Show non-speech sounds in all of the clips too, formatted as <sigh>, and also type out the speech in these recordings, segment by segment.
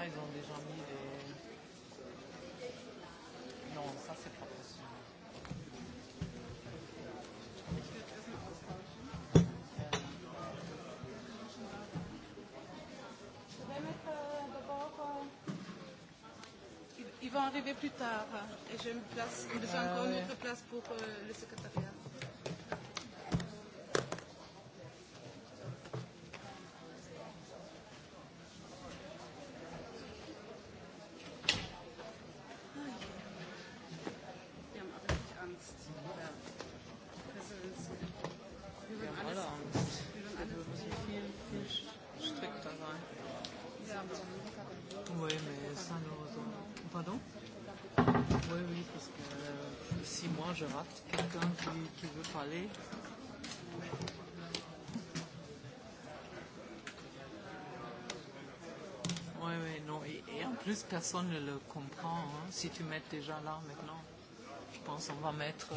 là, ils ont déjà mis les... Non, ça c'est pas possible. Ils vont arriver plus tard et j'ai une place, j'ai ah, encore ouais. une autre place pour euh, le secrétaire. parler. Oui, oui, non. Et, et en plus, personne ne le comprend. Hein. Si tu mets déjà là maintenant, je pense qu'on va mettre. Euh,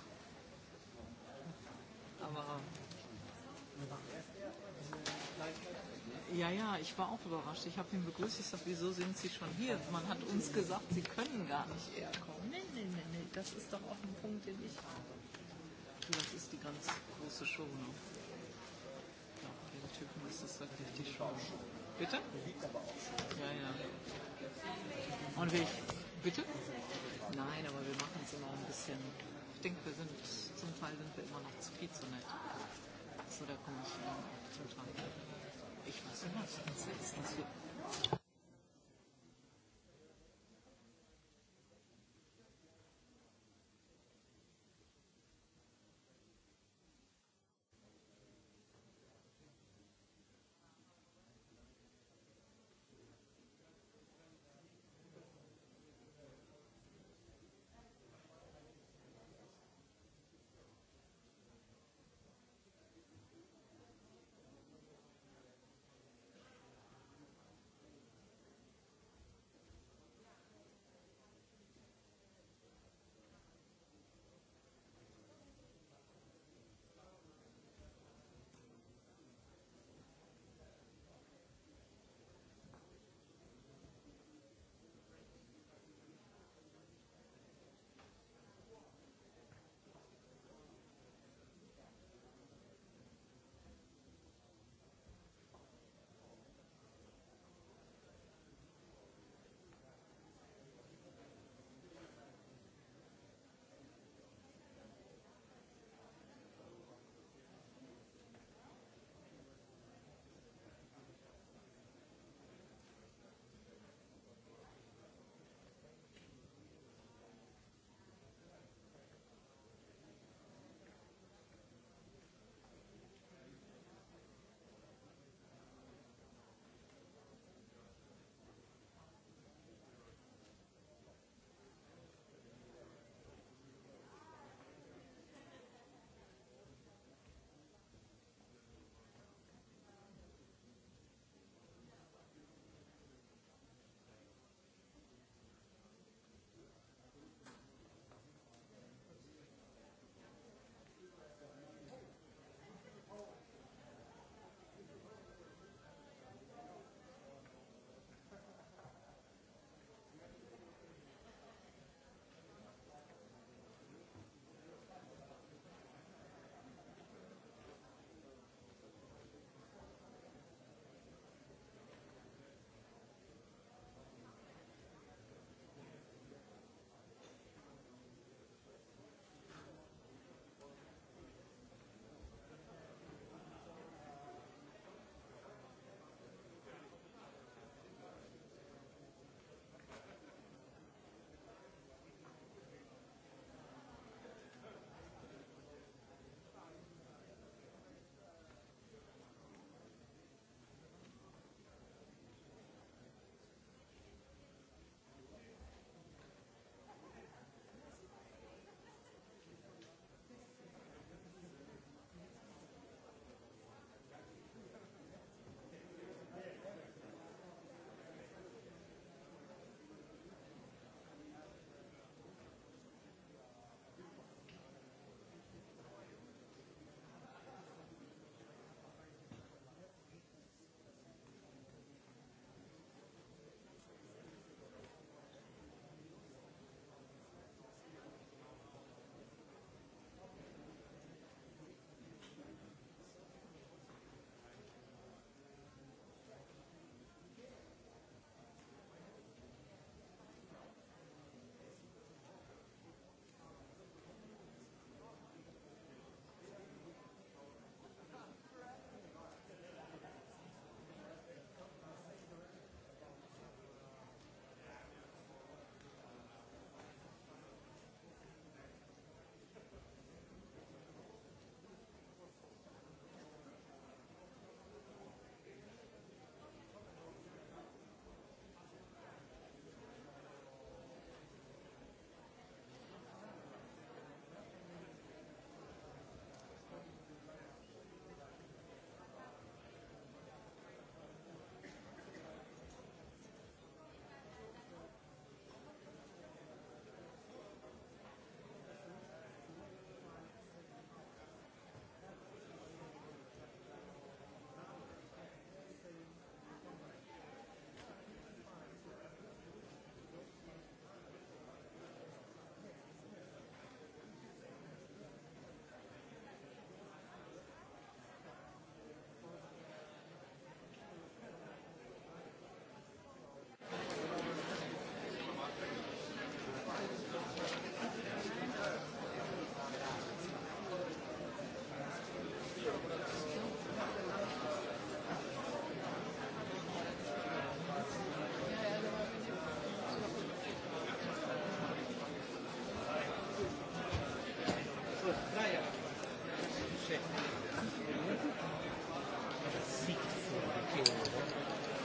Ja, ja, ich war auch überrascht. Ich habe ihn begrüßt. Ich sage, wieso sind Sie schon hier? Man hat uns gesagt, Sie können gar nicht eher kommen. Nee, nee, nee, nee. Das ist doch auch ein Punkt, den ich habe. Das ist die ganz große Show. Ne? Ja, den Typen ist das wirklich die Show. Bitte? Ja, ja. Und wie ich. Bitte? Nein, aber wir machen es immer ein bisschen. Ich denke, wir sind zum Teil sind wir immer noch zu viel zu nett. So, da komme ich auch zum Teil. Ich weiß nicht, was das ist. Das wird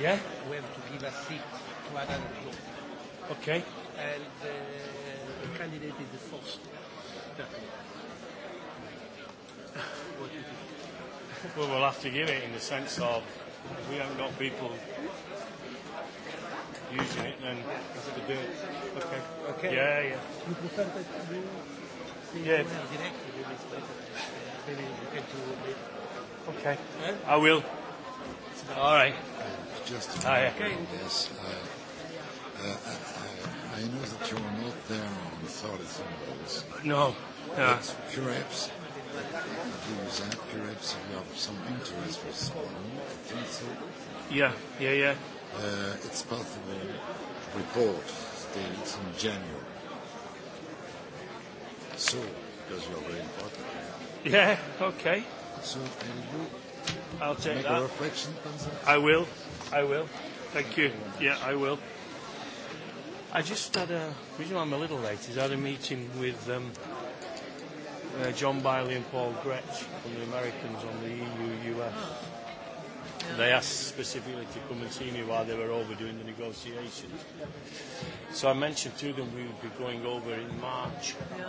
Okay. Who have to give a seat to another group. Okay. And uh, the candidate is the first. <laughs> what do you think? Well, we'll have to give it in the sense of if we haven't got people using it, then that's the deal. Okay. Okay. Yeah, yeah. You prefer that you see yeah. well directly with this better. Uh, maybe you can do a bit. Okay. Huh? I will. All right. Just a minute. Ah, yeah. Yes, uh, uh, uh, I, uh, I, I know that you are not there on solids and balls. No. Yeah. It's pure apps. Use that pure apps if you have some interest for someone. I think so. Yeah, yeah, yeah. Uh, it's part of the report dated in January. So, because you're very important. Yeah, okay. So, can you I'll take make that. a reflection on that? I will. I will. Thank you. Yeah, I will. I just had a reason why I'm a little late is I had a meeting with um, uh, John Biley and Paul Gretsch from the Americans on the EU US. Oh. Yeah. They asked specifically to come and see me while they were over doing the negotiations. So I mentioned to them we would be going over in March. Yeah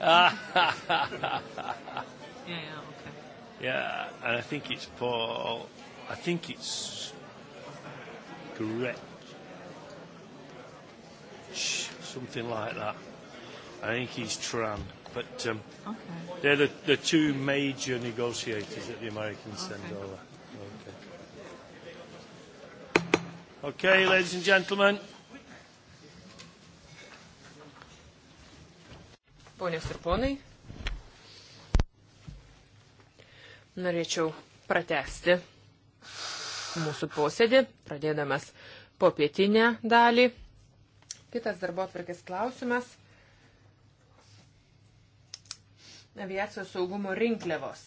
yeah, yeah, okay. Yeah, and I think it's Paul. I think it's Gretch. Something like that. I think he's Tran. But um, okay. they're the, the two major negotiators that the Americans okay. send over. Okay. Okay, ladies and gentlemen. ponios ir ponai. Norėčiau pratesti mūsų posėdį, pradėdamas po pietinę dalį. Kitas darbo atvarkės klausimas - aviacijos saugumo rinkliavos.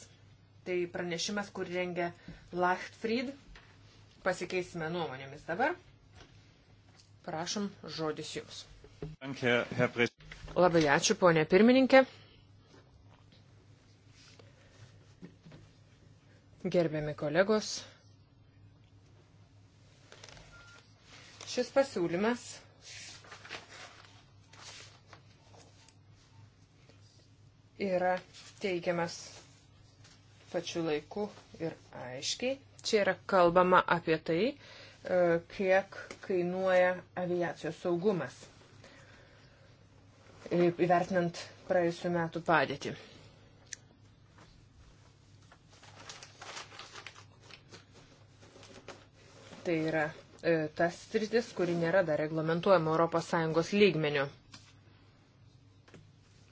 Tai pranešimas, kur rengia Lachtfried. Pasikeisime nuomonėmis dabar. Prašom, žodis jums. Danke, Herr Labai ačiū, ponė pirmininkė. Gerbiami kolegos, šis pasiūlymas yra teigiamas pačiu laiku ir aiškiai. Čia yra kalbama apie tai, e, kiek kainuoja aviacijos saugumas įvertinant praėjusiu metu padėtį. Tai yra e, tas sritis, kuri nėra dar reglamentuojama ES lygmeniu.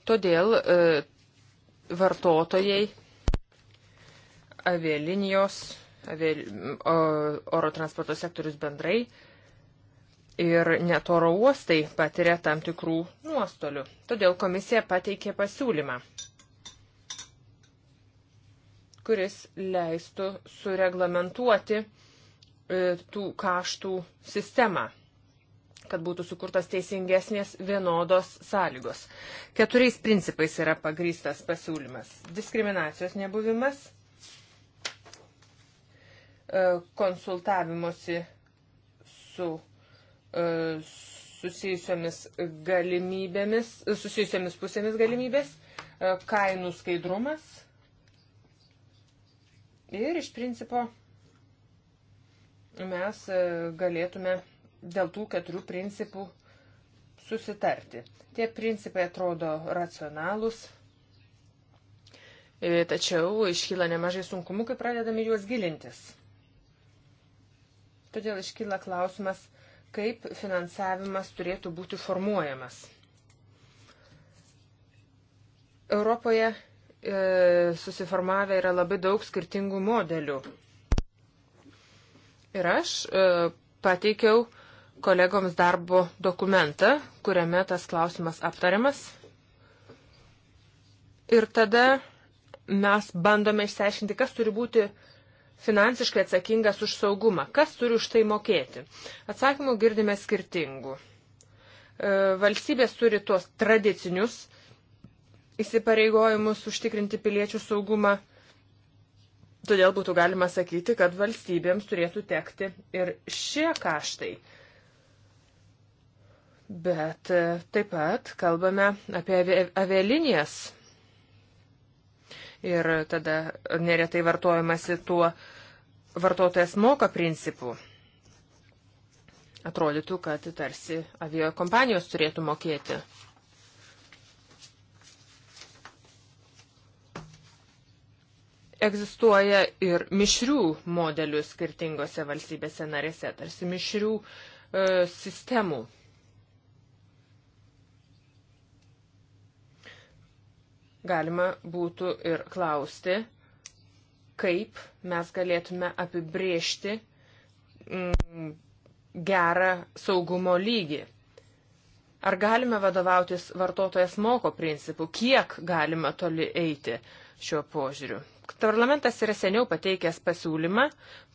Todėl e, vartotojai avialinijos, avia, oro transporto sektorius bendrai ir netoro uostai patiria tam tikrų nuostolių. Todėl komisija pateikė pasiūlymą, kuris leistų sureglamentuoti e, tų kaštų sistemą kad būtų sukurtas teisingesnės vienodos sąlygos. Keturiais principais yra pagrystas pasiūlymas. Diskriminacijos nebuvimas, e, konsultavimosi su E, susijusiomis galimybėmis, susijusiomis pusėmis galimybės, e, kainų skaidrumas ir iš principo mes e, galėtume dėl tų keturių principų susitarti. Tie principai atrodo racionalūs, tačiau iškyla nemažai sunkumų, kai pradedame juos gilintis. Todėl iškyla klausimas, kaip finansavimas turėtų būti formuojamas. Europoje e, susiformavę yra labai daug skirtingų modelių. Ir aš e, pateikiau kolegoms darbo dokumentą, kuriame tas klausimas aptariamas. Ir tada mes bandome išsiaiškinti, kas turi būti finansiškai atsakingas už saugumą. Kas turi už tai mokėti? Atsakymų girdime skirtingų. E, valstybės turi tuos tradicinius įsipareigojimus užtikrinti piliečių saugumą. Todėl būtų galima sakyti, kad valstybėms turėtų tekti ir šie kaštai. Bet e, taip pat kalbame apie avialinijas ir tada neretai vartojamasi tuo vartotojas moka principu. Atrodytų, kad tarsi avio kompanijos turėtų mokėti. Egzistuoja ir mišrių modelių skirtingose valstybėse narėse, tarsi mišrių e, sistemų Galima būtų ir klausti, kaip mes galėtume apibriežti mm, gerą saugumo lygį. Ar galime vadovautis vartotojas moko principu, kiek galima toli eiti šiuo požiūriu? Parlamentas yra seniau pateikęs pasiūlymą,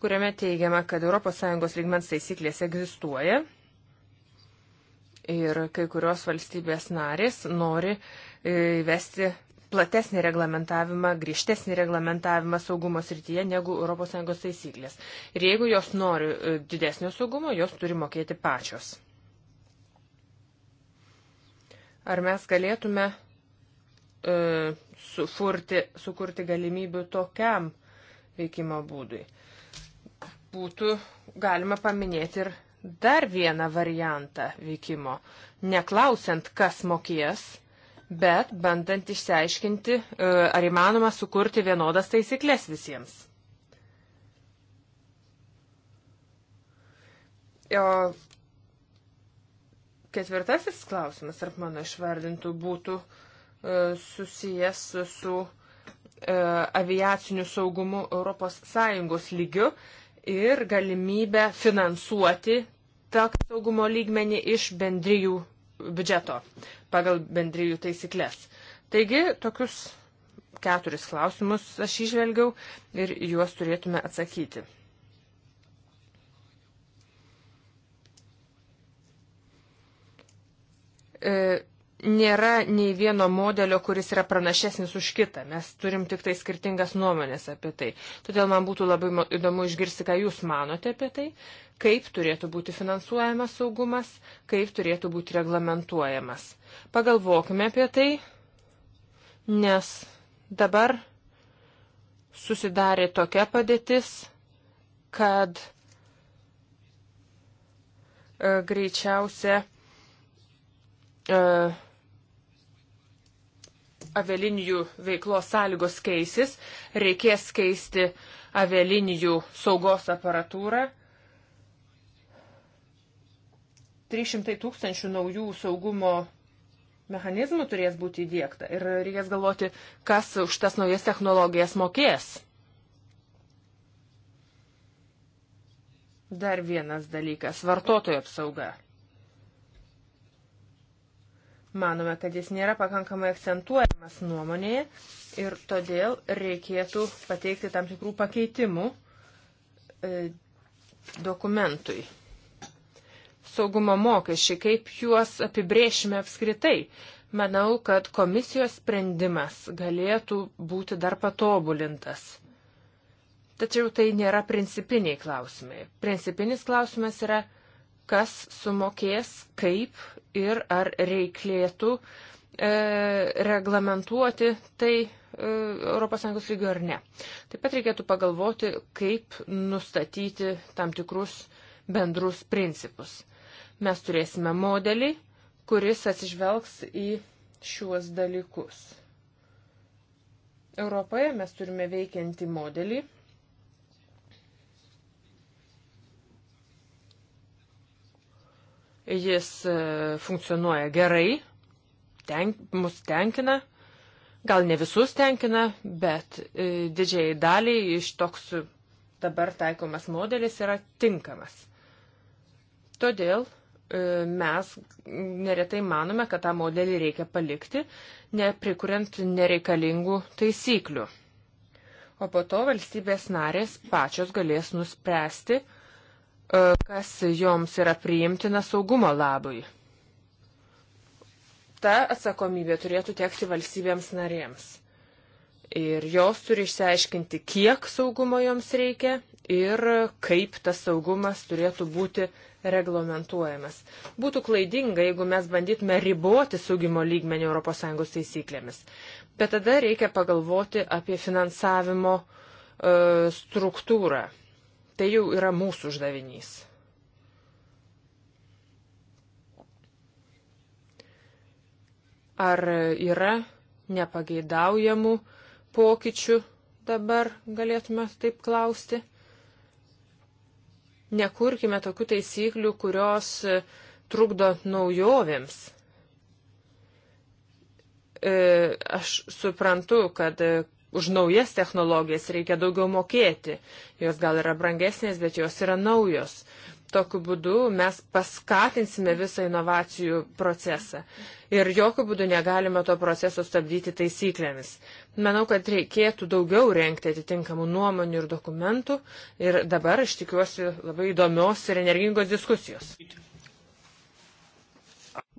kuriame teigiama, kad ES lygmens taisyklės egzistuoja ir kai kurios valstybės narės nori e, įvesti platesnį reglamentavimą, griežtesnį reglamentavimą saugumo srityje negu ES taisyklės. Ir jeigu jos nori e, didesnio saugumo, jos turi mokėti pačios. Ar mes galėtume e, sufurti, sukurti galimybių tokiam veikimo būdui? Būtų galima paminėti ir dar vieną variantą veikimo, neklausiant, kas mokės bet bandant išsiaiškinti, e, ar įmanoma sukurti vienodas taisyklės visiems. O ketvirtasis klausimas, ar mano išvardintų, būtų e, susijęs su e, aviaciniu saugumu ES lygiu ir galimybę finansuoti tą saugumo lygmenį iš bendrijų biudžeto pagal bendryjų taisyklės. Taigi, tokius keturis klausimus aš išvelgiau ir juos turėtume atsakyti. E, nėra nei vieno modelio, kuris yra pranašesnis už kitą. Mes turim tik tai skirtingas nuomonės apie tai. Todėl man būtų labai įdomu išgirsti, ką Jūs manote apie tai, kaip turėtų būti finansuojamas saugumas, kaip turėtų būti reglamentuojamas. Pagalvokime apie tai, nes dabar susidarė tokia padėtis, kad e, greičiausia e, avialinijų veiklos sąlygos keisis, reikės keisti avialinijų saugos aparatūrą. 300 tūkstančių naujų saugumo mechanizmų turės būti įdėkta ir reikės galvoti, kas už tas naujas technologijas mokės. Dar vienas dalykas - vartotojo apsauga. Manome, kad jis nėra pakankamai akcentuojamas nuomonėje ir todėl reikėtų pateikti tam tikrų pakeitimų e, dokumentui. Saugumo mokesčiai, kaip juos apibrėšime apskritai. Manau, kad komisijos sprendimas galėtų būti dar patobulintas. Tačiau tai nėra principiniai klausimai. Principinis klausimas yra, kas sumokės, kaip ir ar reiklėtų e, reglamentuoti tai e, ES lygio ar ne. Taip pat reikėtų pagalvoti, kaip nustatyti tam tikrus bendrus principus. Mes turėsime modelį, kuris atsižvelgs į šiuos dalykus. Europoje mes turime veikiantį modelį, jis e, funkcionuoja gerai, ten, mus tenkina, gal ne visus tenkina, bet e, didžiai daliai iš toks dabar taikomas modelis yra tinkamas. Todėl e, mes neretai manome, kad tą modelį reikia palikti, neprikuriant nereikalingų taisyklių. O po to valstybės narės pačios galės nuspręsti, kas joms yra priimtina saugumo labui. Ta atsakomybė turėtų tekti valstybėms narėms. Ir jos turi išsiaiškinti, kiek saugumo joms reikia ir kaip tas saugumas turėtų būti reglamentuojamas. Būtų klaidinga, jeigu mes bandytume riboti saugimo lygmenį ES taisyklėmis. Bet tada reikia pagalvoti apie finansavimo e, struktūrą. Tai jau yra mūsų uždavinys. Ar yra nepageidaujamų pokyčių dabar, galėtume taip klausti? Nekurkime tokių taisyklių, kurios trukdo naujovėms e, aš suprantu, kad už naujas technologijas reikia daugiau mokėti. Jos gal yra brangesnės, bet jos yra naujos. Tokiu būdu mes paskatinsime visą inovacijų procesą. Ir jokių būdų negalime to proceso stabdyti taisyklėmis. Manau, kad reikėtų daugiau renkti atitinkamų nuomonių ir dokumentų. Ir dabar aš tikiuosi labai įdomios ir energingos diskusijos.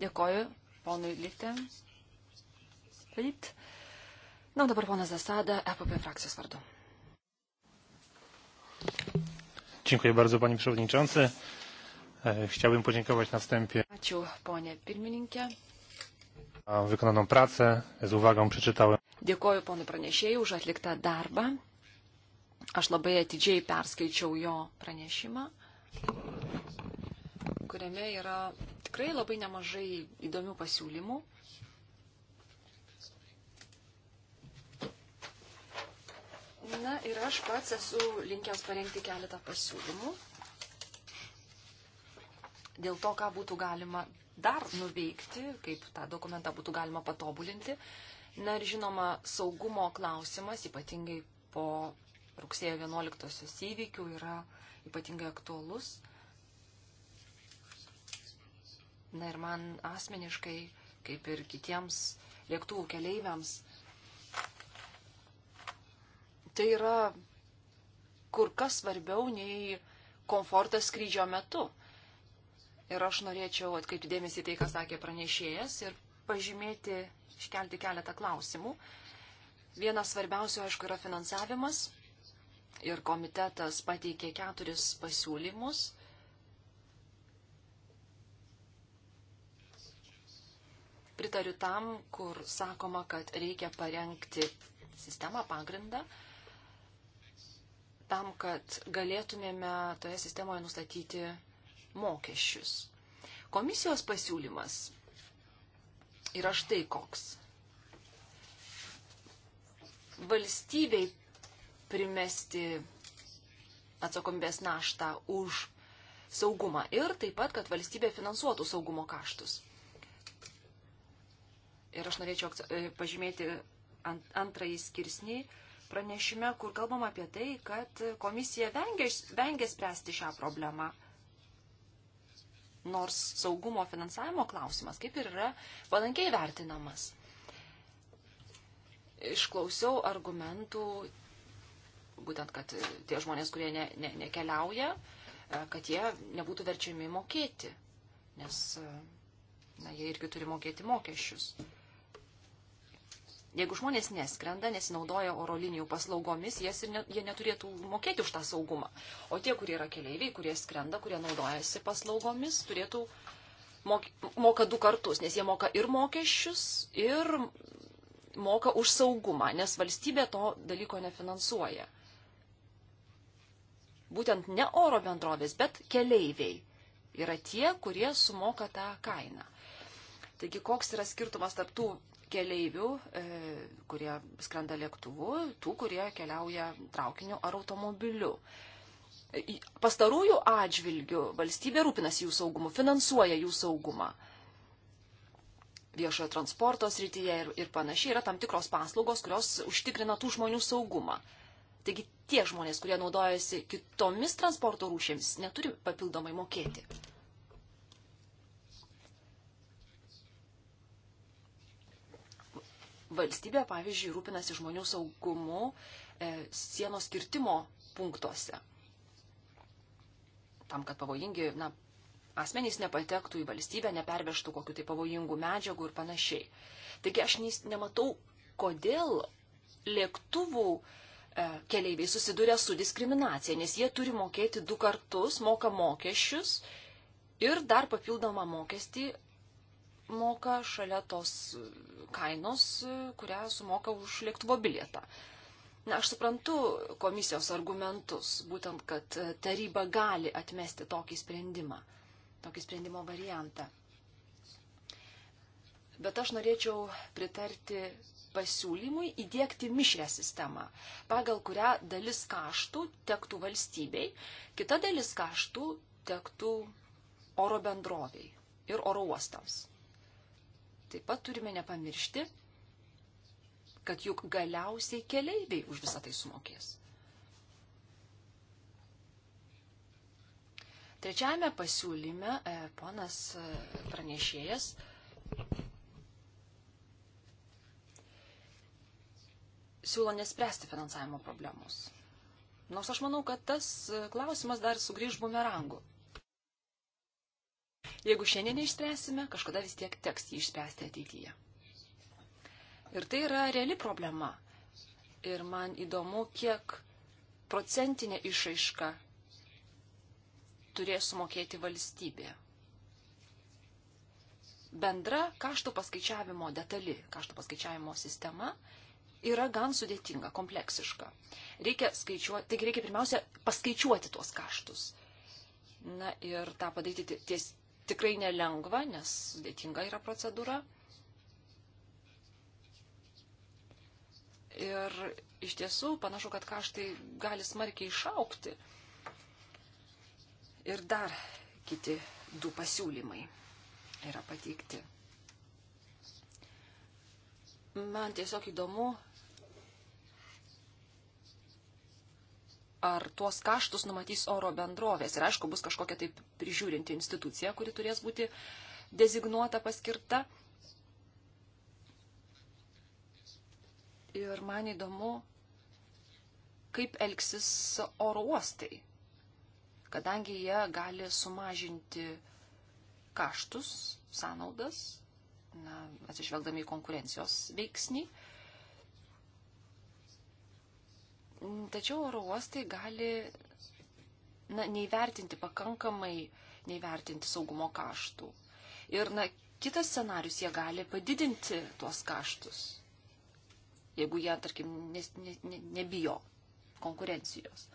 Dėkoju, ponui Lichten. Taip. Na, dabar ponas Zasada, EPP frakcijos vardu. Dziękuję bardzo, panie przewodniczący. E, chciałbym podziękować na wstępie. Ačiū, ponė pirmininkė. Wykonaną pracę z uwagą przeczytałem. Dėkoju ponui pranešėjui už atliktą darbą. Aš labai atidžiai perskaičiau jo pranešimą, kuriame yra tikrai labai nemažai įdomių pasiūlymų. Na ir aš pats esu linkęs parengti keletą pasiūlymų dėl to, ką būtų galima dar nuveikti, kaip tą dokumentą būtų galima patobulinti. Na ir žinoma, saugumo klausimas, ypatingai po rugsėjo 11-osios įvykių, yra ypatingai aktuolus. Na ir man asmeniškai, kaip ir kitiems lėktuvų keleiviams, tai yra kur kas svarbiau nei komfortas skrydžio metu. Ir aš norėčiau atkaipti dėmesį tai, ką sakė pranešėjas ir pažymėti, iškelti keletą klausimų. Vienas svarbiausių, aišku, yra finansavimas. Ir komitetas pateikė keturis pasiūlymus. Pritariu tam, kur sakoma, kad reikia parengti sistemą pagrindą, tam, kad galėtumėme toje sistemoje nustatyti mokesčius. Komisijos pasiūlymas yra štai koks. Valstybei primesti atsakomybės naštą už saugumą ir taip pat, kad valstybė finansuotų saugumo kaštus. Ir aš norėčiau e, pažymėti ant, antrąjį skirsnį pranešime, kur kalbam apie tai, kad komisija vengia, vengia spręsti šią problemą. Nors saugumo finansavimo klausimas kaip ir yra palankiai vertinamas. Išklausiau argumentų, būtent, kad tie žmonės, kurie ne, ne, nekeliauja, kad jie nebūtų verčiami mokėti, nes na, jie irgi turi mokėti mokesčius. Jeigu žmonės neskrenda, nesinaudoja oro linijų paslaugomis, ne, jie neturėtų mokėti už tą saugumą. O tie, kurie yra keleiviai, kurie skrenda, kurie naudojasi paslaugomis, turėtų mok, moka du kartus, nes jie moka ir mokesčius, ir moka už saugumą, nes valstybė to dalyko nefinansuoja. Būtent ne oro bendrovės, bet keleiviai yra tie, kurie sumoka tą kainą. Taigi, koks yra skirtumas tarptų keleivių, e, kurie skrenda lėktuvu, tų, kurie keliauja traukiniu ar automobiliu. E, pastarųjų atžvilgių valstybė rūpinasi jų saugumu, finansuoja jų saugumą. Viešojo transporto srityje ir, ir panašiai yra tam tikros paslaugos, kurios užtikrina tų žmonių saugumą. Taigi tie žmonės, kurie naudojasi kitomis transporto rūšėmis, neturi papildomai mokėti. valstybė, pavyzdžiui, rūpinasi žmonių saugumu e, sienos kirtimo punktuose. Tam, kad pavojingi na, asmenys nepatektų į valstybę, neperveštų kokiu tai pavojingų medžiagų ir panašiai. Taigi aš nematau, kodėl lėktuvų e, keleiviai susiduria su diskriminacija, nes jie turi mokėti du kartus, moka mokesčius ir dar papildomą mokestį moka šalia tos kainos, kurią sumoka už lėktuvo bilietą. Na, aš suprantu komisijos argumentus, būtent, kad taryba gali atmesti tokį sprendimą, tokį sprendimo variantą. Bet aš norėčiau pritarti pasiūlymui įdėkti mišrę sistemą, pagal kurią dalis kaštų tektų valstybei, kita dalis kaštų tektų oro bendroviai ir oro uostams. Taip pat turime nepamiršti, kad juk galiausiai keleiviai už visą tai sumokės. Trečiajame pasiūlyme e, ponas e, pranešėjas siūlo nespręsti finansavimo problemos. Nors aš manau, kad tas e, klausimas dar sugrįž bumerangu. Jeigu šiandien neišspręsime, kažkada vis tiek teks jį išspręsti ateityje. Ir tai yra reali problema. Ir man įdomu, kiek procentinė išaiška turės sumokėti valstybė. Bendra kaštų paskaičiavimo detali, kaštų paskaičiavimo sistema yra gan sudėtinga, kompleksiška. Reikia skaičiuoti, taigi reikia pirmiausia paskaičiuoti tuos kaštus. Na ir tą padaryti ties, tikrai nelengva, nes sudėtinga yra procedūra. Ir iš tiesų panašu, kad kaštai gali smarkiai išaukti. Ir dar kiti du pasiūlymai yra pateikti. Man tiesiog įdomu, ar tuos kaštus numatys oro bendrovės. Ir aišku, bus kažkokia taip prižiūrinti institucija, kuri turės būti dezignuota, paskirta. Ir man įdomu, kaip elgsis oro uostai, kadangi jie gali sumažinti kaštus, sąnaudas, na, atsižvelgdami į konkurencijos veiksnį. Uh, Tačiau oro uostai gali na, neįvertinti pakankamai, neįvertinti saugumo kaštų. Ir na, kitas scenarius, jie gali padidinti tuos kaštus, jeigu jie, tarkim, nes, ne, ne, nebijo konkurencijos.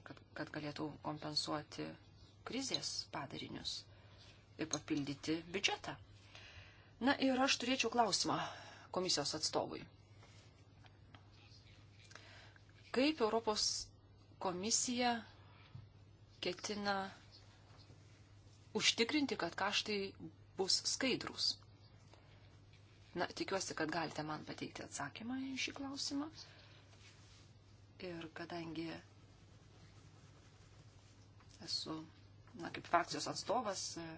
Kad, kad galėtų kompensuoti krizės padarinius ir papildyti biudžetą. Na ir aš turėčiau klausimą komisijos atstovui. Kaip Europos komisija ketina užtikrinti, kad kaštai bus skaidrus? Na, tikiuosi, kad galite man pateikti atsakymą į šį klausimą. Ir kadangi esu, na, kaip frakcijos atstovas, e,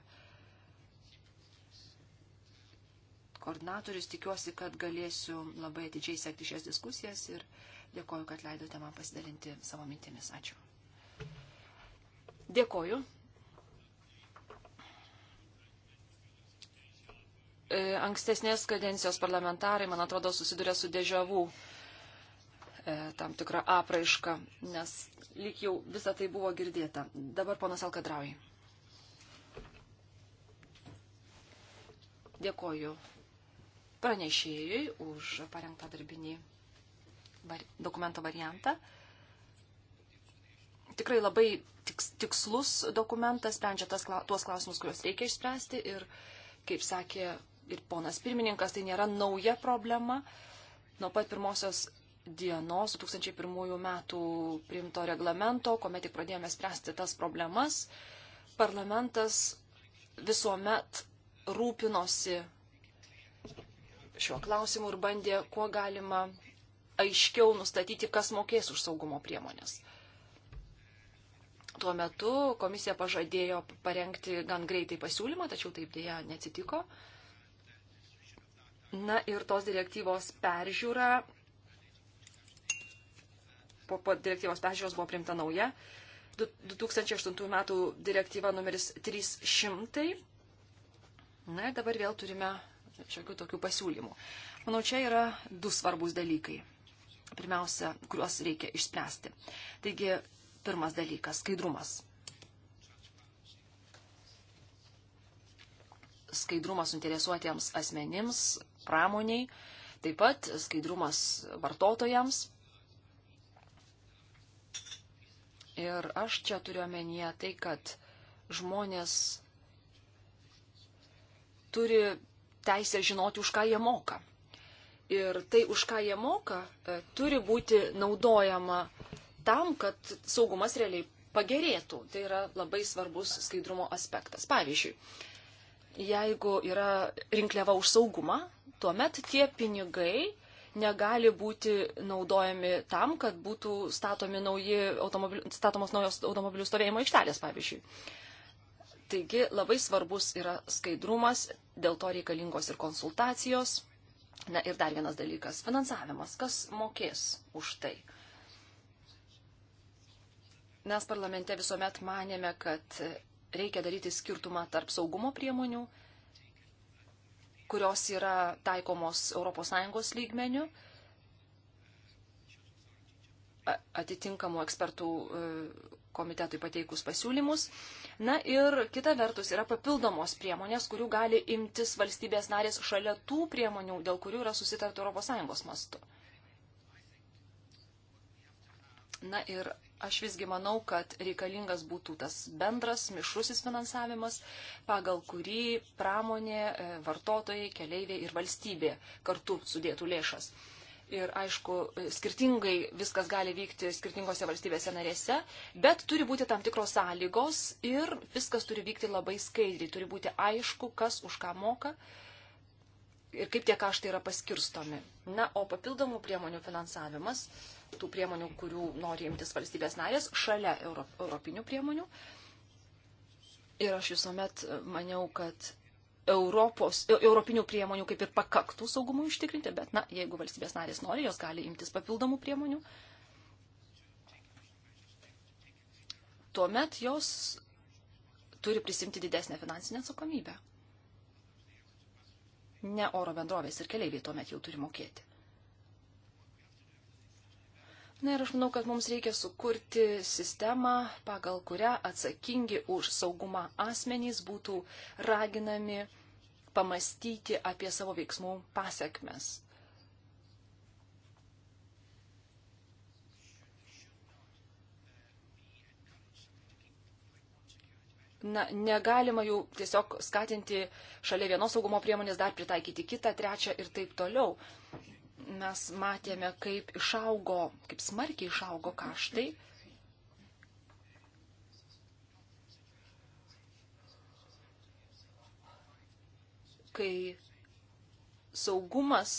koordinatorius. Tikiuosi, kad galėsiu labai atidžiai sekti šias diskusijas ir dėkoju, kad leidote man pasidalinti savo mintimis. Ačiū. Dėkoju. E, ankstesnės kadencijos parlamentarai, man atrodo, susiduria su dėžavų e, tam tikrą apraišką, nes lyg jau visą tai buvo girdėta. Dabar ponas Alkadraujai. Dėkoju, pranešėjui už parengtą darbinį dokumento variantą. Tikrai labai tikslus dokumentas, sprendžia tas, tuos klausimus, kuriuos reikia išspręsti ir, kaip sakė ir ponas pirmininkas, tai nėra nauja problema. Nuo pat pirmosios dienos 2001 metų priimto reglamento, kuomet tik pradėjome spręsti tas problemas, parlamentas visuomet rūpinosi šiuo klausimu ir bandė, kuo galima aiškiau nustatyti, kas mokės už saugumo priemonės. Tuo metu komisija pažadėjo parengti gan greitai pasiūlymą, tačiau taip dėja neatsitiko. Na ir tos direktyvos peržiūra, po, po direktyvos peržiūros buvo primta nauja, 2008 metų direktyva numeris 300. Na ir dabar vėl turime šiokių tokių pasiūlymų. Manau, čia yra du svarbus dalykai, pirmiausia, kuriuos reikia išspręsti. Taigi, pirmas dalykas - skaidrumas. Skaidrumas interesuotiems asmenims, pramoniai, taip pat skaidrumas vartotojams. Ir aš čia turiu omenyje tai, kad žmonės turi teisę žinoti, už ką jie moka. Ir tai, už ką jie moka, e, turi būti naudojama tam, kad saugumas realiai pagerėtų. Tai yra labai svarbus skaidrumo aspektas. Pavyzdžiui, jeigu yra rinkliava už saugumą, tuomet tie pinigai negali būti naudojami tam, kad būtų statomi nauji automobilių, statomos naujos automobilių stovėjimo aikštelės, pavyzdžiui. Taigi labai svarbus yra skaidrumas, dėl to reikalingos ir konsultacijos. Na ir dar vienas dalykas - finansavimas. Kas mokės už tai? Mes parlamente visuomet manėme, kad reikia daryti skirtumą tarp saugumo priemonių, kurios yra taikomos ES lygmenių, atitinkamų ekspertų e, komitetui pateikus pasiūlymus Na ir kita vertus yra papildomos priemonės, kurių gali imtis valstybės narės šalia tų priemonių, dėl kurių yra susitarta ES mastu. Na ir aš visgi manau, kad reikalingas būtų tas bendras mišrusis finansavimas, pagal kurį pramonė, e, vartotojai, keleiviai ir valstybė kartu sudėtų lėšas. Ir aišku, skirtingai viskas gali vykti skirtingose valstybėse narėse, bet turi būti tam tikros sąlygos ir viskas turi vykti labai skaidriai, turi būti aišku, kas už ką moka ir kaip tie kaštai yra paskirstomi. Na, o papildomų priemonių finansavimas, tų priemonių, kurių nori imtis valstybės narės, šalia euro, europinių priemonių. Ir aš visuomet maniau, kad Europos, e, europinių priemonių kaip ir pakaktų saugumui užtikrinti, bet, na, jeigu valstybės narės nori, jos gali imtis papildomų priemonių. Tuomet jos turi prisimti didesnę finansinę atsakomybę. Ne oro bendrovės ir keleiviai tuomet jau turi mokėti. Na ir aš manau, kad mums reikia sukurti sistemą, pagal kurią atsakingi už saugumą asmenys būtų raginami pamastyti apie savo veiksmų pasiekmes. Na, negalima jų tiesiog skatinti šalia vienos saugumo priemonės dar pritaikyti kitą, trečią ir taip toliau. Mes matėme, kaip išaugo, kaip smarkiai išaugo kaštai kai saugumas,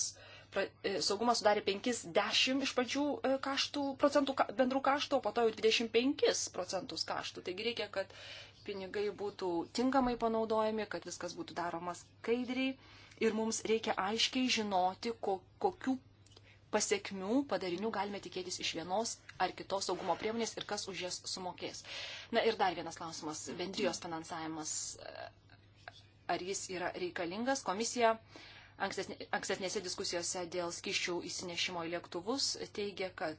pra, e, saugumas sudarė 5-10 iš pradžių e, kaštų, procentų bendrų kaštų, o po to jau 25 procentus kaštų. Taigi reikia, kad pinigai būtų tinkamai panaudojami, kad viskas būtų daroma skaidriai ir mums reikia aiškiai žinoti, ko, kokių pasiekmių, padarinių galime tikėtis iš vienos ar kitos saugumo priemonės ir kas už jas sumokės. Na ir dar vienas klausimas - bendrijos finansavimas ar jis yra reikalingas. Komisija ankstesnėse diskusijose dėl skiščių įsinešimo į lėktuvus teigia, kad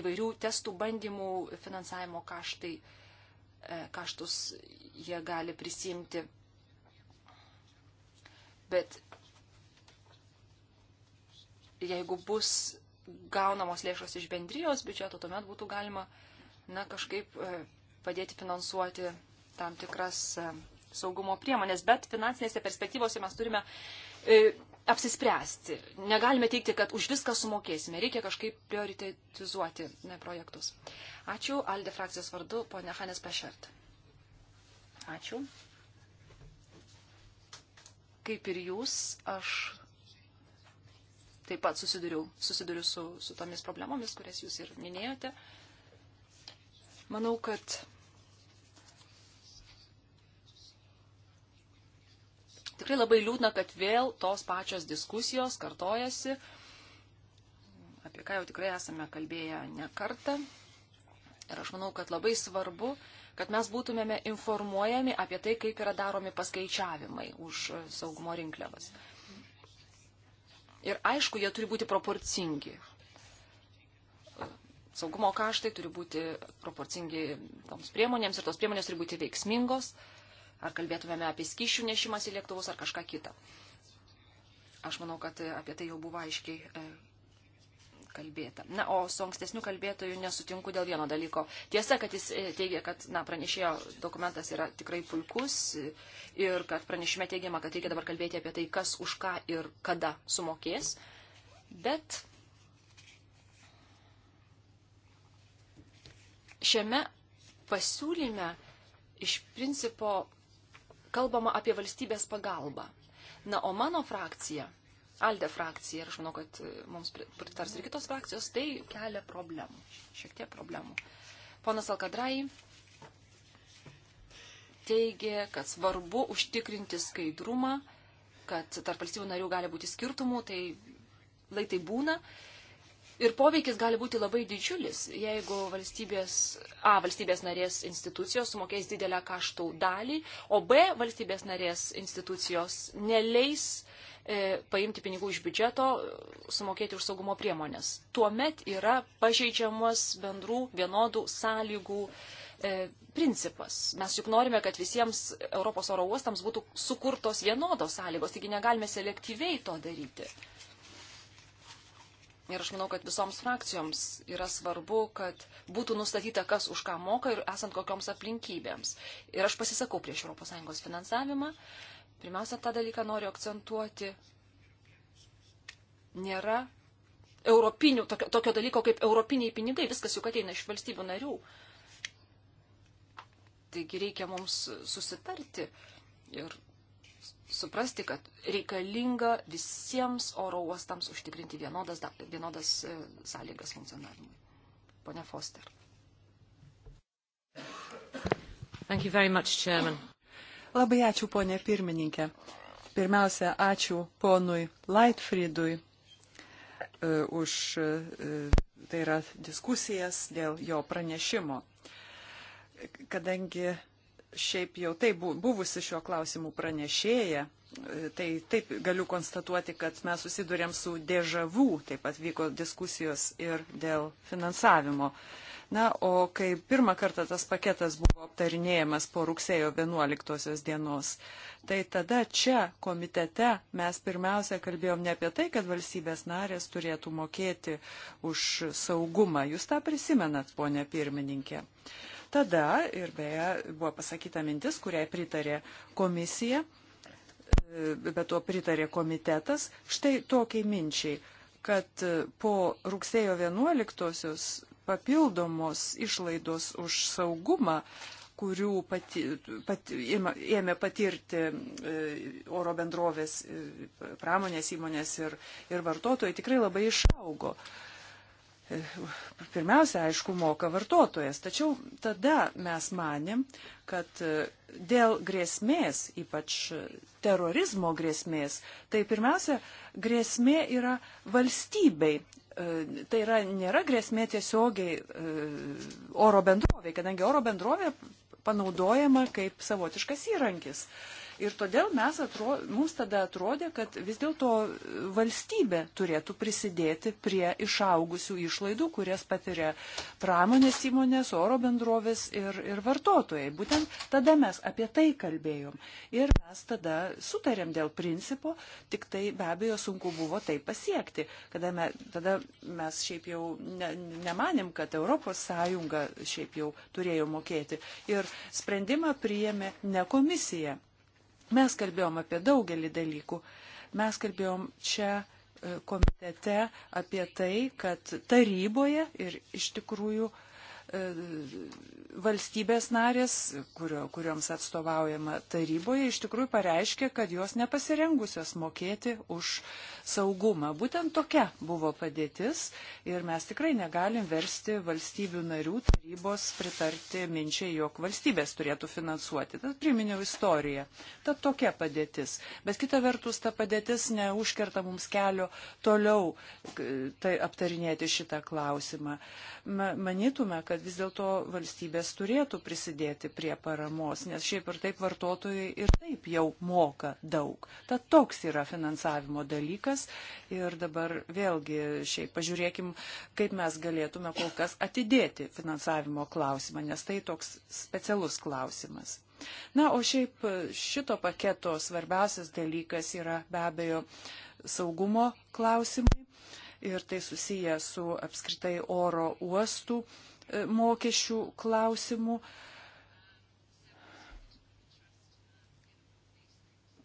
įvairių testų bandymų finansavimo kaštai, e, kaštus jie gali prisimti. Bet jeigu bus gaunamos lėšos iš bendrijos biudžeto, tuomet būtų galima na, kažkaip e, padėti finansuoti tam tikras e, saugumo priemonės, bet finansinėse perspektyvose mes turime e, apsispręsti. Negalime teikti, kad už viską sumokėsime. Reikia kažkaip prioritizuoti ne, projektus. Ačiū. Alde frakcijos vardu, ponia Hanes Pešert. Ačiū. Kaip ir jūs, aš taip pat susiduriu, susiduriu su, su tomis problemomis, kurias jūs ir minėjote. Manau, kad Tikrai labai liūdna, kad vėl tos pačios diskusijos kartojasi, apie ką jau tikrai esame kalbėję ne kartą. Ir aš manau, kad labai svarbu, kad mes būtumėme informuojami apie tai, kaip yra daromi paskaičiavimai už saugumo rinkliavas. Ir aišku, jie turi būti proporcingi. Saugumo kaštai turi būti proporcingi toms priemonėms ir tos priemonės turi būti veiksmingos. Uh, ar kalbėtumėme apie skyšių nešimas į lėktuvus ar kažką kitą. Aš manau, kad e, apie tai jau buvo aiškiai e, kalbėta. Na, o su ankstesniu kalbėtoju nesutinku dėl vieno dalyko. Tiesa, kad jis e, teigia, kad na, pranešėjo dokumentas yra tikrai puikus ir kad pranešime teigiama, kad reikia dabar kalbėti apie tai, kas už ką ir kada sumokės. Bet šiame pasiūlyme iš principo kalbama apie valstybės pagalbą. Na, o mano frakcija, Alde frakcija, ir aš manau, kad e, mums pritars ir kitos frakcijos, tai kelia problemų, šiek tiek problemų. Ponas Alkadrai teigė, kad svarbu užtikrinti skaidrumą, kad tarp valstybių narių gali būti skirtumų, tai laitai būna. Uh, Ir poveikis gali būti labai didžiulis, jeigu valstybės, A, valstybės narės institucijos sumokės didelę kaštų dalį, o B, valstybės narės institucijos neleis e, paimti pinigų iš biudžeto, sumokėti už saugumo priemonės. Tuomet yra pažeidžiamas bendrų vienodų sąlygų e, principas. Mes juk norime, kad visiems Europos oro uostams būtų sukurtos vienodos sąlygos, taigi negalime selektyviai to daryti. Ir aš manau, kad visoms frakcijoms yra svarbu, kad būtų nustatyta, kas už ką moka ir esant kokioms aplinkybėms. Ir aš pasisakau prieš ES finansavimą. Pirmiausia, tą dalyką noriu akcentuoti. Nėra europinių, tokio, tokio dalyko kaip europiniai pinigai, viskas juk ateina iš valstybių narių. Taigi reikia mums susitarti ir suprasti, kad reikalinga visiems oro uostams užtikrinti vienodas, vienodas e, sąlygas funkcionavimui. Pone Foster. Much, chairman. Labai ačiū, ponė pirmininkė. Pirmiausia, ačiū ponui Lightfriedui uh, už, uh, tai yra, diskusijas dėl jo pranešimo. Kadangi šiaip jau taip buvusi šiuo klausimu pranešėja, tai taip galiu konstatuoti, kad mes susidurėm su dėžavų, taip pat vyko diskusijos ir dėl finansavimo. Na, o kai pirmą kartą tas paketas buvo aptarinėjamas po rugsėjo 11 dienos, tai tada čia komitete mes pirmiausia kalbėjom ne apie tai, kad valstybės narės turėtų mokėti už saugumą. Jūs tą prisimenat, ponė pirmininkė. Uh, Tada, ir beje, buvo pasakyta mintis, kuriai pritarė komisija, e, bet tuo pritarė komitetas, štai tokiai minčiai, kad e, po rugsėjo 11-osios papildomos išlaidos už saugumą kurių pati, pati, ėmė patirti e, oro bendrovės, pramonės įmonės ir, ir vartotojai, tikrai labai išaugo pirmiausia, aišku, moka vartotojas. Tačiau tada mes manėm, kad e, dėl grėsmės, ypač terorizmo grėsmės, tai pirmiausia, grėsmė yra valstybei. E, tai yra, nėra grėsmė tiesiogiai e, oro bendrovė, kadangi oro bendrovė panaudojama kaip savotiškas įrankis. Ir todėl mes atro, mums tada atrodė, kad vis dėlto valstybė turėtų prisidėti prie išaugusių išlaidų, kurias patiria pramonės įmonės, oro bendrovės ir, ir vartotojai. Būtent tada mes apie tai kalbėjom. Ir mes tada sutarėm dėl principo, tik tai be abejo sunku buvo tai pasiekti. Kada me, tada mes šiaip jau ne, nemanėm, kad Europos Sąjunga šiaip jau turėjo mokėti. Ir sprendimą priėmė ne komisija. Mes kalbėjom apie daugelį dalykų. Mes kalbėjom čia e, komitete apie tai, kad taryboje ir iš tikrųjų uh, E, valstybės narės, kurio, kurioms atstovaujama taryboje, iš tikrųjų pareiškė, kad jos nepasirengusios mokėti už saugumą. Būtent tokia buvo padėtis ir mes tikrai negalim versti valstybių narių tarybos pritarti minčiai, jog valstybės turėtų finansuoti. Tad priminiau istoriją. Tad tokia padėtis. Bet kita vertus, ta padėtis neužkerta mums kelio toliau e, tai aptarinėti šitą klausimą. Manytume, kad kad vis dėlto valstybės turėtų prisidėti prie paramos, nes šiaip ir taip vartotojai ir taip jau moka daug. Tad toks yra finansavimo dalykas ir dabar vėlgi šiaip pažiūrėkim, kaip mes galėtume kol kas atidėti finansavimo klausimą, nes tai toks specialus klausimas. Na, o šiaip šito paketo svarbiausias dalykas yra be abejo saugumo klausimai ir tai susiję su apskritai oro uostų E, mokesčių klausimų.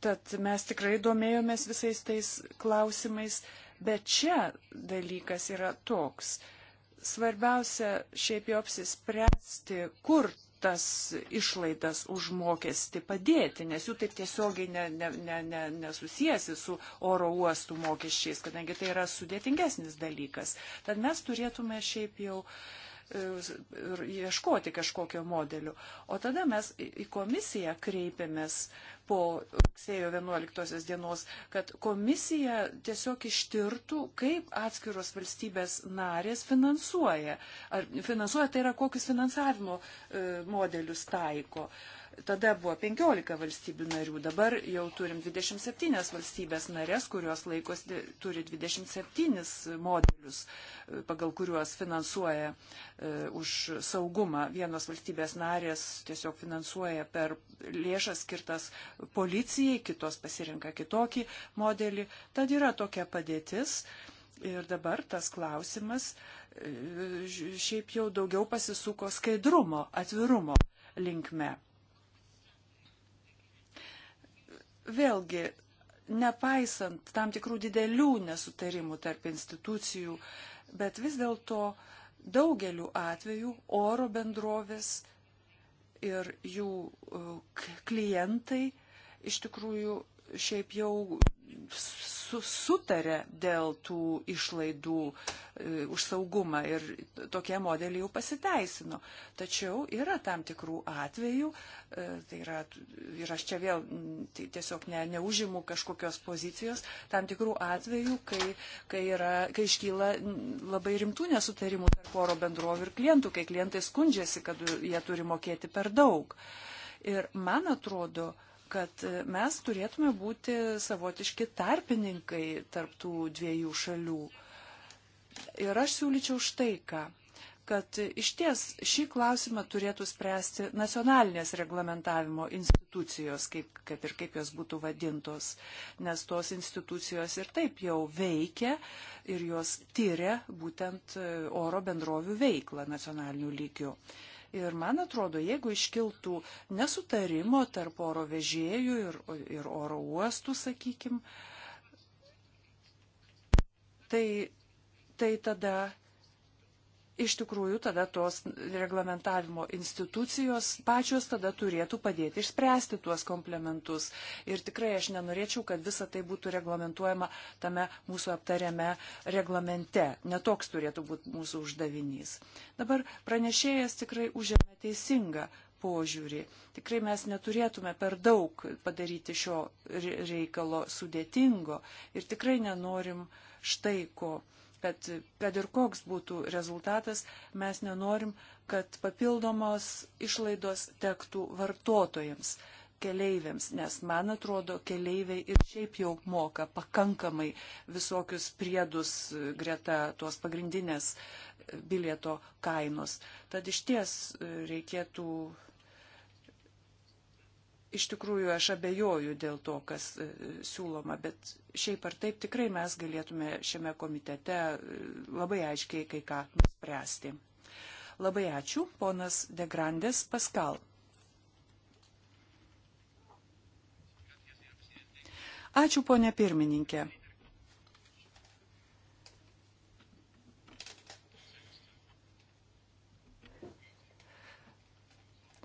Tad mes tikrai domėjomės visais tais klausimais, bet čia dalykas yra toks. Svarbiausia šiaip jau apsispręsti, kur tas išlaidas už mokestį padėti, nes jų taip tiesiogiai ne, ne, ne, ne, nesusijęsi su oro uostų mokesčiais, kadangi tai yra sudėtingesnis dalykas. Tad mes turėtume šiaip jau uh, ir ieškoti kažkokio modelio. O tada mes į komisiją kreipiamės po rugsėjo 11 dienos, kad komisija tiesiog ištirtų, kaip atskiros valstybės narės finansuoja. Ar finansuoja tai yra kokius finansavimo e, modelius taiko. Uh, Tada buvo 15 valstybių narių, dabar jau turim 27 valstybės narės, kurios laikos turi 27 modelius, e, pagal kuriuos finansuoja e, už saugumą. Vienos valstybės narės tiesiog finansuoja per lėšas skirtas policijai, kitos pasirinka kitokį modelį. Tad yra tokia padėtis. Ir dabar tas klausimas e, šiaip jau daugiau pasisuko skaidrumo, atvirumo linkme. vėlgi, nepaisant tam tikrų didelių nesutarimų tarp institucijų, bet vis dėlto daugeliu atveju oro bendrovės ir jų uh, klientai iš tikrųjų šiaip jau su, sutarė dėl tų išlaidų e, už saugumą ir tokie modeliai jau pasiteisino. Tačiau yra tam tikrų atvejų, e, tai yra, ir aš čia vėl tai tiesiog ne, neužimu kažkokios pozicijos, tam tikrų atvejų, kai, kai, yra, kai iškyla labai rimtų nesutarimų tarp oro bendrovių ir klientų, kai klientai skundžiasi, kad jie turi mokėti per daug. Ir man atrodo, e, kad mes turėtume būti savotiški tarpininkai tarptų dviejų šalių. Ir aš siūlyčiau štai ką kad iš ties šį klausimą turėtų spręsti nacionalinės reglamentavimo institucijos, kaip, kad ir kaip jos būtų vadintos, nes tos institucijos ir taip jau veikia ir jos tyria būtent oro bendrovių veiklą nacionalinių lygių. Uh, Ir man atrodo, jeigu iškiltų nesutarimo tarp oro vežėjų ir, ir oro uostų, sakykim, tai, tai tada iš tikrųjų tada tos reglamentavimo institucijos pačios tada turėtų padėti išspręsti tuos komplementus. Ir tikrai aš nenorėčiau, kad visa tai būtų reglamentuojama tame mūsų aptariame reglamente. Netoks turėtų būti mūsų uždavinys. Dabar pranešėjas tikrai užėmė teisingą požiūrį. Tikrai mes neturėtume per daug padaryti šio reikalo sudėtingo ir tikrai nenorim štai ko. Bet, kad ir koks būtų rezultatas, mes nenorim, kad papildomos išlaidos tektų vartotojams, keleiviams, nes, man atrodo, keleiviai ir šiaip jau moka pakankamai visokius priedus greta tos pagrindinės bilieto kainos. Tad iš ties reikėtų iš tikrųjų aš abejoju dėl to, kas e, siūloma, bet šiaip ar taip tikrai mes galėtume šiame komitete e, labai aiškiai kai ką nuspręsti. Labai ačiū, ponas Degrandės Paskal. Ačiū, ponė pirmininkė.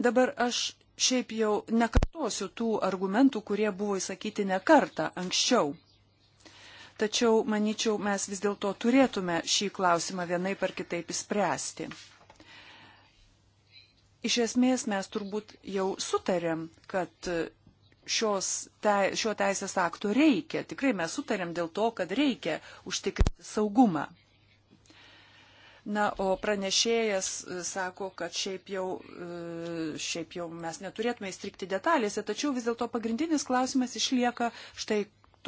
Dabar aš šiaip jau nekartosiu tų argumentų, kurie buvo įsakyti ne kartą anksčiau. Tačiau, manyčiau, mes vis dėlto turėtume šį klausimą vienai par kitaip įspręsti. Iš esmės mes turbūt jau sutarėm, kad šios, te, šio teisės akto reikia. Tikrai mes sutarėm dėl to, kad reikia užtikrinti saugumą. Na, o pranešėjas e, sako, kad šiaip jau, e, šiaip jau mes neturėtume įstrikti detalėse, tačiau vis dėlto pagrindinis klausimas išlieka štai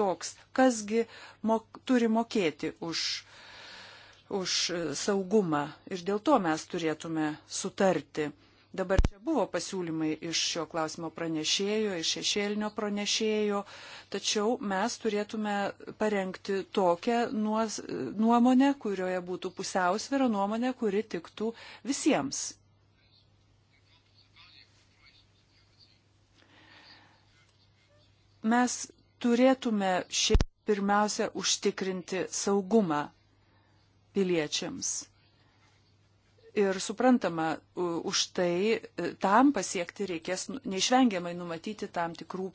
toks, kasgi mok, turi mokėti už, už e, saugumą ir dėl to mes turėtume sutarti. Dabar čia buvo pasiūlymai iš šio klausimo pranešėjo, iš šešėlinio pranešėjo, tačiau mes turėtume parengti tokią nuos, nuomonę, kurioje būtų pusiausvėra nuomonė, kuri tiktų visiems. Mes turėtume šiaip pirmiausia užtikrinti saugumą piliečiams Ir suprantama, už tai e, tam pasiekti reikės nu, neišvengiamai numatyti tam, tikrų,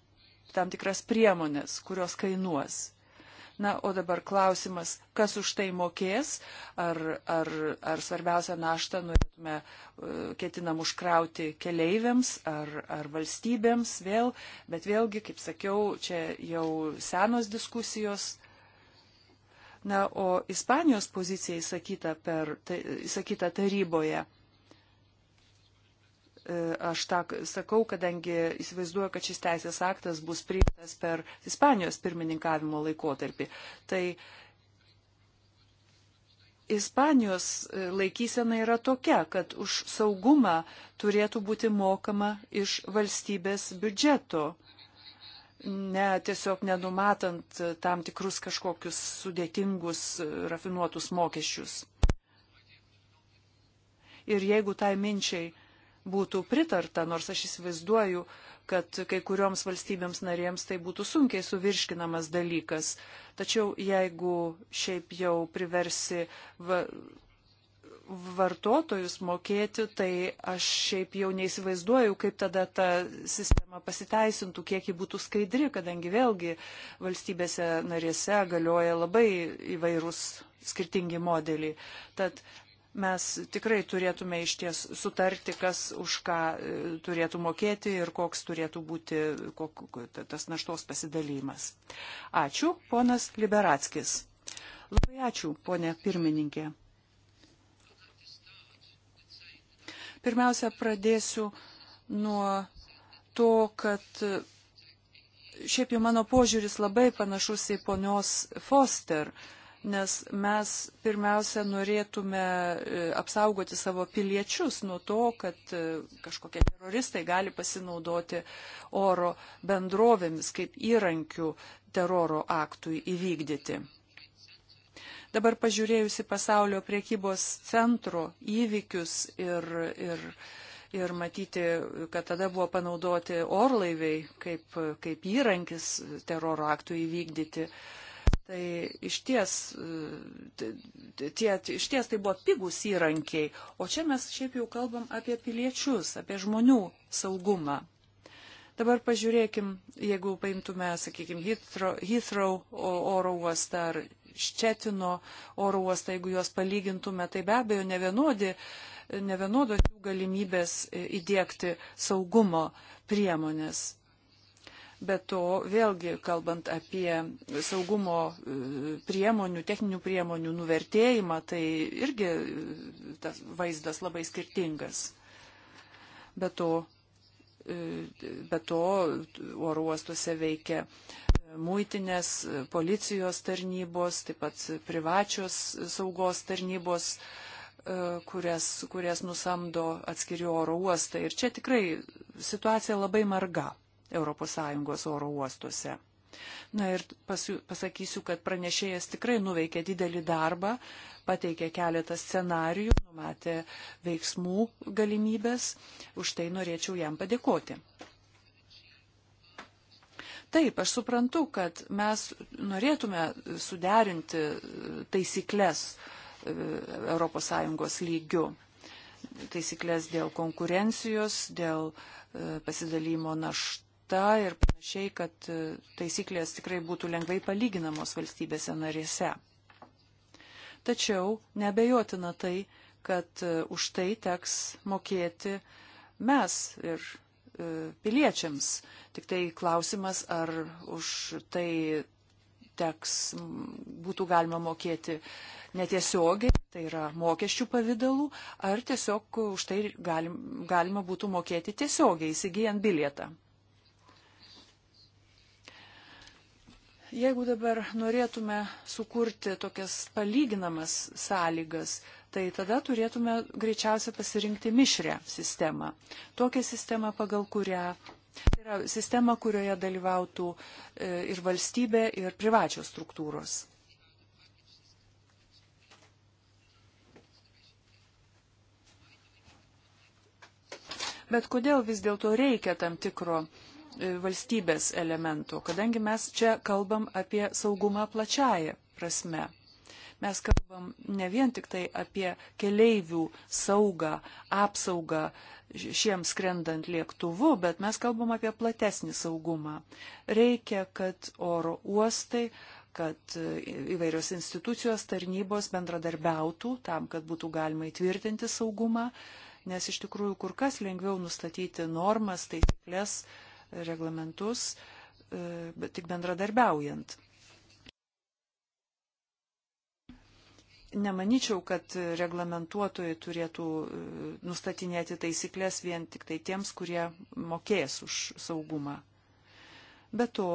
tam tikras priemonės, kurios kainuos. Na, o dabar klausimas, kas už tai mokės, ar, ar, ar svarbiausia naštą norėtume e, ketinam užkrauti keleiviams ar, ar valstybėms vėl, bet vėlgi, kaip sakiau, čia jau senos diskusijos Na, o Ispanijos pozicija įsakyta, per, tai, įsakyta taryboje. E, aš tą sakau, kadangi įsivaizduoju, kad šis teisės aktas bus priimtas per Ispanijos pirmininkavimo laikotarpį. Tai Ispanijos e, laikysena yra tokia, kad už saugumą turėtų būti mokama iš valstybės biudžeto ne tiesiog nenumatant tam tikrus kažkokius sudėtingus, rafinuotus mokesčius. Ir jeigu tai minčiai būtų pritarta, nors aš įsivaizduoju, kad kai kurioms valstybėms narėms tai būtų sunkiai suvirškinamas dalykas. Tačiau jeigu šiaip jau priversi va, vartotojus mokėti, tai aš šiaip jau neįsivaizduoju, kaip tada ta sistema pasiteisintų, kiek ji būtų skaidri, kadangi vėlgi valstybėse narėse galioja labai įvairūs skirtingi modeliai. Tad mes tikrai turėtume iš ties sutarti, kas už ką e, turėtų mokėti ir koks turėtų būti kok, tas naštos pasidalymas. Ačiū, ponas Liberatskis. Labai ačiū, ponė pirmininkė. Pirmiausia, pradėsiu nuo to, kad šiaip jau mano požiūris labai panašus į ponios Foster, nes mes pirmiausia norėtume e, apsaugoti savo piliečius nuo to, kad e, kažkokie teroristai gali pasinaudoti oro bendrovėmis kaip įrankių teroro aktui įvykdyti. Dabar pažiūrėjusi pasaulio priekybos centro įvykius ir, ir, ir matyti, kad tada buvo panaudoti orlaiviai kaip, kaip įrankis teroro aktų įvykdyti. Tai iš ties, tie, iš ties tai buvo pigus įrankiai, o čia mes šiaip jau kalbam apie piliečius, apie žmonių saugumą. Dabar pažiūrėkim, jeigu paimtume, sakykime, Heathrow, Heathrow oro uostą ar Ščetino oro uostą, jeigu juos palygintume, tai be abejo nevienodi, nevienodos jų galimybės įdėkti saugumo priemonės. Bet to vėlgi, kalbant apie saugumo e, priemonių, techninių priemonių nuvertėjimą, tai irgi e, tas vaizdas labai skirtingas. Bet to, e, bet to oro uostuose veikia uh, muitinės, policijos tarnybos, taip pat privačios saugos tarnybos, e, kurias, kurias nusamdo atskiri oro uostai. Ir čia tikrai situacija labai marga ES oro uostuose. Na ir pasakysiu, kad pranešėjas tikrai nuveikė didelį darbą, pateikė keletą scenarijų, numatė veiksmų galimybės, už tai norėčiau jam padėkoti. Taip, aš suprantu, kad mes norėtume suderinti e, taisyklės ES lygių. Taisyklės dėl konkurencijos, dėl e, pasidalymo našta ir panašiai, kad e, taisyklės tikrai būtų lengvai palyginamos valstybėse narėse. Tačiau nebejotina tai, kad už tai teks mokėti mes ir E, piliečiams. Tik tai klausimas, ar už tai teks būtų galima mokėti netiesiogiai, tai yra mokesčių pavydalų, ar tiesiog už tai galim, galima būtų mokėti tiesiogiai įsigijant bilietą. Jeigu dabar norėtume sukurti tokias palyginamas sąlygas, tai tada turėtume greičiausia pasirinkti mišrę sistemą. Tokią sistemą, pagal kurią. Tai yra sistema, kurioje dalyvautų e, ir valstybė, ir privačios struktūros. Bet kodėl vis dėlto reikia tam tikro e, valstybės elementų, kadangi mes čia kalbam apie saugumą plačiają prasme. Mes kalbam ne vien tik tai apie keleivių saugą, apsaugą šiems skrendant lėktuvu, bet mes kalbam apie platesnį saugumą. Reikia, kad oro uostai kad e, įvairios institucijos tarnybos bendradarbiautų tam, kad būtų galima įtvirtinti saugumą, nes iš tikrųjų kur kas lengviau nustatyti normas, taisyklės, reglamentus, e, bet tik bendradarbiaujant. nemanyčiau, kad reglamentuotojai turėtų e, nustatinėti taisyklės vien tik tai tiems, kurie mokės už saugumą. Be to,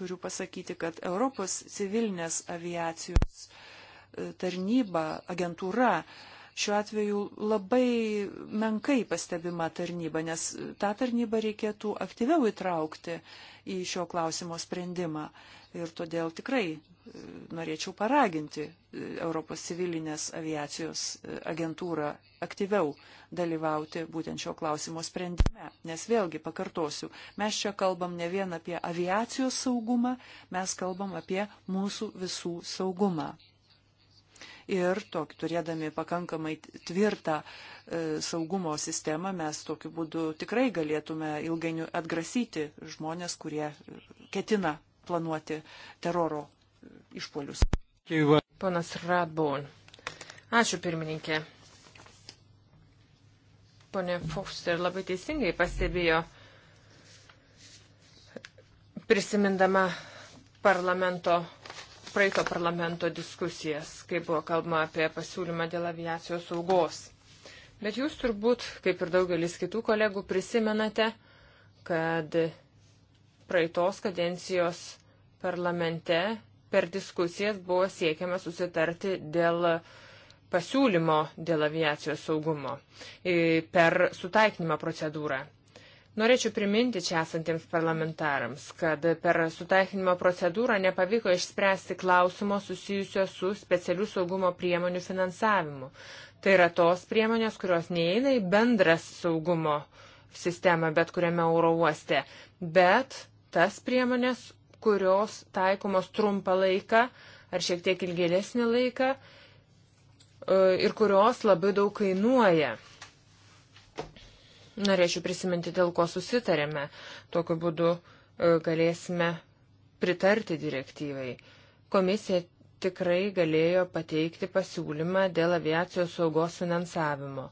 turiu pasakyti, kad Europos civilinės aviacijos e, tarnyba, agentūra, šiuo atveju labai menkai pastebima tarnyba, nes tą tarnybą reikėtų aktyviau įtraukti į šio klausimo sprendimą. Ir todėl tikrai e, norėčiau paraginti e, Europos civilinės aviacijos e, agentūrą aktyviau dalyvauti būtent šio klausimo sprendime. Nes vėlgi pakartosiu, mes čia kalbam ne vien apie aviacijos saugumą, mes kalbam apie mūsų visų saugumą ir tok, turėdami pakankamai tvirtą e, saugumo sistemą mes tokiu būdu tikrai galėtume ilgainiui atgrasyti žmonės, kurie e, ketina planuoti teroro e, išpolius. Ponas Radbon. Ačiū pirmininkė. Pone Foster labai teisingai pastebėjo, prisimindama parlamento praeito parlamento diskusijas, kai buvo kalbama apie pasiūlymą dėl aviacijos saugos. Bet jūs turbūt, kaip ir daugelis kitų kolegų, prisimenate, kad praeitos kadencijos parlamente per diskusijas buvo siekiama susitarti dėl pasiūlymo dėl aviacijos saugumo per sutaikinimo procedūrą. Norėčiau priminti čia esantiems parlamentarams, kad per sutaikinimo procedūrą nepavyko išspręsti klausimo susijusio su specialių saugumo priemonių finansavimu. Tai yra tos priemonės, kurios neįeina į bendras saugumo sistemą bet kuriame oro uoste, bet tas priemonės, kurios taikomos trumpą laiką ar šiek tiek ilgėlesnį laiką e, ir kurios labai daug kainuoja. Norėčiau prisiminti, dėl ko susitarėme. Tokiu būdu e, galėsime pritarti direktyvai. Komisija tikrai galėjo pateikti pasiūlymą dėl aviacijos saugos finansavimo.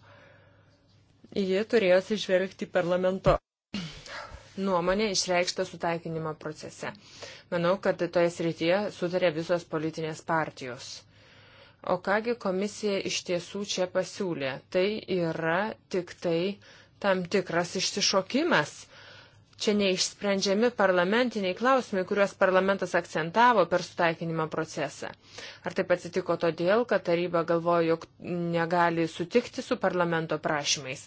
Jie turėjo atsižvelgti parlamento nuomonę išreikštą sutaikinimo procese. Manau, kad toje srityje sutarė visos politinės partijos. O kągi komisija iš tiesų čia pasiūlė? Tai yra tik tai tam tikras išsišokimas. Čia neišsprendžiami parlamentiniai klausimai, kuriuos parlamentas akcentavo per sutaikinimo procesą. Ar taip atsitiko todėl, kad taryba galvojo, jog negali sutikti su parlamento prašymais?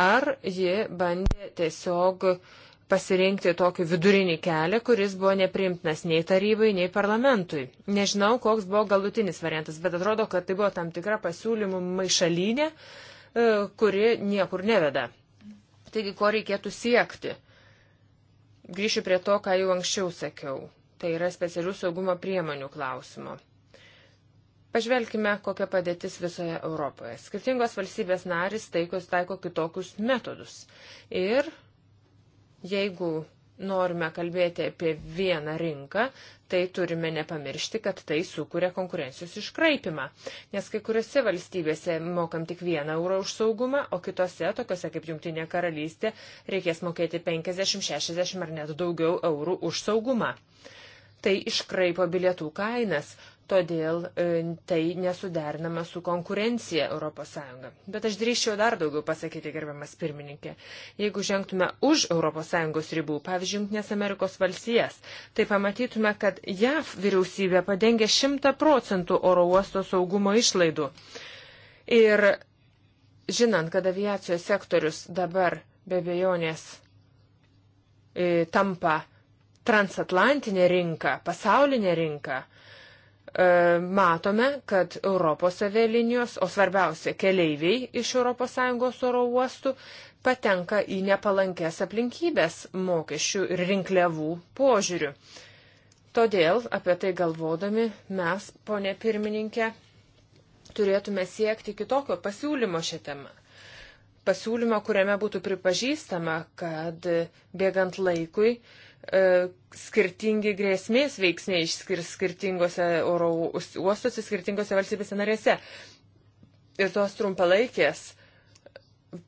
Ar ji bandė tiesiog pasirinkti tokį vidurinį kelią, kuris buvo neprimtinas nei tarybai, nei parlamentui. Nežinau, koks buvo galutinis variantas, bet atrodo, kad tai buvo tam tikra pasiūlymų maišalinė, e, kuri niekur neveda. Taigi, ko reikėtų siekti? Grįšiu prie to, ką jau anksčiau sakiau. Tai yra specialių saugumo priemonių klausimo. Pažvelkime, kokia padėtis visoje Europoje. Skirtingos valstybės narys taikus taiko kitokius metodus. Ir jeigu norime kalbėti apie vieną rinką, tai turime nepamiršti, kad tai sukuria konkurencijos iškraipimą. Nes kai kuriuose valstybėse mokam tik vieną eurą už saugumą, o kitose, tokiuose kaip Junktinė karalystė, reikės mokėti 50, 60 ar net daugiau eurų už saugumą. Tai iškraipo bilietų kainas, todėl e, tai nesuderinama su konkurencija ES. Bet aš drįščiau dar daugiau pasakyti, gerbiamas pirmininkė. Jeigu žengtume už ES ribų, pavyzdžiui, Junktinės Amerikos valstijas, tai pamatytume, kad JAV vyriausybė padengia 100 procentų oro uosto saugumo išlaidų. Ir žinant, kad aviacijos sektorius dabar be bejonės e, tampa transatlantinė rinka, pasaulinė rinka, E, matome, kad Europos avialinijos, o svarbiausia keleiviai iš ES oro uostų patenka į nepalankės aplinkybės mokesčių ir rinkliavų požiūrių. Todėl, apie tai galvodami, mes, ponė pirmininkė, turėtume siekti kitokio pasiūlymo šią temą. Pasiūlymo, kuriame būtų pripažįstama, kad bėgant laikui E, skirtingi grėsmės veiksniai išskirs skirtingose oro uostose, skirtingose valstybėse narėse. Ir tos trumpalaikės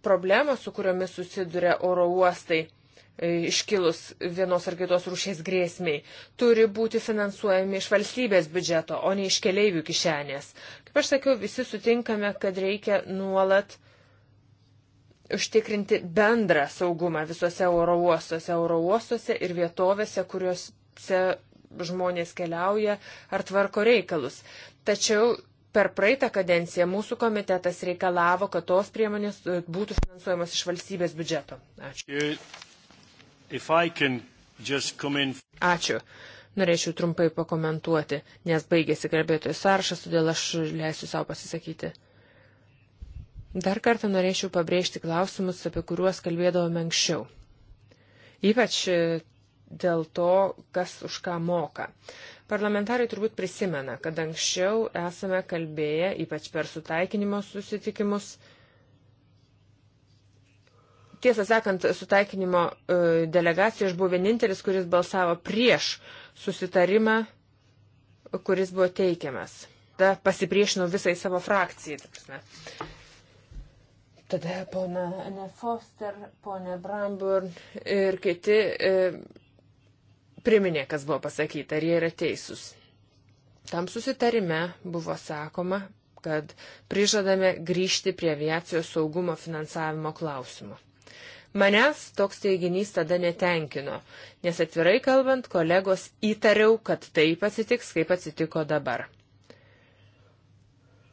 problemos, su kuriomis susiduria oro uostai e, iškilus vienos ar kitos rūšės grėsmiai, turi būti finansuojami iš valstybės biudžeto, o ne iš keleivių kišenės. Kaip aš sakiau, visi sutinkame, kad reikia nuolat uh, užtikrinti bendrą saugumą visuose oro uostuose, oro uostuose ir vietovėse, kuriuose žmonės keliauja ar tvarko reikalus. Tačiau per praeitą kadenciją mūsų komitetas reikalavo, kad tos priemonės e, būtų finansuojamos iš valstybės biudžeto. Ačiū. Ačiū. Norėčiau trumpai pakomentuoti, nes baigėsi kalbėtojų sąrašas, todėl aš leisiu savo pasisakyti. Dar kartą norėčiau pabrėžti klausimus, apie kuriuos kalbėdavome anksčiau. Ypač e, dėl to, kas už ką moka. Parlamentarai turbūt prisimena, kad anksčiau esame kalbėję, ypač per sutaikinimo susitikimus, tiesą sakant, sutaikinimo e, delegacija aš buvau vienintelis, kuris balsavo prieš susitarimą, kuris buvo teikiamas. Ta pasipriešinau visai savo frakcijai. Tada pona Anne Foster, pona Bramburn ir kiti e, priminė, kas buvo pasakyta, ar jie yra teisūs. Tam susitarime buvo sakoma, kad prižadame grįžti prie aviacijos saugumo finansavimo klausimo. Manęs toks teiginys tada netenkino, nes atvirai kalbant, kolegos įtariau, kad taip atsitiks, kaip atsitiko dabar.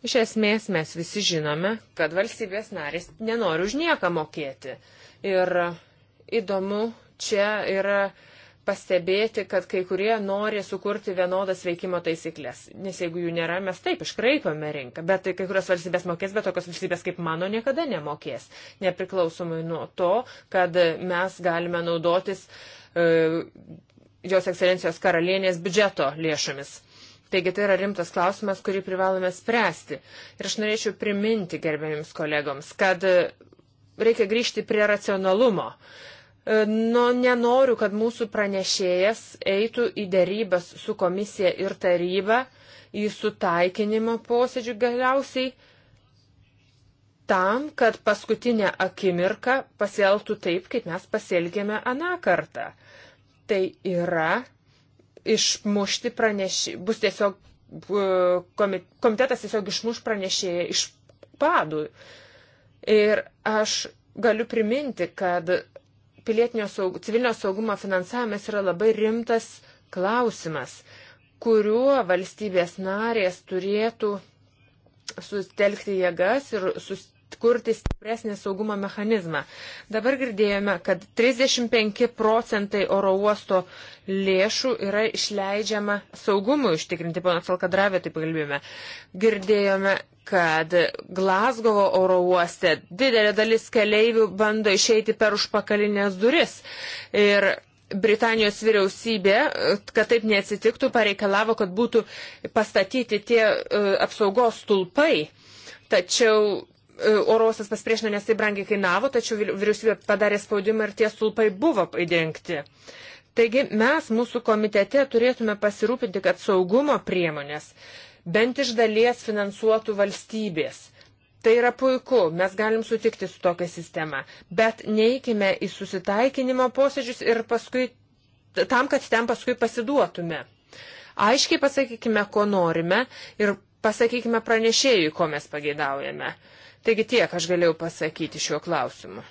Iš esmės mes visi žinome, kad valstybės narės nenori už nieką mokėti. Ir įdomu čia yra pastebėti, kad kai kurie nori sukurti vienodas veikimo taisyklės. Nes jeigu jų nėra, mes taip iškraipame rinką. Bet tai kai kurios valstybės mokės, bet tokios valstybės kaip mano niekada nemokės. Nepriklausomai nuo to, kad mes galime naudotis uh, e, jos ekscelencijos karalienės biudžeto lėšomis. Taigi tai yra rimtas klausimas, kurį privalome spręsti. Ir aš norėčiau priminti gerbėjams kolegoms, kad e, reikia grįžti prie racionalumo. E, nu, nenoriu, kad mūsų pranešėjas eitų į dėrybas su komisija ir taryba, į sutaikinimo posėdžių galiausiai, tam, kad paskutinę akimirką pasielgtų taip, kaip mes pasielgėme aną kartą. Tai yra išmušti pranešėjai, bus tiesiog e, komitetas tiesiog išmuš pranešėjai iš padų. Ir aš galiu priminti, kad saug, civilinio saugumo finansavimas yra labai rimtas klausimas, kuriuo valstybės narės turėtų sustelkti jėgas ir sustelkti kurti stipresnį saugumo mechanizmą. Dabar girdėjome, kad 35 procentai oro uosto lėšų yra išleidžiama saugumui užtikrinti, ponas Alkadravė taip kalbėjome. Girdėjome, kad Glasgovo oro uoste didelė dalis keleivių bando išeiti per užpakalinės duris. Ir Britanijos vyriausybė, kad taip neatsitiktų, pareikalavo, kad būtų pastatyti tie e, apsaugos stulpai. Tačiau E, orosas pasipriešino, nes tai brangiai kainavo, tačiau vyriausybė padarė spaudimą ir tie sulpai buvo įdengti. Taigi mes mūsų komitete turėtume pasirūpinti, kad saugumo priemonės bent iš dalies finansuotų valstybės. Tai yra puiku, mes galim sutikti su tokia sistema, bet neikime į susitaikinimo posėdžius ir paskui, tam, kad ten paskui pasiduotume. Aiškiai pasakykime, ko norime ir pasakykime pranešėjui, ko mes pageidaujame. Uh, Taigi tiek aš galėjau pasakyti šiuo klausimu.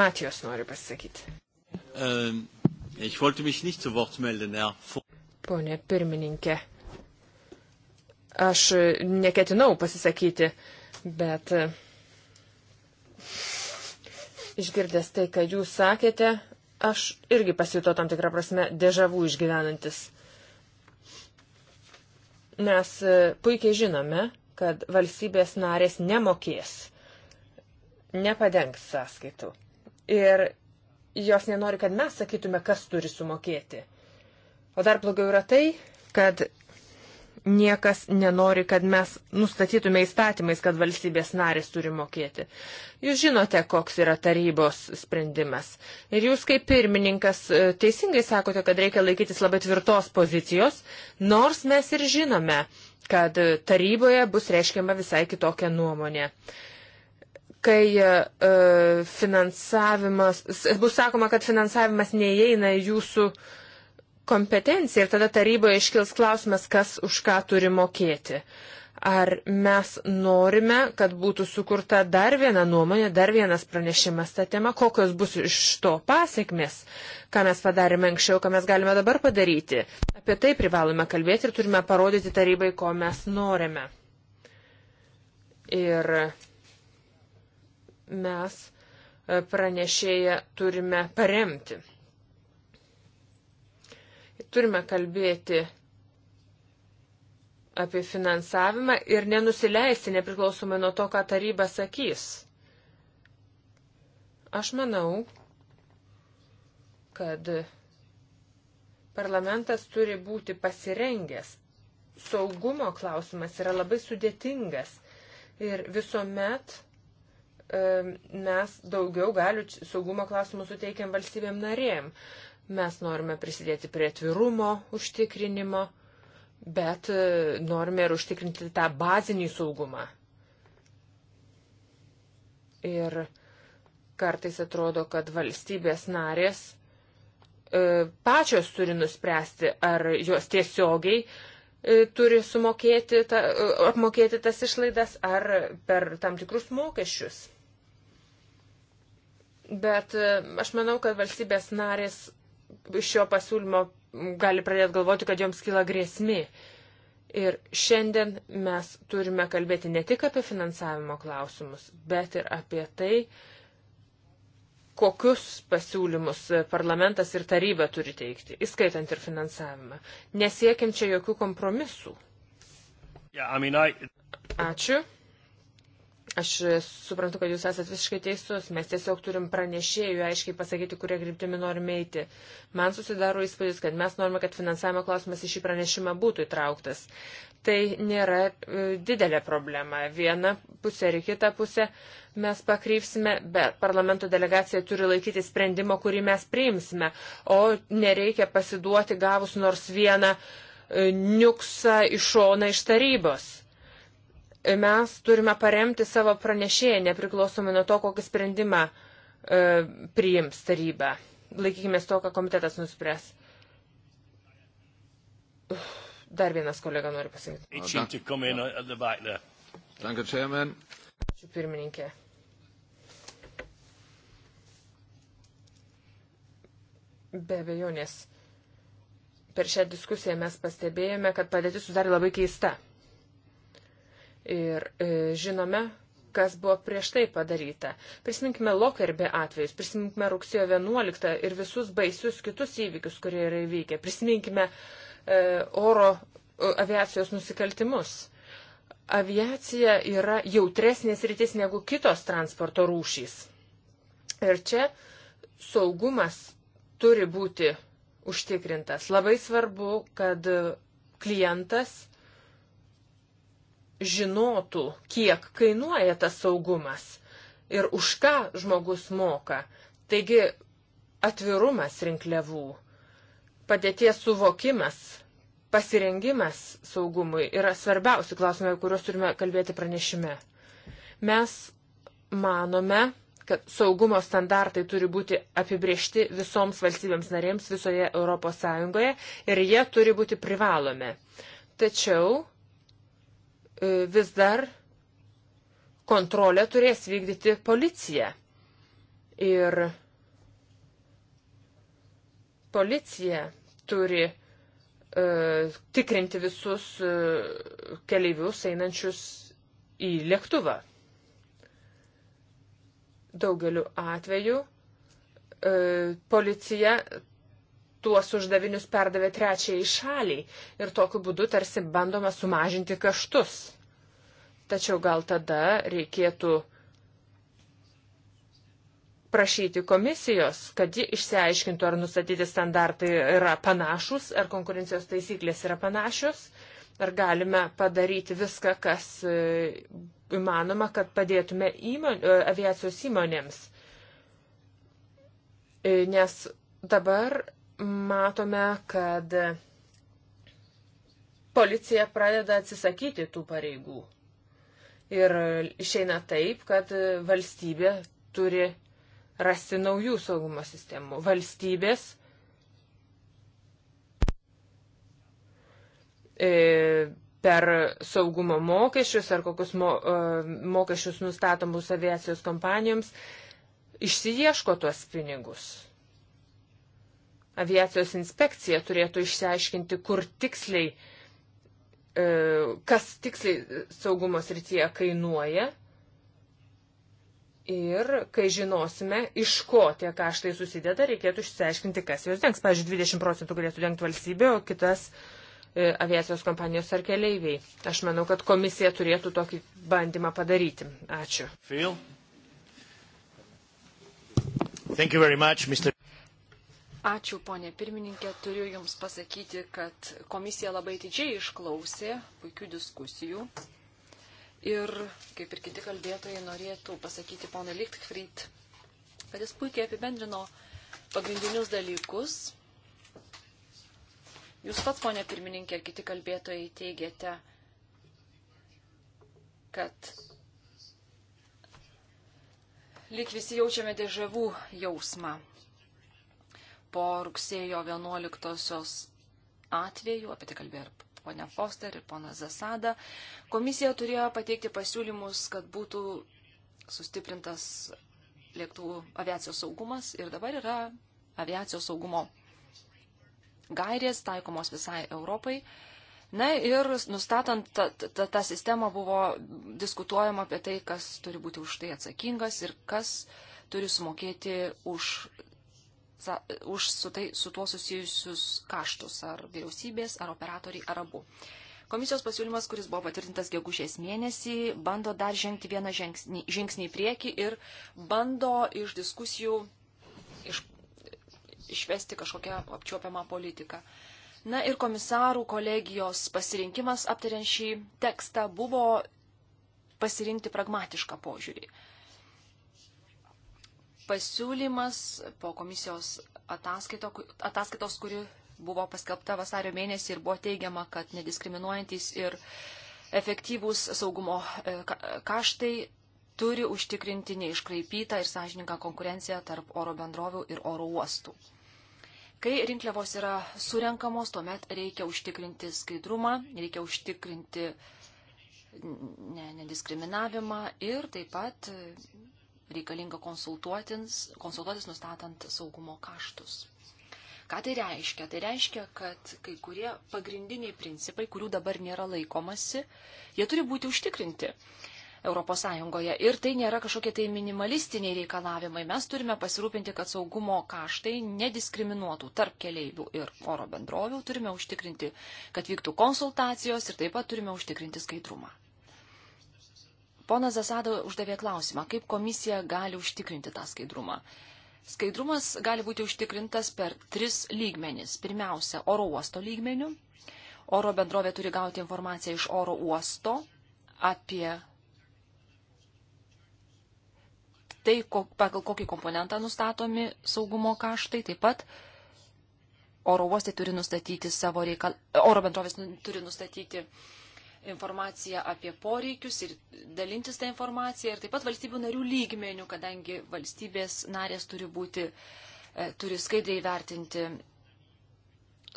Matijos nori pasakyti. Um, melden, Pone pirmininkė, aš neketinau pasisakyti, bet e, išgirdęs tai, ką jūs sakėte, aš irgi pasijuto tam tikrą prasme dežavų išgyvenantis. Nes e, puikiai žinome, kad valstybės narės nemokės, nepadengs sąskaitų. Ir jos nenori, kad mes sakytume, kas turi sumokėti. O dar blogiau yra tai, kad niekas nenori, kad mes nustatytume įstatymais, kad valstybės narės turi mokėti. Jūs žinote, koks yra tarybos sprendimas. Ir jūs kaip pirmininkas e, teisingai sakote, kad reikia laikytis labai tvirtos pozicijos, nors mes ir žinome, kad taryboje bus reiškiama visai kitokia nuomonė. Kai e, finansavimas, bus sakoma, kad finansavimas neįeina į jūsų kompetenciją ir tada taryboje iškils klausimas, kas už ką turi mokėti. E, Ar mes norime, kad būtų sukurta dar viena nuomonė, dar vienas pranešimas tą temą, kokios bus iš to pasiekmes, ką mes padarėme anksčiau, ką mes galime dabar padaryti. Apie tai privalome kalbėti ir turime parodyti tarybai, ko mes norime. Ir mes e, pranešėją turime paremti. Turime kalbėti apie finansavimą ir nenusileisti nepriklausomai nuo to, ką taryba sakys. Aš manau, kad parlamentas turi būti pasirengęs. Saugumo klausimas yra labai sudėtingas ir visuomet e, mes daugiau galių saugumo klausimų suteikiam valstybėm narėm. Mes norime prisidėti prie atvirumo užtikrinimo bet e, norime ir užtikrinti tą bazinį saugumą. Ir kartais atrodo, kad valstybės narės e, pačios turi nuspręsti, ar jos tiesiogiai e, turi sumokėti, ta, e, apmokėti tas išlaidas, ar per tam tikrus mokesčius. Bet e, aš manau, kad valstybės narės iš šio pasiūlymo gali pradėti galvoti, kad joms kyla grėsmi. Ir šiandien mes turime kalbėti ne tik apie finansavimo klausimus, bet ir apie tai, kokius pasiūlymus parlamentas ir taryba turi teikti, įskaitant ir finansavimą. Nesiekim čia jokių kompromisų. Yeah, I mean, I... Ačiū. Aš suprantu, kad jūs esat visiškai teisus. Mes tiesiog turim pranešėjų aiškiai pasakyti, kurie kryptimi norime eiti. Man susidaro įspūdis, kad mes norime, kad finansavimo klausimas į šį pranešimą būtų įtrauktas. Tai nėra e, didelė problema. Viena pusė ir kita pusė mes pakrypsime, bet parlamento delegacija turi laikyti sprendimo, kurį mes priimsime. O nereikia pasiduoti gavus nors vieną e, niuksą iš šona iš tarybos mes turime paremti savo pranešėją, nepriklausomai nuo to, kokį sprendimą e, priims taryba. Laikykime to, ką komitetas nuspręs. Dar vienas kolega nori pasakyti. Ačiū pirmininkė. Be abejonės. Per šią diskusiją mes pastebėjome, kad padėtis sudarė labai keista. Ir e, žinome, kas buvo prieš tai padaryta. Prisiminkime Lokerbė atvejus, prisiminkime rugsėjo 11 ir visus baisius kitus įvykius, kurie yra įvykę. Prisiminkime e, oro e, aviacijos nusikaltimus. Aviacija yra jautresnės rytis negu kitos transporto rūšys. Ir čia saugumas turi būti užtikrintas. Labai svarbu, kad klientas žinotų, kiek kainuoja tas saugumas ir už ką žmogus moka. Taigi atvirumas rinkliavų, padėties suvokimas, pasirengimas saugumui yra svarbiausi klausimai, kuriuos turime kalbėti pranešime. Mes manome, kad saugumo standartai turi būti apibriešti visoms valstybėms narėms visoje ES ir jie turi būti privalomi. Tačiau E, vis dar kontrolę turės vykdyti policija. Ir policija turi e, tikrinti visus e, keleivius einančius į lėktuvą. Daugeliu atveju e, policija tuos uždavinius perdavė trečiai šaliai ir tokiu būdu tarsi bandoma sumažinti kaštus. Tačiau gal tada reikėtų prašyti komisijos, kad ji išsiaiškintų, ar nustatyti standartai yra panašus, ar konkurencijos taisyklės yra panašios, ar galime padaryti viską, kas e, įmanoma, kad padėtume įmon, e, aviacijos įmonėms. E, nes dabar matome, kad policija pradeda atsisakyti tų pareigų. Ir išeina taip, kad valstybė turi rasti naujų saugumo sistemų. Valstybės e, per saugumo mokesčius ar kokius mo, e, mokesčius nustatomus aviacijos kompanijoms išsiieško tuos pinigus. Aviacijos inspekcija turėtų išsiaiškinti, kur tiksliai, e, kas tiksliai saugumo srityje kainuoja. Ir kai žinosime, iš ko tie kaštai susideda, reikėtų išsiaiškinti, kas juos dengs. Pavyzdžiui, 20 procentų galėtų dengti valstybė, o kitas e, aviacijos kompanijos ar keleiviai. Aš manau, kad komisija turėtų tokį bandymą padaryti. Ačiū. Much, Mr... Ačiū, ponė pirmininkė. Turiu Jums pasakyti, kad komisija labai didžiai išklausė puikių diskusijų. Ir, kaip ir kiti kalbėtojai, norėtų pasakyti ponai Lichtfried, kad jis puikiai apibendrino pagrindinius dalykus. Jūs pats, ponė pirmininkė, ir kiti kalbėtojai teigiate, kad lyg visi jaučiame dėžavų jausmą po rugsėjo 11-osios atveju, apie tai kalbėjo ir ponia Foster ir pona Zasada, komisija turėjo pateikti pasiūlymus, kad būtų sustiprintas lėktuvų aviacijos saugumas ir dabar yra aviacijos saugumo gairės taikomos visai Europai. Na ir nustatant tą, tą, tą sistemą buvo diskutuojama apie tai, kas turi būti už tai atsakingas ir kas turi sumokėti už už su, tai, su tuo susijusius kaštus, ar vyriausybės, ar operatoriai, ar abu. Komisijos pasiūlymas, kuris buvo patvirtintas gegužės mėnesį, bando dar žengti vieną žingsnį, žingsnį į priekį ir bando iš diskusijų iš, išvesti kažkokią apčiuopiamą politiką. Na ir komisarų kolegijos pasirinkimas aptariant šį tekstą buvo pasirinkti pragmatišką požiūrį pasiūlymas po komisijos ataskaito, ataskaitos, kuri buvo paskelbta vasario mėnesį ir buvo teigiama, kad nediskriminuojantis ir efektyvūs saugumo e, kaštai turi užtikrinti neiškraipytą ir sąžininką konkurenciją tarp oro bendrovių ir oro uostų. Kai rinkliavos yra surenkamos, tuomet reikia užtikrinti skaidrumą, reikia užtikrinti nediskriminavimą ir taip pat reikalinga konsultuotis, konsultuotis nustatant saugumo kaštus. Ką tai reiškia? Tai reiškia, kad kai kurie pagrindiniai principai, kurių dabar nėra laikomasi, jie turi būti užtikrinti. ES. Ir tai nėra kažkokie tai minimalistiniai reikalavimai. Mes turime pasirūpinti, kad saugumo kaštai nediskriminuotų tarp keleivių ir oro bendrovių. Turime užtikrinti, kad vyktų konsultacijos ir taip pat turime užtikrinti skaidrumą. Ponas Zasada uždavė klausimą, kaip komisija gali užtikrinti tą skaidrumą. Skaidrumas gali būti užtikrintas per tris lygmenis. Pirmiausia, oro uosto lygmenių. Oro bendrovė turi gauti informaciją iš oro uosto apie tai, pagal kokį komponentą nustatomi saugumo kaštai. Taip pat oro uostai turi nustatyti savo reikalą, oro bendrovės turi nustatyti uh, informaciją apie poreikius ir dalintis tą informaciją ir taip pat valstybių narių lygmenių, kadangi valstybės narės turi būti, e, turi skaidriai vertinti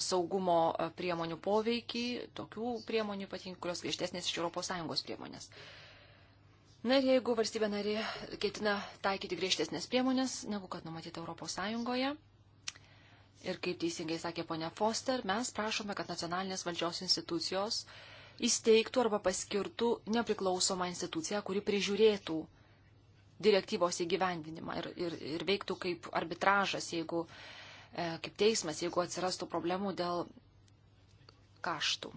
saugumo e, priemonių poveikį, tokių priemonių ypatingai, kurios griežtesnės iš ES priemonės. Na ir jeigu valstybė narė ketina taikyti griežtesnės priemonės, negu kad numatyta ES, ir kaip teisingai sakė ponia Foster, mes prašome, kad nacionalinės valdžios institucijos uh, įsteigtų arba paskirtų nepriklausomą instituciją, kuri prižiūrėtų direktyvos įgyvendinimą ir, ir, ir veiktų kaip arbitražas, jeigu, e, kaip teismas, jeigu atsirastų problemų dėl kaštų.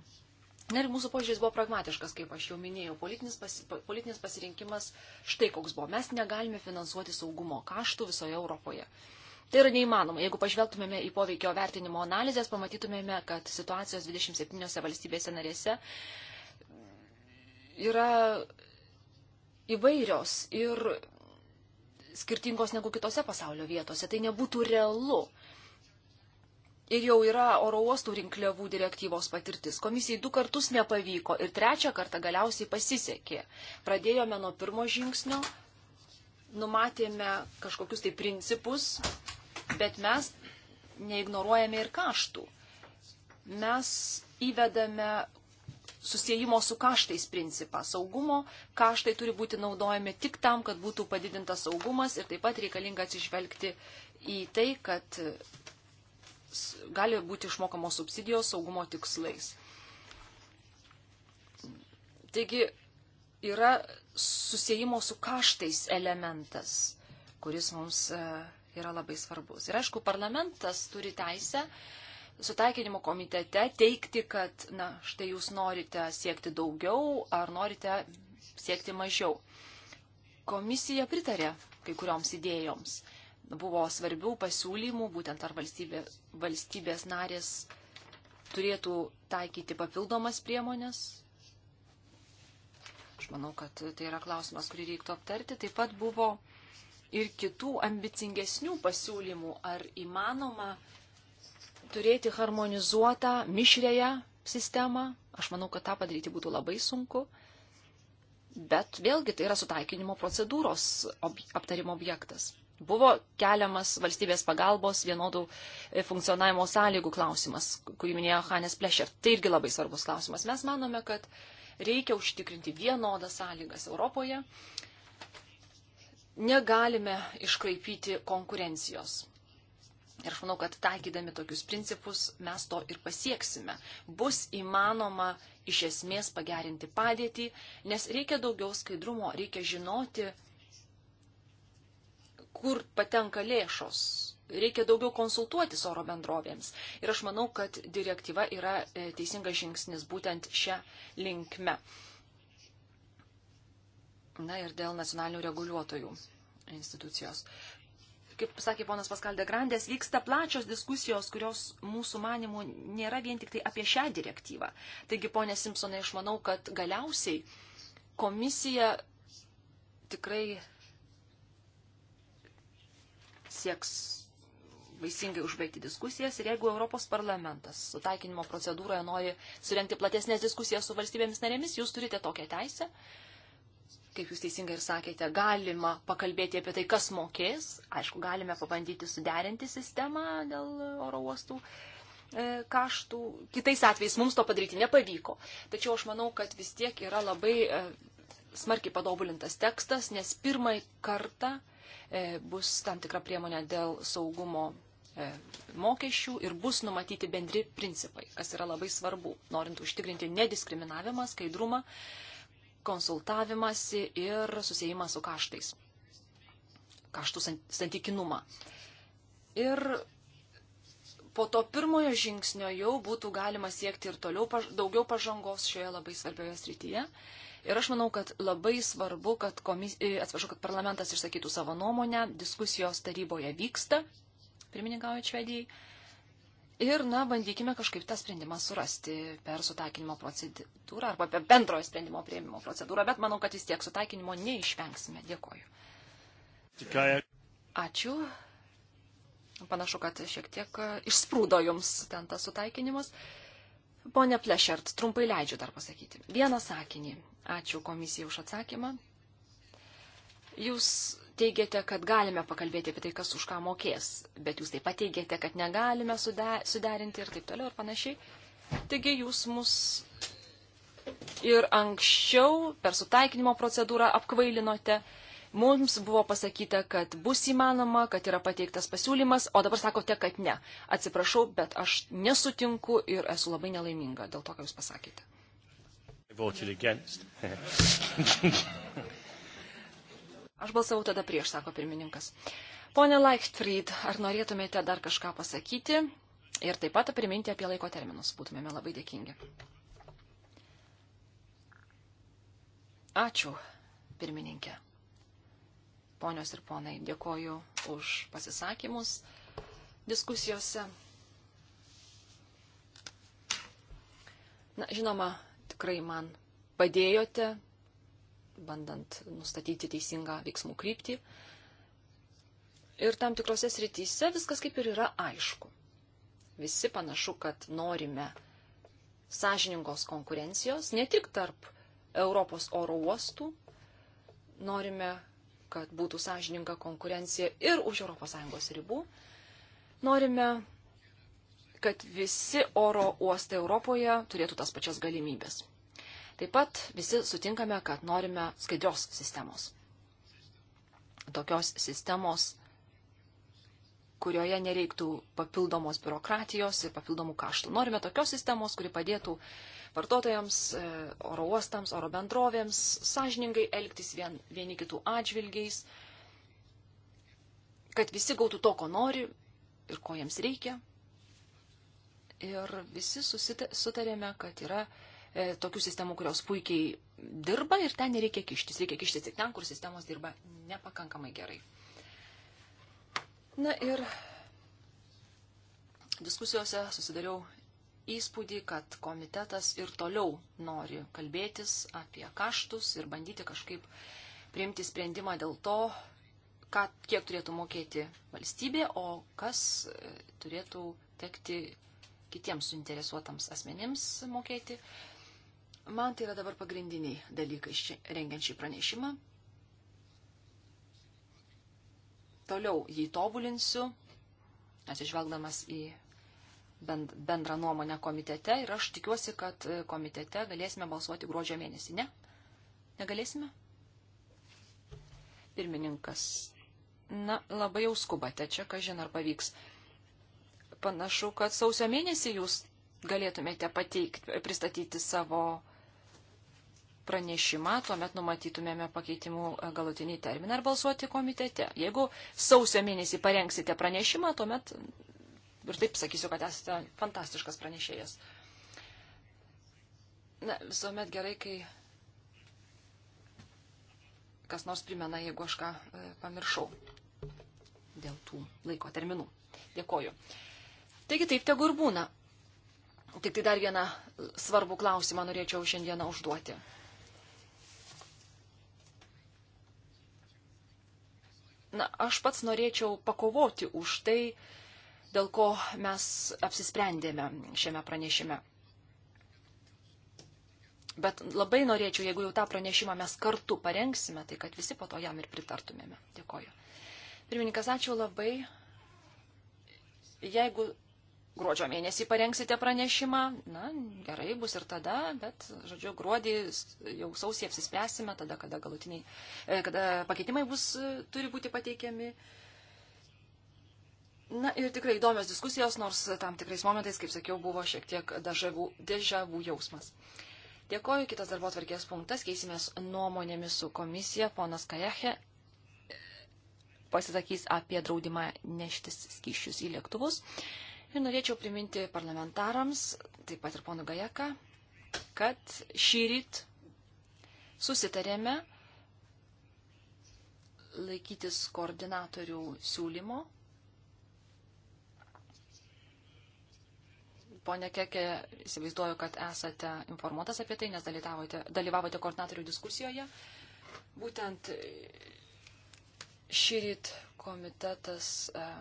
Na ir mūsų požiūris buvo pragmatiškas, kaip aš jau minėjau. Politinis, pasi, politinis pasirinkimas štai koks buvo. Mes negalime finansuoti saugumo kaštų visoje Europoje. Tai yra neįmanoma. Jeigu pažvelgtumėme į poveikio vertinimo analizės, pamatytumėme, kad situacijos 27 valstybėse narėse yra įvairios ir skirtingos negu kitose pasaulio vietose. Tai nebūtų realu. Ir jau yra oro uostų rinkliavų direktyvos patirtis. Komisijai du kartus nepavyko ir trečią kartą galiausiai pasisekė. Pradėjome nuo pirmo žingsnio, numatėme kažkokius tai principus, bet mes neignoruojame ir kaštų. Mes įvedame susijimo su kaštais principą. Saugumo kaštai turi būti naudojami tik tam, kad būtų padidintas saugumas ir taip pat reikalinga atsižvelgti į tai, kad gali būti išmokamos subsidijos saugumo tikslais. Taigi yra susijimo su kaštais elementas, kuris mums e, yra labai svarbus. Ir aišku, parlamentas turi teisę sutaikinimo komitete teikti, kad, na, štai jūs norite siekti daugiau ar norite siekti mažiau. Komisija pritarė kai kurioms idėjoms. Buvo svarbių pasiūlymų, būtent ar valstybė, valstybės narės turėtų taikyti papildomas priemonės. Aš manau, kad tai yra klausimas, kurį reiktų aptarti. Taip pat buvo ir kitų ambicingesnių pasiūlymų, ar įmanoma turėti harmonizuotą mišrėją sistemą. Aš manau, kad tą padaryti būtų labai sunku. Bet vėlgi tai yra sutaikinimo procedūros ob aptarimo objektas. Buvo keliamas valstybės pagalbos vienodų e, funkcionavimo sąlygų klausimas, kurį minėjo Hanes Plešer. Tai irgi labai svarbus klausimas. Mes manome, kad reikia užtikrinti vienodas sąlygas Europoje. Uh, negalime iškraipyti konkurencijos. Ir aš manau, kad taikydami tokius principus mes to ir pasieksime. Bus įmanoma iš esmės pagerinti padėtį, nes reikia daugiau skaidrumo, reikia žinoti, kur patenka lėšos. Reikia daugiau konsultuotis oro bendrovėms. Ir aš manau, kad direktyva yra e, teisingas žingsnis būtent šią linkmę. Na ir dėl nacionalinių reguliuotojų institucijos. Kaip sakė ponas Paskaldė Grandės, vyksta plačios diskusijos, kurios mūsų manimų nėra vien tik tai apie šią direktyvą. Taigi, ponė Simpsonai, aš manau, kad galiausiai komisija tikrai sieks vaisingai užbaigti diskusijas ir jeigu Europos parlamentas sutaikinimo procedūroje nori surenkti platesnės diskusijas su valstybėmis narėmis, jūs turite tokią teisę. Uh, kaip jūs teisingai ir sakėte, galima pakalbėti apie tai, kas mokės. Aišku, galime pabandyti suderinti sistemą dėl oro uostų e, kaštų. Kitais atvejais mums to padaryti nepavyko. Tačiau aš manau, kad vis tiek yra labai e, smarkiai padobulintas tekstas, nes pirmąjį kartą e, bus tam tikra priemonė dėl saugumo mokesčių ir bus numatyti bendri principai, kas yra labai svarbu, norint užtikrinti nediskriminavimą, skaidrumą konsultavimąsi ir susijimą su kaštais, kaštų santykinumą. Ir po to pirmojo žingsnio jau būtų galima siekti ir toliau paž daugiau pažangos šioje labai svarbioje srityje. Ir aš manau, kad labai svarbu, kad, komis... E, atsiprašau, kad parlamentas išsakytų savo nuomonę, diskusijos taryboje vyksta, pirmininkaujant Švedijai. Ir, na, bandykime kažkaip tą sprendimą surasti per sutaikinimo procedūrą arba per bendrojo sprendimo prieimimo procedūrą, bet manau, kad vis tiek sutaikinimo neišvengsime. Dėkoju. Ačiū. Panašu, kad šiek tiek išsprūdo jums ten tas sutaikinimas. Pone Plešert, trumpai leidžiu dar pasakyti. Vieną sakinį. Ačiū komisijai už atsakymą. Jūs teigiate, kad galime pakalbėti apie tai, kas už ką mokės, bet jūs taip pat teigiate, kad negalime suderinti ir taip toliau ir panašiai. Taigi jūs mus ir anksčiau per sutaikinimo procedūrą apkvailinote. Mums buvo pasakyta, kad bus įmanoma, kad yra pateiktas pasiūlymas, o dabar sakote, kad ne. Atsiprašau, bet aš nesutinku ir esu labai nelaiminga dėl to, ką jūs pasakėte. <laughs> Aš balsavau tada prieš, sako pirmininkas. Pone Leichtfried, ar norėtumėte dar kažką pasakyti ir taip pat priminti apie laiko terminus? Būtumėme labai dėkingi. Ačiū, pirmininkė. Ponios ir ponai, dėkoju už pasisakymus diskusijose. Na, žinoma, tikrai man padėjote bandant nustatyti teisingą veiksmų kryptį. Ir tam tikrose srityse viskas kaip ir yra aišku. Visi panašu, kad norime sąžiningos konkurencijos, ne tik tarp Europos oro uostų, norime, kad būtų sąžininga konkurencija ir už ES ribų, norime kad visi oro uostai Europoje turėtų tas pačias galimybės. Taip pat visi sutinkame, kad norime skaidrios sistemos. Tokios sistemos, kurioje nereiktų papildomos biurokratijos ir papildomų kaštų. Norime tokios sistemos, kuri padėtų vartotojams, e, oro uostams, oro bendrovėms sąžiningai elgtis vien, vieni kitų atžvilgiais, kad visi gautų to, ko nori ir ko jiems reikia. Ir visi susitarėme, kad yra E, tokių sistemų, kurios puikiai dirba ir ten nereikia kištis. Reikia kištis tik ten, kur sistemos dirba nepakankamai gerai. Na ir diskusijose susidariau įspūdį, kad komitetas ir toliau nori kalbėtis apie kaštus ir bandyti kažkaip priimti sprendimą dėl to, ką, kiek turėtų mokėti valstybė, o kas e, turėtų tekti kitiems suinteresuotams asmenims mokėti. Man tai yra dabar pagrindiniai dalykai rengiant šį pranešimą. Toliau jį tobulinsiu, atsižvelgdamas į bend, bendrą nuomonę komitete ir aš tikiuosi, kad komitete galėsime balsuoti gruodžio mėnesį. Ne? Negalėsime? Pirmininkas. Na, labai jau skubate čia, kažin ar pavyks. Panašu, kad sausio mėnesį jūs galėtumėte pateikti, pristatyti savo uh, pranešimą, tuomet numatytumėme pakeitimų e, galutinį terminą ir balsuoti komitete. Jeigu sausio mėnesį parengsite pranešimą, tuomet mm, ir taip sakysiu, kad esate fantastiškas pranešėjas. Na, visuomet gerai, kai kas nors primena, jeigu aš ką e, pamiršau dėl tų laiko terminų. Dėkoju. Taigi taip tegu ir būna. Tik tai dar vieną svarbų klausimą norėčiau šiandieną užduoti. Na, aš pats norėčiau pakovoti už tai, dėl ko mes apsisprendėme šiame pranešime. Bet labai norėčiau, jeigu jau tą pranešimą mes kartu parengsime, tai kad visi po to jam ir pritartumėme. Dėkoju. Pirmininkas, ačiū labai. Jeigu gruodžio mėnesį parengsite pranešimą, na, gerai bus ir tada, bet, žodžiu, gruodį jau sausį apsispręsime, tada, kada galutiniai, e, kada pakeitimai bus, e, turi būti pateikiami. Na ir tikrai įdomios diskusijos, nors tam tikrais momentais, kaip sakiau, buvo šiek tiek dežavų jausmas. Dėkoju, kitas darbo tvarkės punktas, keisimės nuomonėmis su komisija, ponas Kajache pasisakys apie draudimą neštis skyšius į lėktuvus. Uh, Ir norėčiau priminti parlamentarams, taip pat ir ponu Gajaka, kad šį ryt susitarėme laikytis koordinatorių siūlymo. Pone Keke, įsivaizduoju, kad esate informuotas apie tai, nes dalyvavote, dalyvavote koordinatorių diskusijoje. Būtent šį ryt komitetas uh,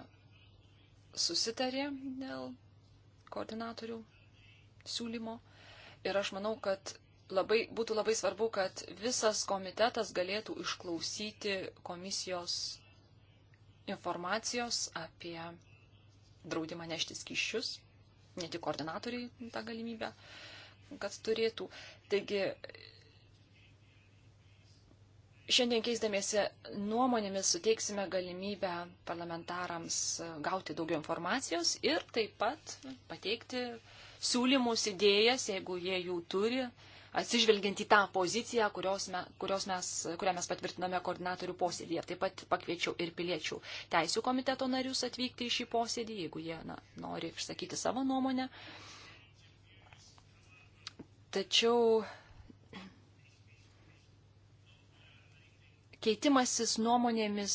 susitarė dėl koordinatorių siūlymo. Ir aš manau, kad labai, būtų labai svarbu, kad visas komitetas galėtų išklausyti komisijos informacijos apie draudimą nešti skyščius, ne tik koordinatoriai tą galimybę, kad turėtų. Taigi Šiandien keisdamėsi nuomonėmis suteiksime galimybę parlamentarams e, gauti daugiau informacijos ir taip pat pateikti siūlymus, idėjas, jeigu jie jų turi, atsižvelgiant į tą poziciją, kurios me, kurios mes, kurią mes patvirtiname koordinatorių posėdėje. Taip pat pakviečiau ir piliečių teisų komiteto narius atvykti į šį posėdį, jeigu jie na, nori išsakyti savo nuomonę. Tačiau keitimasis nuomonėmis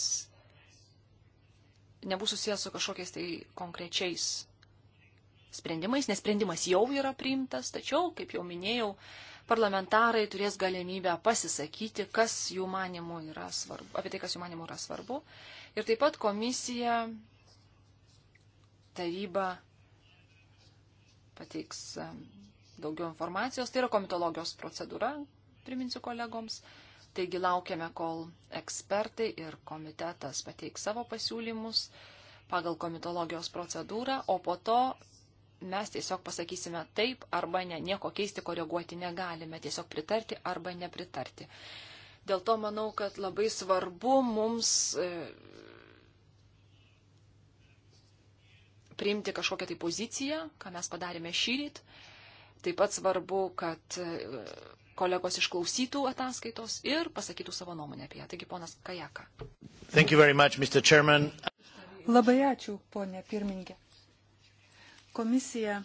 nebus susijęs su kažkokiais tai konkrečiais sprendimais, nes sprendimas jau yra priimtas, tačiau, kaip jau minėjau, parlamentarai turės galimybę pasisakyti, kas jų manimų yra svarbu, apie tai, kas jų manimų yra svarbu. Ir taip pat komisija, taryba pateiks um, daugiau informacijos, tai yra komitologijos procedūra, priminsiu kolegoms. Taigi laukiame, kol ekspertai ir komitetas pateiks savo pasiūlymus pagal komitologijos procedūrą, o po to mes tiesiog pasakysime taip arba ne, nieko keisti, koreguoti negalime, tiesiog pritarti arba nepritarti. Dėl to manau, kad labai svarbu mums e, priimti kažkokią tai poziciją, ką mes padarėme šyryt. Taip pat svarbu, kad e, kolegos išklausytų ataskaitos ir pasakytų savo nuomonę apie ją. Taigi, ponas Kajaka. Much, Labai ačiū, ponė pirmininkė. Komisija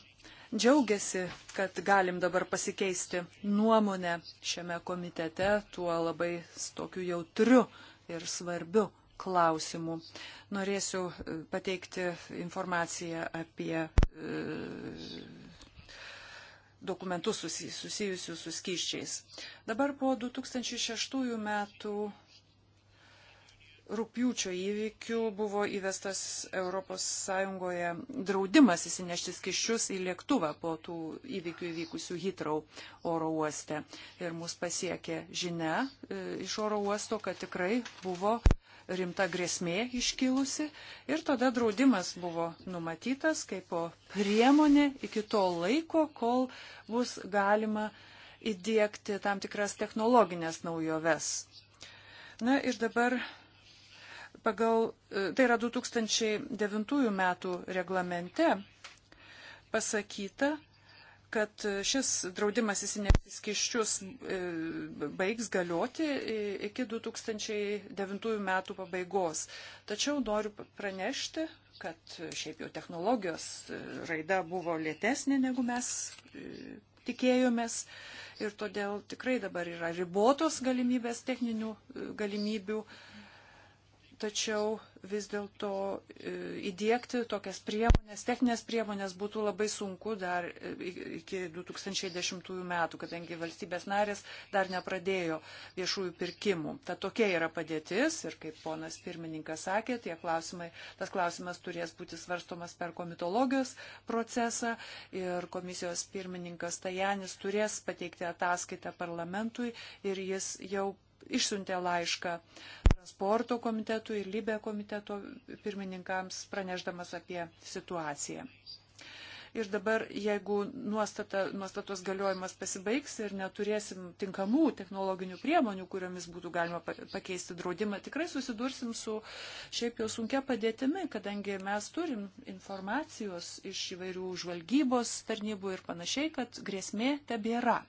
džiaugiasi, kad galim dabar pasikeisti nuomonę šiame komitete tuo labai tokiu jautriu ir svarbiu klausimu. Norėsiu e, pateikti informaciją apie e, dokumentus susijusius su skyščiais. Dabar po 2006 metų rūpjūčio įvykių buvo įvestas ES draudimas įsinešti skiščius į lėktuvą po tų įvykių įvykusių Hitrau oro uoste. Ir mus pasiekė žinia e, iš oro uosto, kad tikrai buvo rimta grėsmė iškilusi ir tada draudimas buvo numatytas kaip priemonė iki to laiko, kol bus galima įdėkti tam tikras technologinės naujoves. Na ir dabar pagal, e, tai yra 2009 metų reglamente pasakyta, kad e, šis draudimas įsinešti skiščius e, baigs galioti iki 2009 metų pabaigos. Tačiau noriu pranešti, kad e, šiaip jau technologijos raida buvo lėtesnė, negu mes tikėjomės ir todėl tikrai dabar yra ribotos galimybės techninių galimybių uh, tačiau vis dėlto e, įdėkti tokias priemonės, techninės priemonės būtų labai sunku dar e, iki 2010 metų, kadangi valstybės narės dar nepradėjo viešųjų pirkimų. Ta tokia yra padėtis ir kaip ponas pirmininkas sakė, klausimai, tas klausimas turės būti svarstomas per komitologijos procesą ir komisijos pirmininkas Tajanis turės pateikti ataskaitą parlamentui ir jis jau išsiuntė laišką transporto komitetų ir Libė komiteto pirmininkams praneždamas apie situaciją. Ir dabar, jeigu nuostata, nuostatos galiojimas pasibaigs ir neturėsim tinkamų technologinių priemonių, kuriomis būtų galima pakeisti draudimą, tikrai susidursim su šiaip jau sunkia padėtimi, kadangi mes turim informacijos iš įvairių žvalgybos tarnybų ir panašiai, kad grėsmė tebėra.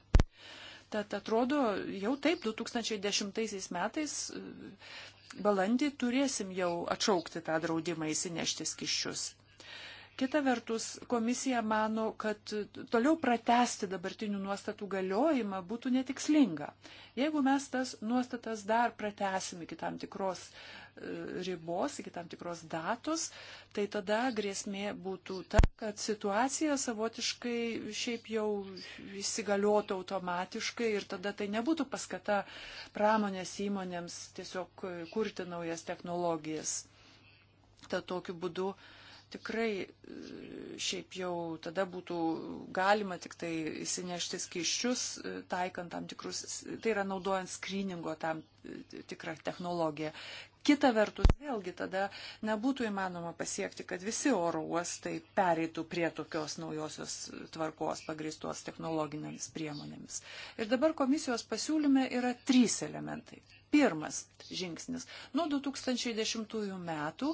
Tad atrodo, jau taip, 2010 metais e, balandį turėsim jau atšaukti tą draudimą įsinešti skiščius. Kita vertus, komisija mano, kad toliau pratesti dabartinių nuostatų galiojimą būtų netikslinga. Jeigu mes tas nuostatas dar pratesim iki tam tikros uh, ribos, iki tam tikros datos, tai tada grėsmė būtų ta, kad situacija savotiškai šiaip jau įsigaliotų automatiškai ir tada tai nebūtų paskata pramonės įmonėms tiesiog kurti naujas technologijas. Tad tokiu būdu tikrai e, šiaip jau tada būtų galima tik tai įsinešti skiščius, e, taikant tam tikrus, tai yra naudojant skryningo tam e, tikrą technologiją kita vertus, vėlgi tada nebūtų įmanoma pasiekti, kad visi oro uostai pereitų prie tokios naujosios tvarkos pagristos technologinėmis priemonėmis. Ir dabar komisijos pasiūlyme yra trys elementai. Pirmas žingsnis. Nuo 2010 metų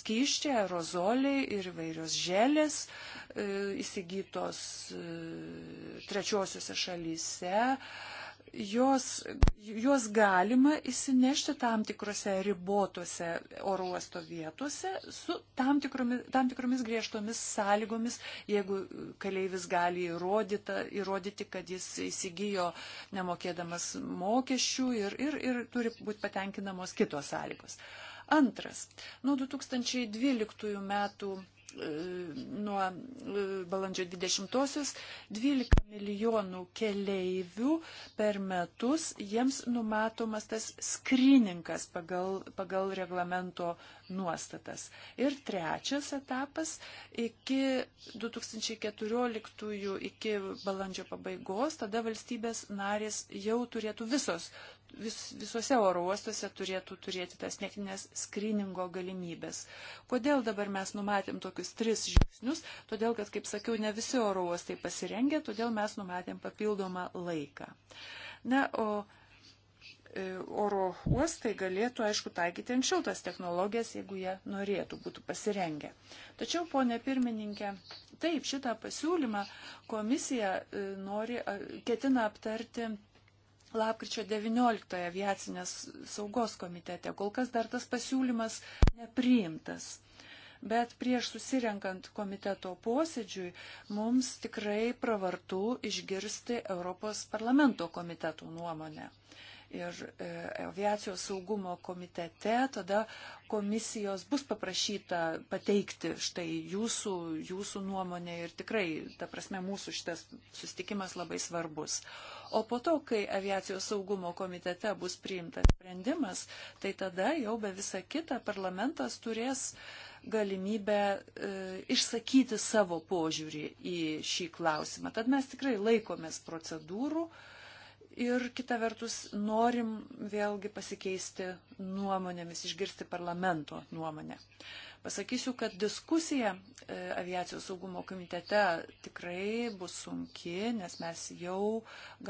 skyščiai, aerozoliai ir vairios želės e, įsigytos e, trečiosiuose šalyse e, jos, juos galima įsinešti tam tikrose ribotose oro uosto vietose su tam tikromis, tam tikromis griežtomis sąlygomis, jeigu keleivis gali įrodyta, įrodyti, kad jis įsigijo nemokėdamas mokesčių ir, ir, ir turi būti patenkinamos kitos sąlygos. Antras, nuo 2012 metų nuo e, balandžio 20-osios 12 milijonų keleivių per metus jiems numatomas tas skrininkas pagal, pagal reglamento nuostatas. Ir trečias etapas iki 2014 iki balandžio pabaigos, tada valstybės narės jau turėtų visos vis, visuose oro uostuose turėtų turėti tas techninės skriningo galimybės. Kodėl dabar mes numatėm tokius tris žingsnius? Todėl, kad, kaip sakiau, ne visi oro uostai pasirengė, todėl mes numatėm papildomą laiką. Na, o e, oro uostai galėtų, aišku, taikyti anksčiau tas technologijas, jeigu jie norėtų, būtų pasirengę. Tačiau, ponė pirmininkė, taip, šitą pasiūlymą komisija e, nori, ketina aptarti lapkričio 19 aviacinės saugos komitete. Kol kas dar tas pasiūlymas nepriimtas. Bet prieš susirenkant komiteto posėdžiui mums tikrai pravartu išgirsti Europos parlamento komitetų nuomonę ir e, aviacijos saugumo komitete, tada komisijos bus paprašyta pateikti štai jūsų, jūsų nuomonę ir tikrai, ta prasme, mūsų šitas sustikimas labai svarbus. O po to, kai aviacijos saugumo komitete bus priimtas sprendimas, tai tada jau be visa kita parlamentas turės galimybę e, išsakyti savo požiūrį į šį klausimą. Tad mes tikrai laikomės procedūrų, e, Ir kita vertus, norim vėlgi pasikeisti nuomonėmis, išgirsti parlamento nuomonę. Pasakysiu, kad diskusija e, aviacijos saugumo komitete tikrai bus sunki, nes mes jau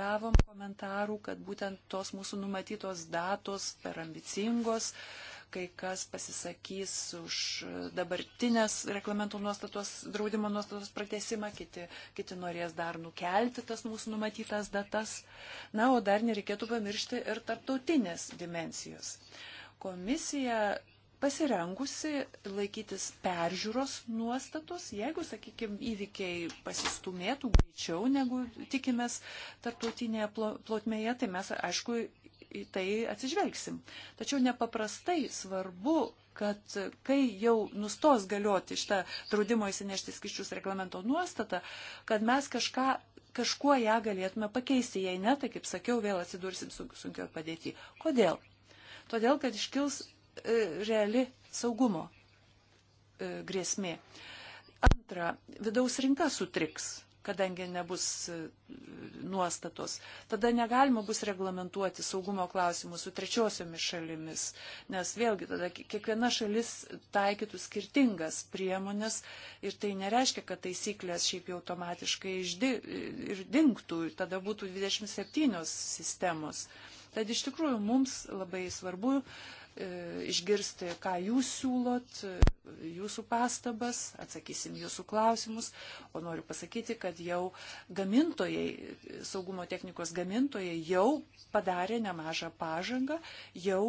gavom komentarų, kad būtent tos mūsų numatytos datos per ambicingos, uh, kai kas pasisakys už dabartinės reglamento nuostatos, draudimo nuostatos pratesimą, kiti, kiti norės dar nukelti tas mūsų numatytas datas. Na, o dar nereikėtų pamiršti ir tarptautinės dimensijos. Komisija pasirengusi laikytis peržiūros nuostatos, jeigu, sakykime, įvykiai pasistumėtų greičiau negu tikimės tarptautinėje plotmėje, tai mes, aišku, į tai atsižvelgsim. Tačiau nepaprastai svarbu, kad kai jau nustos galioti šitą draudimo įsinešti skiščius reglamento nuostatą, kad mes kažką, kažkuo ją galėtume pakeisti. Jei ne, tai, kaip sakiau, vėl atsidursim sunkioje padėtyje. Kodėl? Todėl, kad iškils e, reali saugumo e, grėsmė. Antra, vidaus rinka sutriks kadangi nebus e, nuostatos. Tada negalima bus reglamentuoti saugumo klausimų su trečiosiomis šalimis, nes vėlgi tada kiekviena šalis taikytų skirtingas priemonės ir tai nereiškia, kad taisyklės šiaip jau automatiškai išdi, ir dinktų, tada būtų 27 sistemos. Tad iš tikrųjų mums labai svarbu E, išgirsti, ką jūs siūlot, e, jūsų pastabas, atsakysim jūsų klausimus. O noriu pasakyti, kad jau gamintojai, saugumo technikos gamintojai jau padarė nemažą pažangą, jau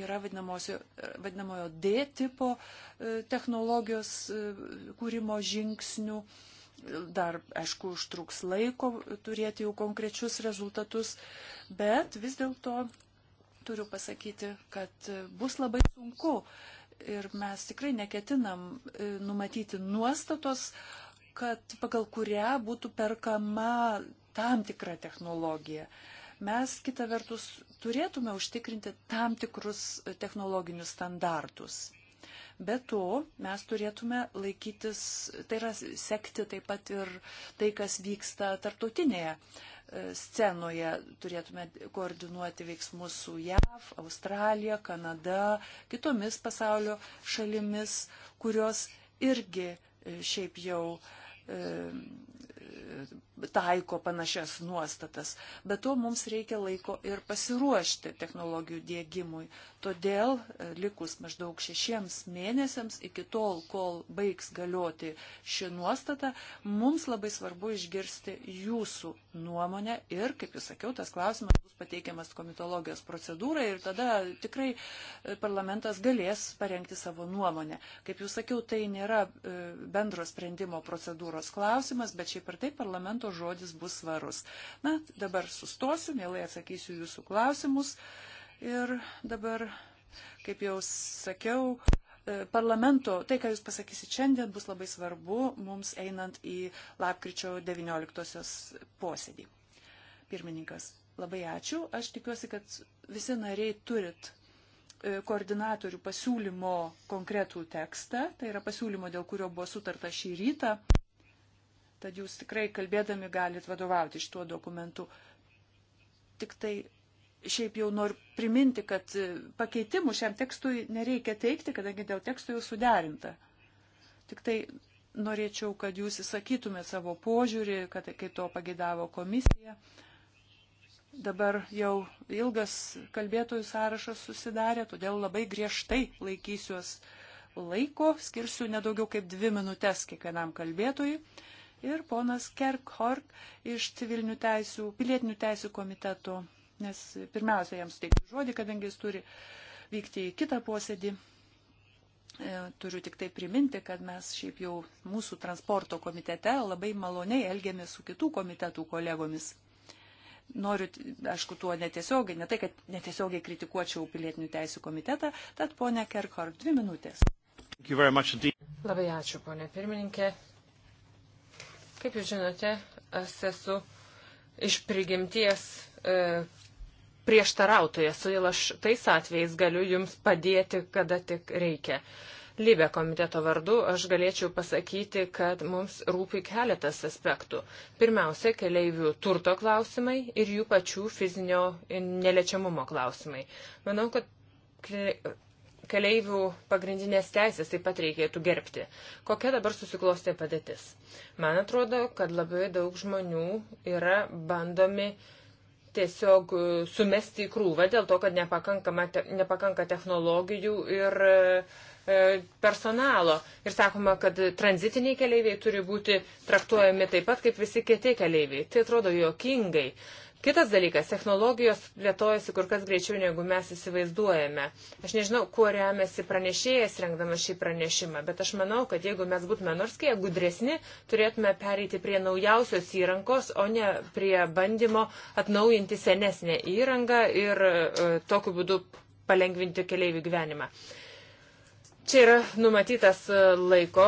yra e, vadinamojo D tipo technologijos kūrimo žingsnių. Dar, aišku, užtruks laiko turėti jau konkrečius rezultatus, bet vis dėlto turiu pasakyti, kad bus labai sunku ir mes tikrai neketinam e, numatyti nuostatos, kad pagal kurią būtų perkama tam tikra technologija. Mes kita vertus turėtume užtikrinti tam tikrus technologinius standartus. Be to, mes turėtume laikytis, tai yra sekti taip pat ir tai, kas vyksta tarptautinėje scenoje turėtume koordinuoti veiksmus su JAV, Australija, Kanada, kitomis pasaulio šalimis, kurios irgi e, šiaip jau e, taiko panašias nuostatas. Bet to mums reikia laiko ir pasiruošti technologijų dėgymui. Todėl e, likus maždaug šešiems mėnesiams iki tol, kol baigs galioti ši nuostata, mums labai svarbu išgirsti jūsų nuomonę ir, kaip jūs sakiau, tas klausimas bus pateikiamas komitologijos procedūrai ir tada tikrai e, parlamentas galės parengti savo nuomonę. Kaip jūs sakiau, tai nėra e, bendro sprendimo procedūros klausimas, bet šiaip ir taip parlamento parlamento žodis bus svarus. Na, dabar sustosiu, mielai atsakysiu jūsų klausimus. Ir dabar, kaip jau sakiau, e, parlamento, tai, ką jūs pasakysit šiandien, bus labai svarbu mums einant į lapkričio 19 posėdį. Pirmininkas, labai ačiū. Aš tikiuosi, kad visi nariai turit e, koordinatorių pasiūlymo konkretų tekstą, tai yra pasiūlymo, dėl kurio buvo sutarta šį rytą. Tad jūs tikrai kalbėdami galit vadovauti šituo dokumentu. Tik tai šiaip jau noriu priminti, kad pakeitimų šiam tekstui nereikia teikti, kadangi dėl tekstų jau suderinta. Tik tai norėčiau, kad jūs įsakytumėte savo požiūrį, kad kaip to pagėdavo komisija. Dabar jau ilgas kalbėtojų sąrašas susidarė, todėl labai griežtai laikysiuos laiko, skirsiu nedaugiau kaip dvi minutės kiekvienam kalbėtojui ir ponas Kerkhork iš civilinių teisų, pilietinių teisų komiteto, nes pirmiausia jam suteikiu žodį, kadangi jis turi vykti į kitą posėdį. E, turiu tik tai priminti, kad mes šiaip jau mūsų transporto komitete labai maloniai elgėmės su kitų komitetų kolegomis. Noriu, aišku, tuo netiesiogiai, ne tai, kad netiesiogiai kritikuočiau pilietinių teisų komitetą, tad ponia Kerkhorn, dvi minutės. Labai ačiū, ponia pirmininkė. Kaip jūs žinote, aš esu iš prigimties e, prieštarautojas, todėl aš tais atvejais galiu jums padėti, kada tik reikia. Lybė komiteto vardu aš galėčiau pasakyti, kad mums rūpi keletas aspektų. Pirmiausia, keleivių turto klausimai ir jų pačių fizinio neliečiamumo klausimai. Manau, kad Keleivių pagrindinės teisės taip pat reikėtų gerbti. Kokia dabar susiklostė padėtis? Man atrodo, kad labai daug žmonių yra bandomi tiesiog e, sumesti į krūvą dėl to, kad te, nepakanka technologijų ir e, personalo. Ir sakoma, kad tranzitiniai keleiviai turi būti traktuojami taip pat kaip visi kiti keleiviai. Tai atrodo jokingai. Uh, Kitas dalykas, technologijos plėtojasi kur kas greičiau, negu mes įsivaizduojame. Aš nežinau, kuo remiasi pranešėjas rengdamas šį pranešimą, bet aš manau, kad jeigu mes būtume nors kiek gudresni, turėtume pereiti prie naujausios įrankos, o ne prie bandymo atnaujinti senesnę įrangą ir e, tokiu būdu palengvinti keliaivių gyvenimą. E, Čia yra numatytas e, laiko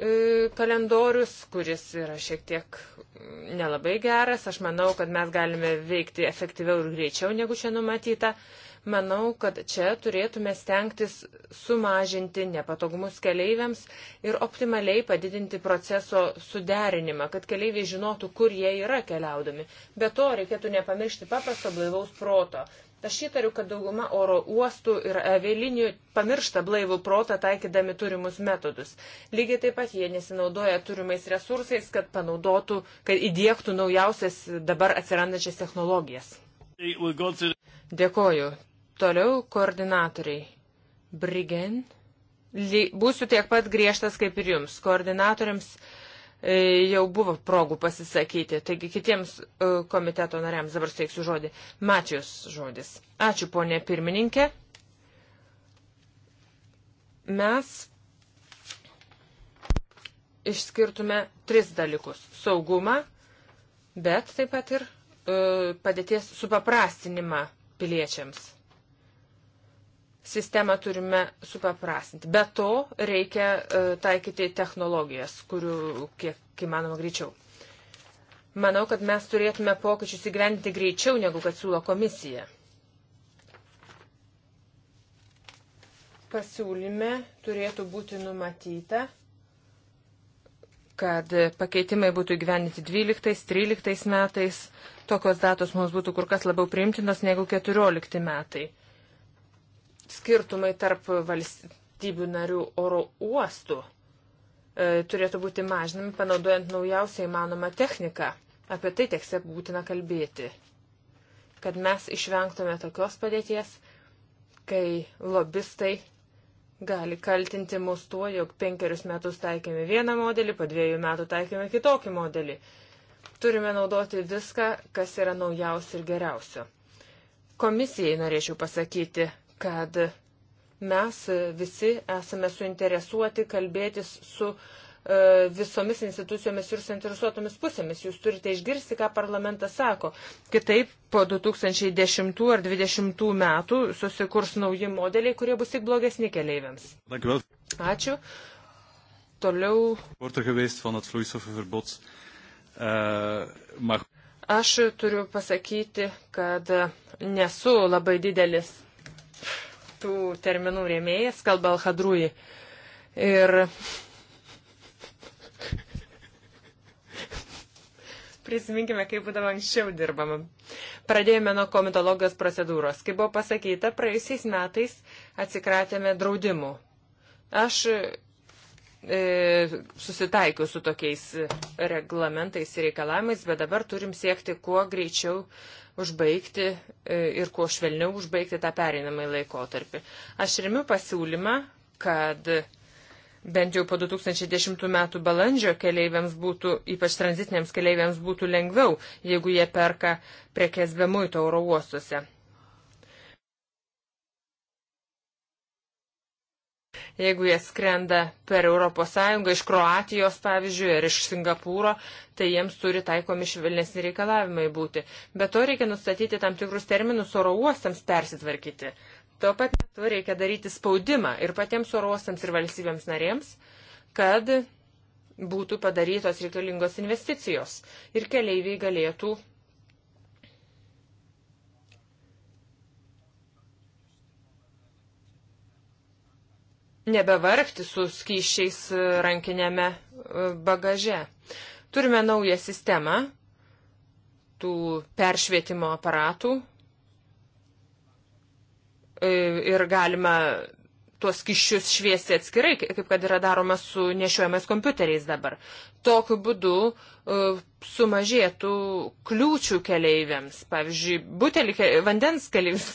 e, kalendorius, kuris yra šiek tiek mm, nelabai geras. Aš manau, kad mes galime veikti efektyviau ir greičiau negu čia numatyta. Manau, kad čia turėtume stengtis sumažinti nepatogumus keleiviams ir optimaliai padidinti proceso suderinimą, kad keleiviai žinotų, kur jie yra keliaudami. Be to reikėtų nepamiršti paprasto blaivaus proto. Aš įtariu, kad dauguma oro uostų ir avialinių pamiršta blaivų protą taikydami turimus metodus. Lygiai taip pat jie nesinaudoja turimais resursais, kad panaudotų, kad įdėktų naujausias dabar atsirandančias technologijas. Dėkoju. Toliau koordinatoriai. Brigen. Būsiu tiek pat griežtas kaip ir jums. Koordinatoriams E, jau buvo progų pasisakyti. Taigi kitiems e, komiteto nariams dabar steiksiu žodį. Mačius žodis. Ačiū, ponė pirmininkė. Mes išskirtume tris dalykus - saugumą, bet taip pat ir e, padėties supaprastinimą piliečiams. Sistemą turime supaprastinti. Be to reikia e, taikyti technologijas, kurių kiek įmanoma greičiau. Manau, kad mes turėtume pokyčius įgyventi greičiau, negu kad siūlo komisija. Pasiūlyme turėtų būti numatyta, kad pakeitimai būtų įgyvendinti 12-13 metais. Tokios datos mums būtų kur kas labiau priimtinos negu 14 metai skirtumai tarp valstybių narių oro uostų e, turėtų būti mažinami, panaudojant naujausią įmanomą techniką. Apie tai tekste būtina kalbėti, kad mes išvengtume tokios padėties, kai lobistai gali kaltinti mus tuo, jog penkerius metus taikėme vieną modelį, po dviejų metų taikėme kitokį modelį. Turime naudoti viską, kas yra naujausia ir geriausia. Komisijai norėčiau pasakyti, kad mes visi esame suinteresuoti kalbėtis su e, visomis institucijomis ir suinteresuotomis pusėmis. Jūs turite išgirsti, ką parlamentas sako. Kitaip po 2010 ar 2020 metų susikurs nauji modeliai, kurie bus tik blogesni keleiviams. Ačiū. Toliau. Eh, Aš turiu pasakyti, kad nesu labai didelis tų terminų rėmėjas, kalba Alhadrui. Ir prisiminkime, kaip būdavo anksčiau dirbama. Pradėjome nuo komitologijos procedūros. Kaip buvo pasakyta, praėjusiais metais atsikratėme draudimų. Aš e, susitaikiau su tokiais reglamentais ir reikalavimais, bet dabar turim siekti kuo greičiau užbaigti e, ir kuo švelniau užbaigti tą pereinamąjį laikotarpį. Aš remiu pasiūlymą, kad bent jau po 2010 metų balandžio keleiviams būtų, ypač tranzitiniams keleiviams būtų lengviau, jeigu jie perka prekes be muito oro uostuose. Jeigu jie skrenda per ES, iš Kroatijos pavyzdžiui, ar iš Singapūro, tai jiems turi taikomi švelnesni reikalavimai būti. Be to reikia nustatyti tam tikrus terminus oro uostams persitvarkyti. Tuo pat metu reikia daryti spaudimą ir patiems oro uostams ir valstybėms narėms, kad būtų padarytos reikalingos investicijos ir keleiviai galėtų nebevargti su skyšiais e, rankinėme e, bagaže. Turime naują sistemą tų peršvietimo aparatų e, ir galima tuos kiščius šviesti atskirai, kaip kad yra daroma su nešiojamais kompiuteriais dabar. Tokiu būdu sumažėtų kliūčių keleiviams, pavyzdžiui, butelį, vandens keleiviams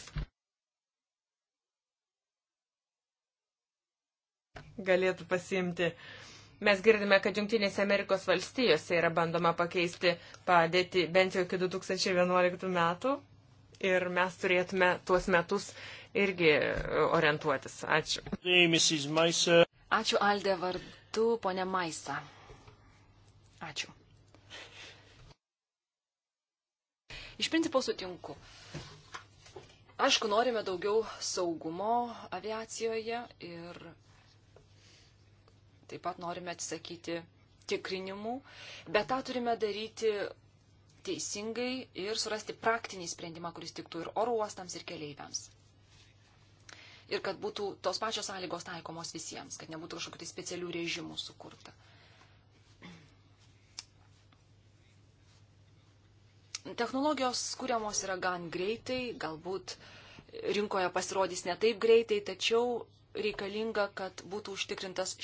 galėtų pasiimti. Mes girdime, kad Junktinėse Amerikos valstijose yra bandoma pakeisti padėtį bent jau iki 2011 metų ir mes turėtume tuos metus irgi e, orientuotis. Ačiū. Ačiū Aldė vardu, ponė Maisa. Ačiū. Iš principo sutinku. Aišku, norime daugiau saugumo aviacijoje ir Taip pat norime atsisakyti tikrinimų, bet tą turime daryti teisingai ir surasti praktinį sprendimą, kuris tiktų ir oro uostams, ir keleiviams. Ir kad būtų tos pačios sąlygos taikomos visiems, kad nebūtų kažkokių tai specialių režimų sukurta. Technologijos skūriamos yra gan greitai, galbūt rinkoje pasirodys ne taip greitai, tačiau reikalinga, kad būtų užtikrintas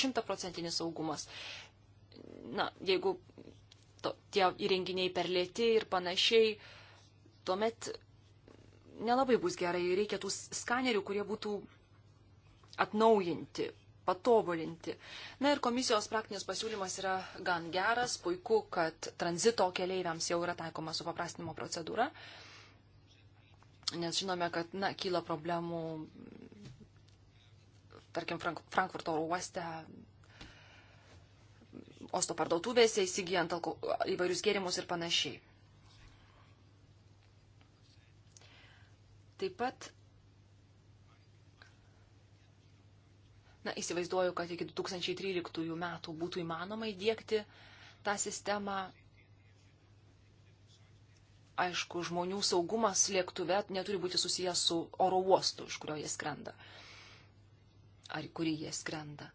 šimtaprocentinis saugumas. Na, jeigu to, tie įrenginiai per lėti ir panašiai, tuomet nelabai bus gerai. Reikia tų skanerių, kurie būtų atnaujinti, patobulinti. Na ir komisijos praktinis pasiūlymas yra gan geras, puiku, kad tranzito keleiviams jau yra taikoma supaprastinimo procedūra, nes žinome, kad na, kyla problemų tarkim, Frank Frankfurto uoste, osto parduotuvėse, įsigijant alko, įvairius gėrimus ir panašiai. Taip pat, na, įsivaizduoju, kad iki 2013 metų būtų įmanoma įdėkti tą sistemą. Aišku, žmonių saugumas lėktuve neturi būti susijęs su oro uostu, iš kurio jie skrenda. Uh, ar kurį jie skrenda.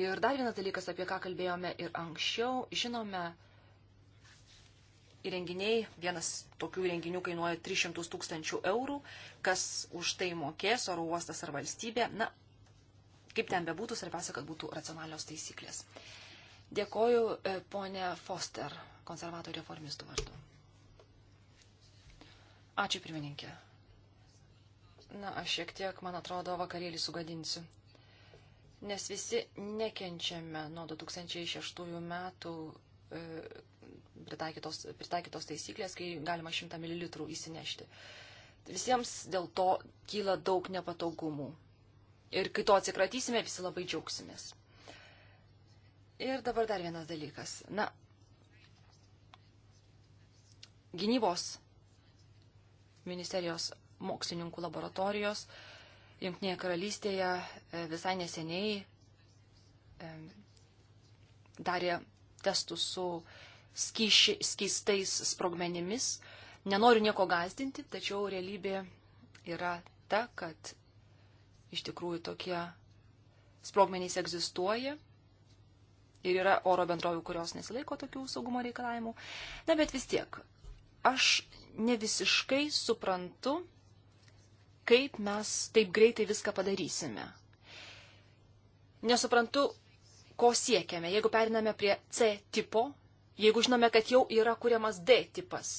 Ir dar vienas dalykas, apie ką kalbėjome ir anksčiau, žinome, įrenginiai, vienas tokių įrenginių kainuoja 300 tūkstančių eurų, kas už tai mokės, oro uostas ar valstybė. Na, kaip ten bebūtų, svarbiausia, kad būtų racionalios taisyklės. Dėkoju e, ponė Foster, konservatorių reformistų vardu. Ačiū pirmininkė. Na, aš šiek tiek, man atrodo, vakarėlį sugadinsiu nes visi nekenčiame nuo 2006 metų e, pritaikytos, pritaikytos taisyklės, kai galima 100 ml įsinešti. Visiems dėl to kyla daug nepatogumų. Ir kai to atsikratysime, visi labai džiaugsimės. Ir dabar dar vienas dalykas. Na, gynybos ministerijos mokslininkų laboratorijos uh, Junktinėje karalystėje e, visai neseniai e, darė testus su skyši, skystais sprogmenimis. Nenoriu nieko gazdinti, tačiau realybė yra ta, kad iš tikrųjų tokie sprogmenys egzistuoja ir yra oro bendrovių, kurios nesilaiko tokių saugumo reikalavimų. Na, bet vis tiek, aš ne visiškai suprantu kaip mes taip greitai viską padarysime. Nesuprantu, ko siekiame, jeigu periname prie C tipo, jeigu žinome, kad jau yra kuriamas D tipas.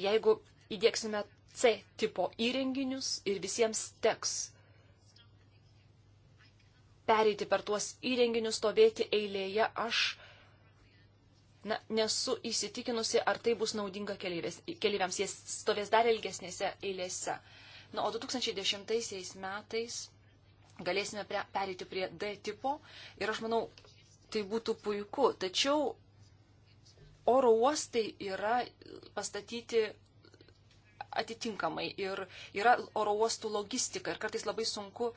Jeigu įdėksime C tipo įrenginius ir visiems teks pereiti per tuos įrenginius, stovėti eilėje, aš na, nesu įsitikinusi, ar tai bus naudinga keliaviams. Jie stovės dar ilgesnėse eilėse. Na, o 2010 metais galėsime prie, perėti prie D tipo ir aš manau, tai būtų puiku. Tačiau oro uostai yra pastatyti atitinkamai ir yra oro uostų logistika ir kartais labai sunku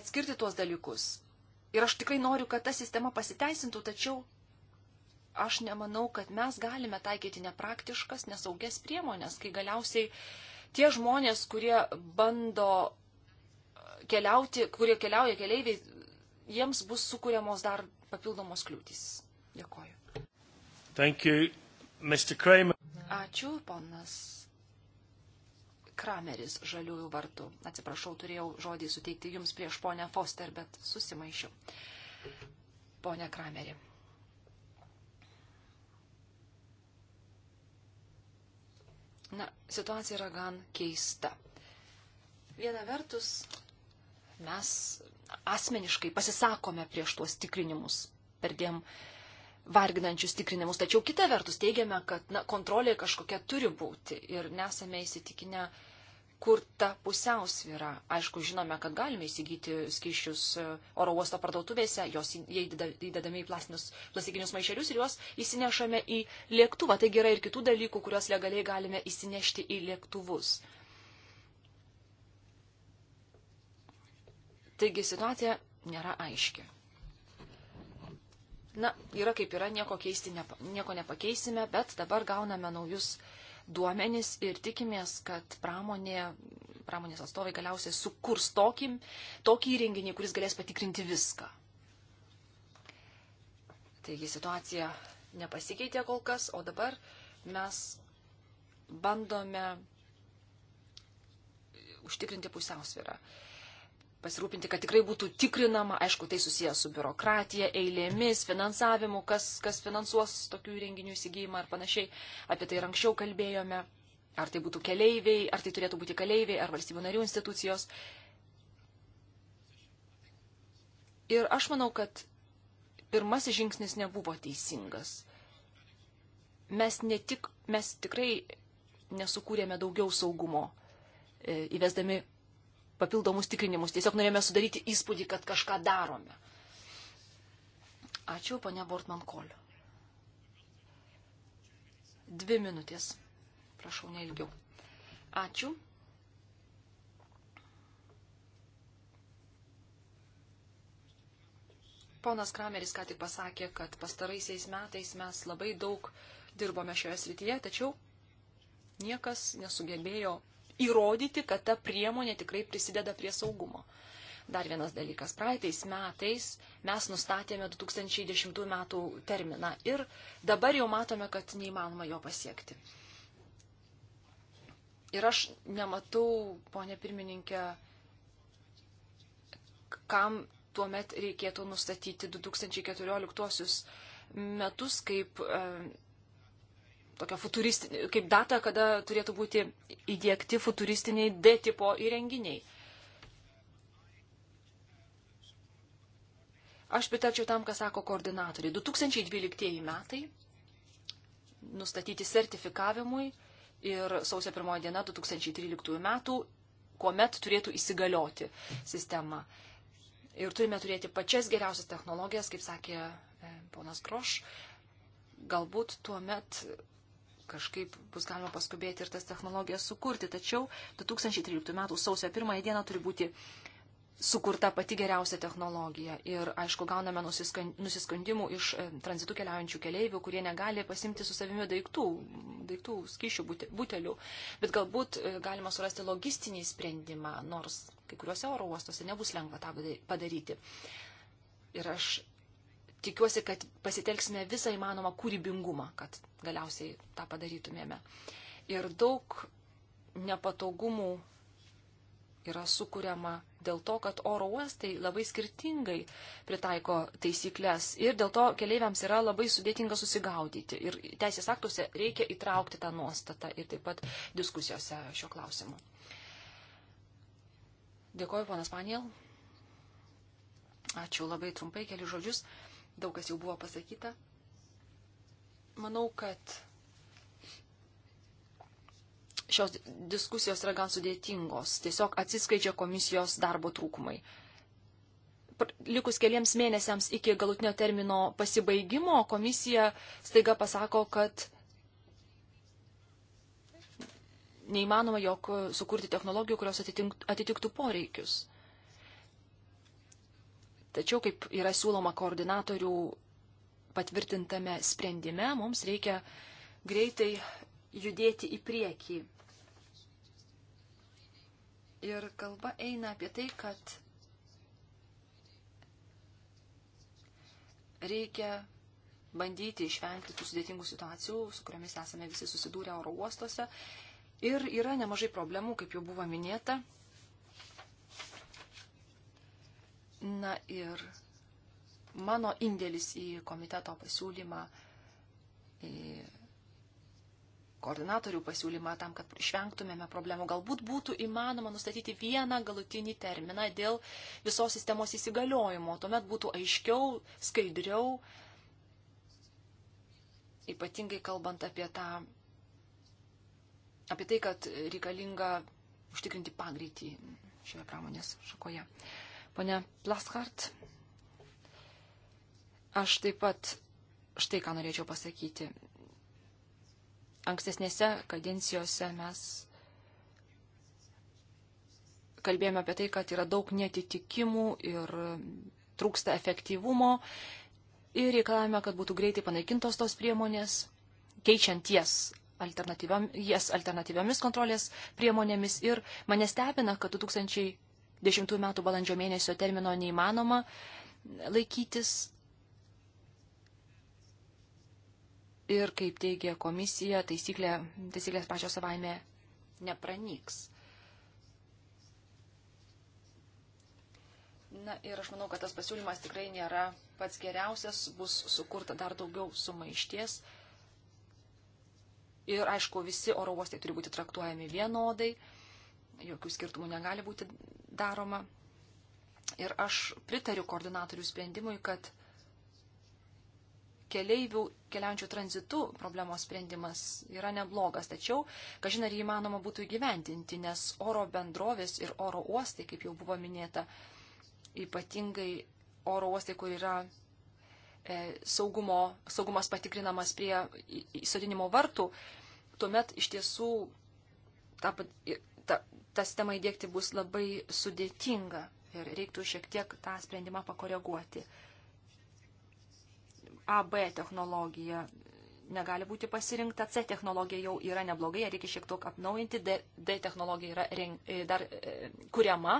atskirti tuos dalykus. Ir aš tikrai noriu, kad ta sistema pasiteisintų, tačiau aš nemanau, kad mes galime taikyti nepraktiškas, nesaugias priemonės, kai galiausiai uh, Tie žmonės, kurie bando keliauti, kurie keliauja keliaiviai, jiems bus sukūriamos dar papildomos kliūtys. Dėkoju. Thank you, Mr. Kramer. Ačiū, ponas Krameris, žaliųjų vartų. Atsiprašau, turėjau žodį suteikti jums prieš ponę Foster, bet susimaišiau. Pone Krameri. Na, situacija yra gan keista. Viena vertus, mes asmeniškai pasisakome prieš tuos tikrinimus, perdėm varginančius tikrinimus, tačiau kita vertus teigiame, kad na, kontrolė kažkokia turi būti ir nesame įsitikinę, kad kur ta pusiausvyra. Aišku, žinome, kad galime įsigyti skiščius e, oro uosto parduotuvėse, jos jie įdedami į plastikinius maišelius ir juos įsinešame į lėktuvą. Taigi yra ir kitų dalykų, kuriuos legaliai galime įsinešti į lėktuvus. Taigi situacija nėra aiški. Na, yra kaip yra, nieko keisti, nepa, nieko nepakeisime, bet dabar gauname naujus duomenis ir tikimės, kad pramonė, pramonės atstovai galiausiai sukurs tokį, tokį įrenginį, kuris galės patikrinti viską. Taigi situacija nepasikeitė kol kas, o dabar mes bandome užtikrinti pusiausvyrą pasirūpinti, kad tikrai būtų tikrinama, aišku, tai susijęs su biurokratija, eilėmis, finansavimu, kas, kas finansuos tokių renginių įsigijimą ir panašiai. Apie tai ir anksčiau kalbėjome. Ar tai būtų keleiviai, ar tai turėtų būti keleiviai, ar valstybių narių institucijos. Ir aš manau, kad pirmasis žingsnis nebuvo teisingas. Mes, ne tik, mes tikrai nesukūrėme daugiau saugumo, e, įvesdami papildomus tikrinimus. Tiesiog norėjome sudaryti įspūdį, kad kažką darome. Ačiū, ponia Bortman Kolio. Dvi minutės. Prašau, neilgiau. Ačiū. Ponas Krameris ką tik pasakė, kad pastaraisiais metais mes labai daug dirbome šioje srityje, tačiau niekas nesugebėjo įrodyti, kad ta priemonė tikrai prisideda prie saugumo. Dar vienas dalykas. Praeitais metais mes nustatėme 2010 metų terminą ir dabar jau matome, kad neįmanoma jo pasiekti. Ir aš nematau, ponė pirmininkė, kam tuomet reikėtų nustatyti 2014 metus kaip tokią futuristinį, kaip datą, kada turėtų būti įdėkti futuristiniai D tipo įrenginiai. Aš pritarčiau tam, ką sako koordinatoriai. 2012 metai nustatyti sertifikavimui ir sausio 1 diena 2013 metų, kuomet turėtų įsigalioti sistema. Ir turime turėti pačias geriausias technologijas, kaip sakė e, ponas Groš, galbūt tuo met kažkaip bus galima paskubėti ir tas technologijas sukurti. Tačiau 2013 m. sausio 1 dieną turi būti sukurta pati geriausia technologija. Ir, aišku, gauname nusiskundimų iš e, tranzitų keliaujančių keleivių, kurie negali pasimti su savimi daiktų, daiktų skyšių butelių. Bet galbūt e, galima surasti logistinį sprendimą, nors kai kuriuose oro uostuose nebus lengva tą padaryti. Ir aš tikiuosi, kad pasitelksime visą įmanomą kūrybingumą, kad galiausiai tą padarytumėme. Ir daug nepatogumų yra sukūriama dėl to, kad oro uostai labai skirtingai pritaiko taisyklės ir dėl to keleiviams yra labai sudėtinga susigaudyti. Ir teisės aktuose reikia įtraukti tą nuostatą ir taip pat diskusijose šio klausimu. Dėkoju, ponas Paniel. Ačiū labai trumpai, keli žodžius. Uh, daug kas jau buvo pasakyta. Manau, kad šios diskusijos yra gan sudėtingos. Tiesiog atsiskleidžia komisijos darbo trūkumai. Likus keliems mėnesiams iki galutinio termino pasibaigimo, komisija staiga pasako, kad neįmanoma jog sukurti technologijų, kurios atitiktų poreikius. Tačiau, kaip yra siūloma koordinatorių patvirtintame sprendime, mums reikia greitai judėti į priekį. Ir kalba eina apie tai, kad reikia bandyti išvengti tų sudėtingų situacijų, su kuriamis esame visi susidūrę oro uostuose. Ir yra nemažai problemų, kaip jau buvo minėta, Na ir mano indėlis į komiteto pasiūlymą, į koordinatorių pasiūlymą tam, kad išvengtumėme problemų. Galbūt būtų įmanoma nustatyti vieną galutinį terminą dėl visos sistemos įsigaliojimo. Tuomet būtų aiškiau, skaidriau, ypatingai kalbant apie tą, apie tai, kad reikalinga užtikrinti pagreitį šioje pramonės šakoje. Uh, Pone Plaskart, aš taip pat štai ką norėčiau pasakyti. Ankstesnėse kadencijose mes kalbėjome apie tai, kad yra daug netitikimų ir trūksta efektyvumo ir reikalavome, kad būtų greitai panaikintos tos priemonės, keičiant jas alternatyviom, jas alternatyviomis kontrolės priemonėmis. Ir mane stebina, kad 2000. 10 metų balandžio mėnesio termino neįmanoma laikytis. Ir kaip teigia komisija, taisyklė, taisyklės pačios savaime nepranyks. Na ir aš manau, kad tas pasiūlymas tikrai nėra pats geriausias, bus sukurta dar daugiau sumaišties. Ir aišku, visi oro uostai turi būti traktuojami vienodai jokių skirtumų negali būti daroma. Ir aš pritariu koordinatorių sprendimui, kad keleivių keliaujančių tranzitu problemos sprendimas yra neblogas, tačiau, kažin ar įmanoma būtų įgyventinti, nes oro bendrovės ir oro uostai, kaip jau buvo minėta, ypatingai oro uostai, kur yra e, saugumo, saugumas patikrinamas prie įsodinimo vartų, tuomet iš tiesų ta, ta, tą sistemą įdėkti bus labai sudėtinga ir reiktų šiek tiek tą sprendimą pakoreguoti. AB technologija negali būti pasirinkta, C technologija jau yra neblogai, reikia šiek tiek apnaujinti, D, D technologija yra renk, e, dar e, kuriama,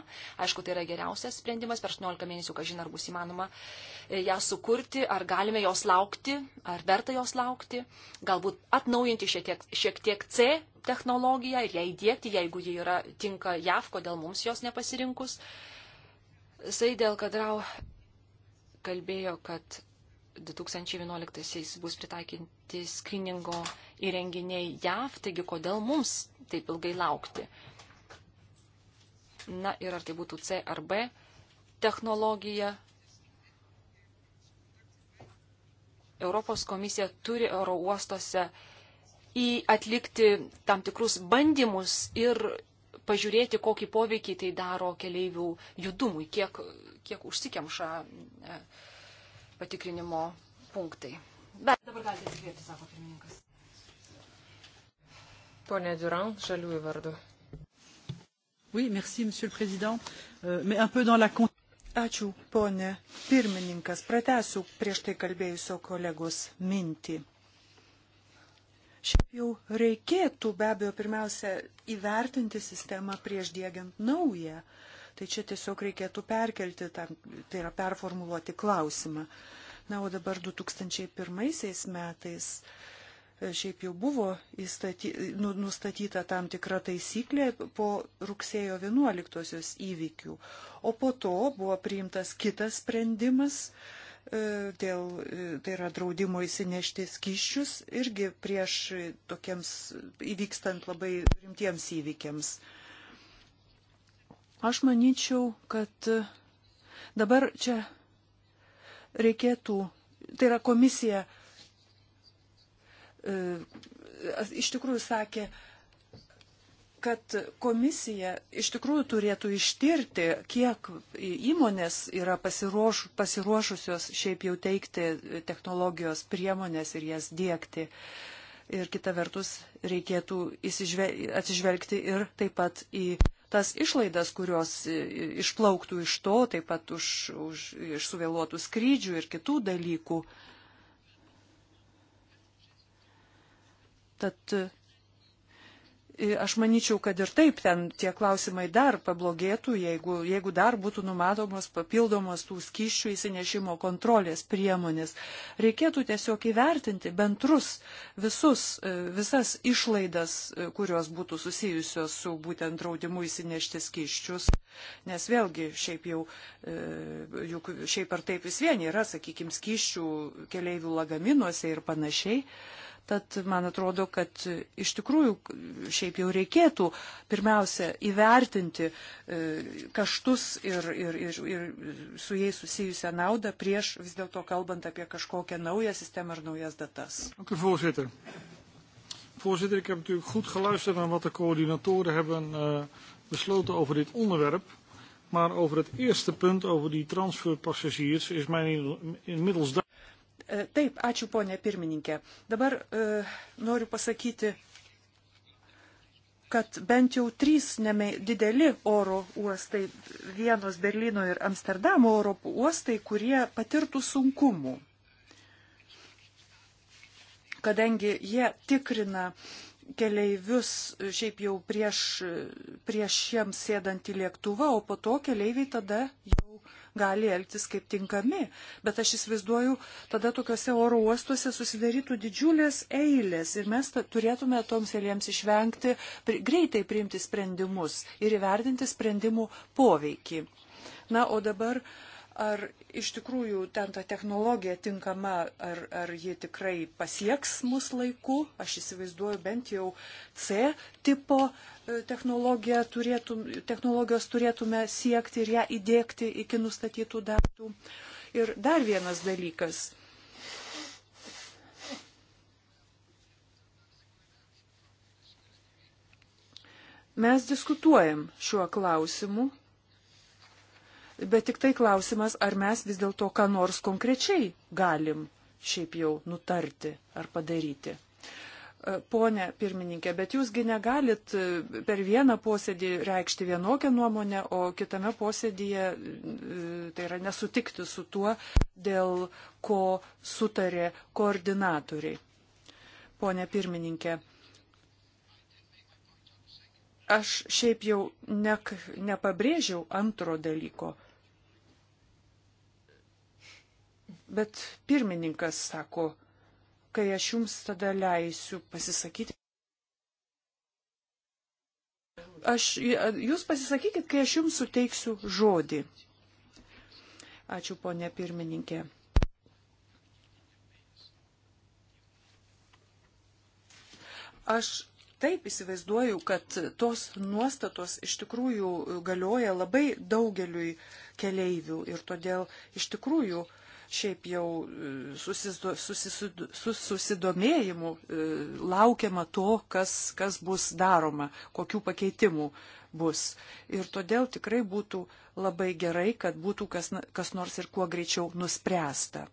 aišku, tai yra geriausias sprendimas, per 18 mėnesių, kažin ar bus įmanoma e, ją sukurti, ar galime jos laukti, ar verta jos laukti, galbūt atnaujinti šiek tiek, šiek tiek C technologiją ir ją įdėkti, jeigu ji yra tinka JAV, kodėl mums jos nepasirinkus. Saidėl Kadrau kalbėjo, kad 2011 bus pritaikinti skriningo įrenginiai JAV, taigi kodėl mums taip ilgai laukti. Na ir ar tai būtų C ar B technologija, Europos komisija turi oro uostose uh, į atlikti tam tikrus bandymus ir pažiūrėti, kokį poveikį tai daro keleivių judumui, kiek, kiek užsikemša e, patikrinimo punktai. Bet dabar galite atsikvėpti, sako pirmininkas. Pone Durant, žaliųjų vardu. Oui, merci, monsieur le président. Euh, mais un peu dans la... Ačiū, ponė pirmininkas. Pratesiu prieš tai kalbėjusio kolegos mintį. Šiaip jau reikėtų be abejo pirmiausia įvertinti sistemą prieš dėgiant naują. Tai čia tiesiog reikėtų perkelti, tam, tai yra performuluoti klausimą. Na, o dabar 2001 metais e, šiaip jau buvo įstaty, nu, nustatyta tam tikra taisyklė po rugsėjo 11-osios įvykių. O po to buvo priimtas kitas sprendimas, uh, E, dėl, e, tai yra draudimo įsinešti skyščius irgi prieš tokiems įvykstant labai rimtiems įvykiams. Aš manyčiau, kad dabar čia reikėtų, tai yra komisija e, iš tikrųjų sakė, kad komisija iš tikrųjų turėtų ištirti, kiek įmonės yra pasiruoš, pasiruošusios šiaip jau teikti technologijos priemonės ir jas dėkti. Ir kita vertus, reikėtų atsižvelgti ir taip pat į tas išlaidas, kurios išplauktų iš to, taip pat už, už iš suvėluotų skrydžių ir kitų dalykų. Tad aš manyčiau, kad ir taip ten tie klausimai dar pablogėtų, jeigu, jeigu dar būtų numatomos papildomos tų skyščių įsinešimo kontrolės priemonės. Reikėtų tiesiog įvertinti bendrus visus, e, visas išlaidas, e, kurios būtų susijusios su būtent draudimu įsinešti skyščius. Nes vėlgi, šiaip jau, e, juk šiaip ar taip vis vien yra, sakykime, skyščių keliaivių lagaminuose ir panašiai. Uh, Tad man atrodo, kad iš tikrųjų šiaip jau reikėtų pirmiausia įvertinti e, kaštus ir, ir, ir, ir su jais susijusią naudą prieš vis dėlto kalbant apie kažkokią naują sistemą ar naujas datas. Dank u, voorzitter. Voorzitter, ik heb natuurlijk goed geluisterd naar wat de coördinatoren hebben uh, besloten over dit onderwerp. Maar over het eerste punt, over die transferpassagiers, is mij inmiddels duidelijk. E, taip, ačiū ponė pirmininkė. Dabar e, noriu pasakyti, kad bent jau trys neme, dideli oro uostai, vienos Berlyno ir Amsterdamo oro uostai, kurie patirtų sunkumų, kadangi jie tikrina keleivius šiaip jau prieš, prieš jiems sėdant į lėktuvą, o po to keleiviai tada gali elgtis kaip tinkami. Bet aš įsivaizduoju, tada tokiuose oro uostuose susidarytų didžiulės eilės ir mes turėtume toms eilėms išvengti, pri, greitai priimti sprendimus ir įvertinti sprendimų poveikį. Na, o dabar uh, ar iš tikrųjų ten ta technologija tinkama, ar, ar ji tikrai pasieks mus laiku. Aš įsivaizduoju bent jau C tipo e, turėtum, technologijos turėtume siekti ir ją įdėkti iki nustatytų datų. Ir dar vienas dalykas. Mes diskutuojam šiuo klausimu bet tik tai klausimas, ar mes vis dėlto ką nors konkrečiai galim šiaip jau nutarti ar padaryti. E, pone pirmininkė, bet jūsgi negalit e, per vieną posėdį reikšti vienokią nuomonę, o kitame posėdėje e, tai yra nesutikti su tuo, dėl ko sutarė koordinatoriai. Pone pirmininkė, Aš šiaip jau ne, nepabrėžiau antro dalyko. Bet pirmininkas sako, kai aš jums tada leisiu pasisakyti. Aš, jūs pasisakykit, kai aš jums suteiksiu žodį. Ačiū, ponė pirmininkė. Aš taip įsivaizduoju, kad tos nuostatos iš tikrųjų galioja labai daugeliui keleivių ir todėl iš tikrųjų šiaip jau e, susisido, susisido, sus, susidomėjimu e, laukiama to, kas, kas bus daroma, kokių pakeitimų bus. Ir todėl tikrai būtų labai gerai, kad būtų kas, kas nors ir kuo greičiau nuspręsta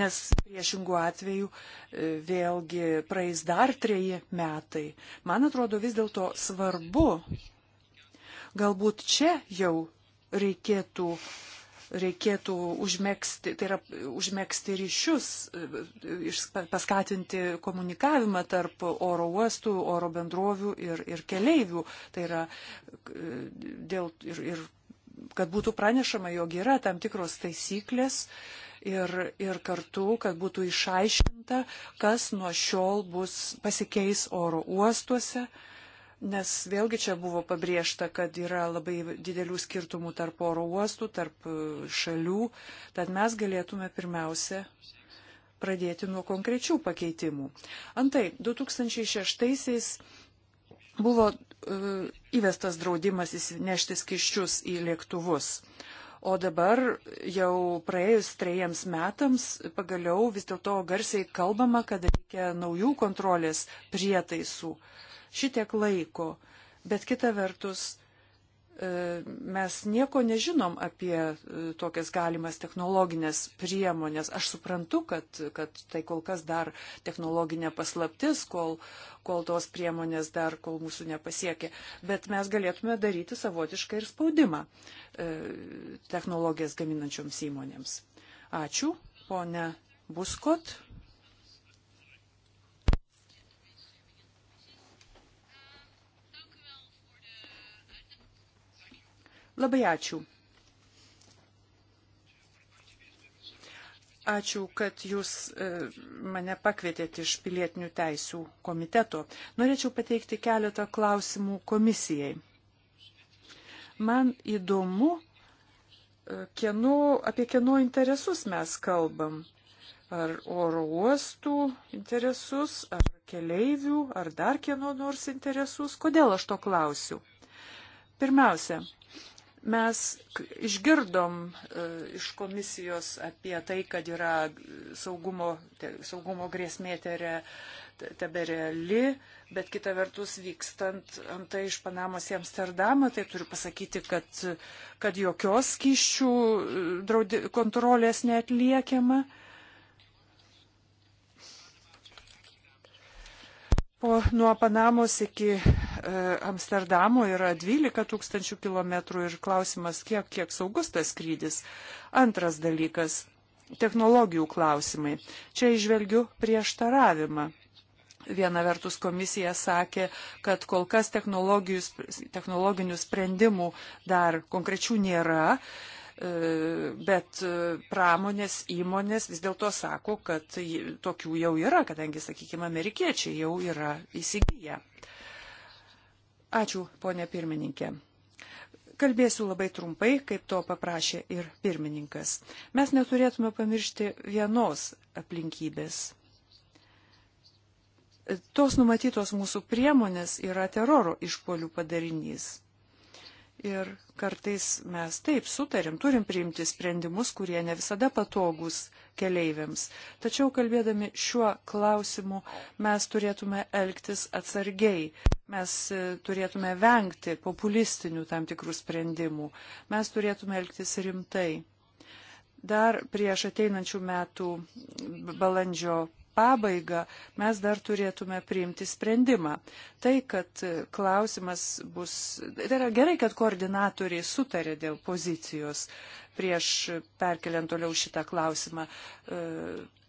nes priešingų atvejų e, vėlgi praeis dar treji metai. Man atrodo vis dėlto svarbu, galbūt čia jau reikėtų reikėtų užmėgsti, tai yra užmėgsti ryšius, e, paskatinti komunikavimą tarp oro uostų, oro bendrovių ir, ir keleivių. Tai yra e, dėl, ir, ir kad būtų pranešama, jog yra tam tikros taisyklės, ir, ir kartu, kad būtų išaiškinta, kas nuo šiol bus pasikeis oro uostuose. Nes vėlgi čia buvo pabrėžta, kad yra labai didelių skirtumų tarp oro uostų, tarp e, šalių, tad mes galėtume pirmiausia pradėti nuo konkrečių pakeitimų. Antai, 2006-aisiais buvo uh, įvestas draudimas įsinešti skiščius į lėktuvus. Uh, O dabar jau praėjus trejiems metams pagaliau vis dėlto garsiai kalbama, kad reikia naujų kontrolės prietaisų. Šitiek laiko. Bet kita vertus, E, mes nieko nežinom apie e, tokias galimas technologinės priemonės. Aš suprantu, kad, kad tai kol kas dar technologinė paslaptis, kol, kol tos priemonės dar, kol mūsų nepasiekė. Bet mes galėtume daryti savotišką ir spaudimą e, technologijas gaminančioms įmonėms. Ačiū, ponė Buskot. Labai ačiū. Ačiū, kad jūs e, mane pakvietėte iš pilietinių teisų komiteto. Norėčiau pateikti keletą klausimų komisijai. Man įdomu, e, kieno, apie kieno interesus mes kalbam. Ar oro uostų interesus, ar keleivių, ar dar kieno nors interesus. Kodėl aš to klausiu? Pirmiausia, Mes išgirdom e, iš komisijos apie tai, kad yra saugumo, saugumo grėsmė tere, tebe reali, bet kita vertus vykstant antai iš Panamos į Amsterdamą, tai turiu pasakyti, kad, kad jokios skyščių e, draudi, kontrolės neatliekiama. Po, nuo Panamos iki E, Amsterdamo yra 12 tūkstančių kilometrų ir klausimas, kiek, kiek saugus tas skrydis. Antras dalykas - technologijų klausimai. Čia išvelgiu prieštaravimą. Viena vertus komisija sakė, kad kol kas technologinių sprendimų dar konkrečių nėra, e, bet e, pramonės įmonės vis dėlto sako, kad tokių jau yra, kadangi, sakykime, amerikiečiai jau yra įsigiję Ačiū, ponė pirmininkė. Kalbėsiu labai trumpai, kaip to paprašė ir pirmininkas. Mes neturėtume pamiršti vienos aplinkybės. Tos numatytos mūsų priemonės yra teroro išpolių padarinys. Ir kartais mes taip sutarėm, turim priimti sprendimus, kurie ne visada patogus keleiviams. Tačiau kalbėdami šiuo klausimu mes turėtume elgtis atsargiai. Mes e, turėtume vengti populistinių tam tikrų sprendimų. Mes turėtume elgtis rimtai. Dar prieš ateinančių metų balandžio pabaigą mes dar turėtume priimti sprendimą. Tai, kad e, klausimas bus, tai yra gerai, kad koordinatoriai sutarė dėl pozicijos prieš perkeliant toliau šitą klausimą e,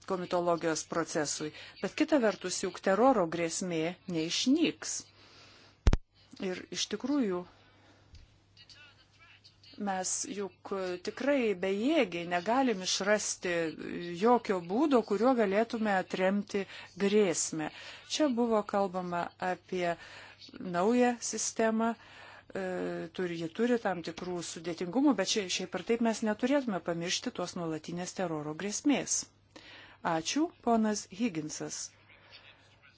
komitologijos procesui. Bet kita vertus, juk teroro grėsmė neišnyks. Ir iš tikrųjų Mes juk tikrai bejėgiai negalim išrasti jokio būdo, kuriuo galėtume atremti grėsmę. Čia buvo kalbama apie naują sistemą, e, turi, ji turi tam tikrų sudėtingumų, bet šiaip, šiaip ir taip mes neturėtume pamiršti tos nuolatinės teroro grėsmės. Ačiū, ponas Higginsas.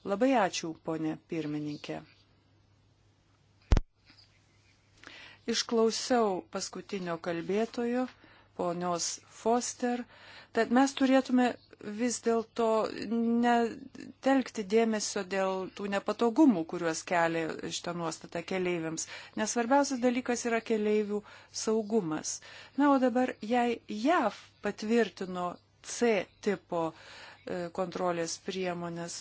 Labai ačiū, ponė pirmininkė. išklausiau paskutinio kalbėtojo, ponios Foster, tad mes turėtume vis dėlto netelkti dėmesio dėl tų nepatogumų, kuriuos kelia šitą nuostatą keleiviams, nes svarbiausias dalykas yra keleivių saugumas. Na, o dabar, jei JAV patvirtino C tipo e, kontrolės priemonės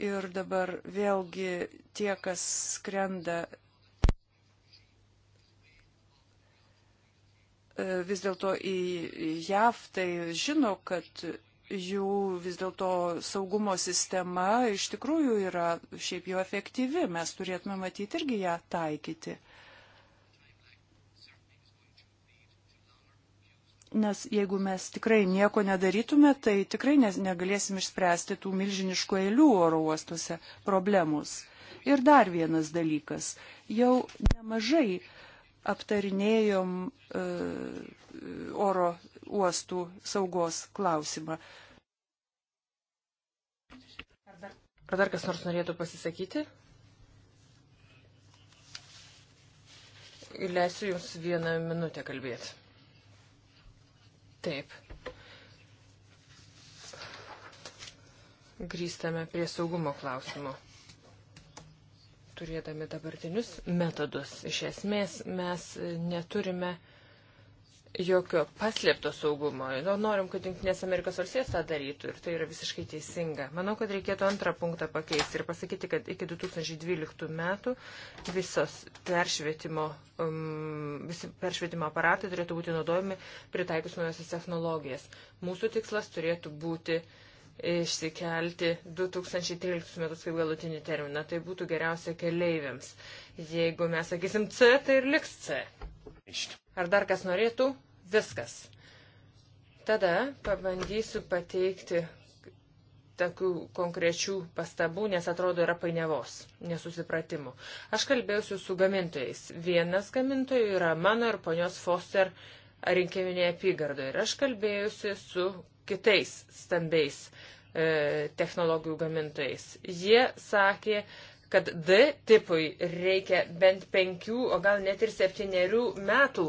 ir dabar vėlgi tie, kas skrenda E, vis dėlto į JAV, tai žino, kad jų vis dėlto saugumo sistema iš tikrųjų yra šiaip jau efektyvi. Mes turėtume matyti irgi ją taikyti. Nes jeigu mes tikrai nieko nedarytume, tai tikrai negalėsim išspręsti tų milžiniškų eilių oro uostuose problemus. Ir dar vienas dalykas. Jau nemažai uh, aptarinėjom e, oro uostų saugos klausimą. Ar dar, ar dar kas nors norėtų pasisakyti? Leisiu Jums vieną minutę kalbėti. Taip. Grįstame prie saugumo klausimo turėdami dabartinius metodus, iš esmės mes neturime jokio paslėpto saugumo. Nu, norim, kad Junktinės Amerikos valstijos tą darytų ir tai yra visiškai teisinga. Manau, kad reikėtų antrą punktą pakeisti ir pasakyti, kad iki 2012 metų visos peršvietimo, um, visi peršvietimo aparatai turėtų būti naudojami pritaikius naujosios technologijas. Mūsų tikslas turėtų būti uh, išsikelti 2013 metus kaip galutinį terminą. Tai būtų geriausia keleiviams. Jeigu mes sakysim C, tai ir liks C. Ar dar kas norėtų? Viskas. Tada pabandysiu pateikti tokių konkrečių pastabų, nes atrodo yra painiavos, nesusipratimų. Aš kalbėjusiu su gamintojais. Vienas gamintojų yra mano ir ponios Foster rinkiminėje apygardoje. Ir aš kalbėjusi su kitais stambiais e, technologijų gamintojais. Jie sakė, kad D tipui reikia bent penkių, o gal net ir septyniarių metų.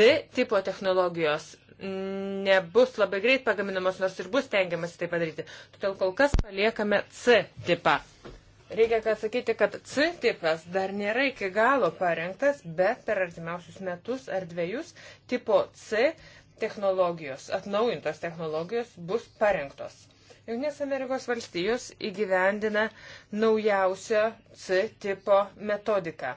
D tipo technologijos nebus labai greit pagaminamos, nors ir bus tengiamas tai padaryti. Todėl kol kas paliekame C tipą. Reikia pasakyti, kad C tipas dar nėra iki galo parengtas, bet per artimiausius metus ar dviejus tipo C technologijos, atnaujintos technologijos bus parengtos. Junktinės Amerikos valstijos įgyvendina naujausio C tipo metodiką.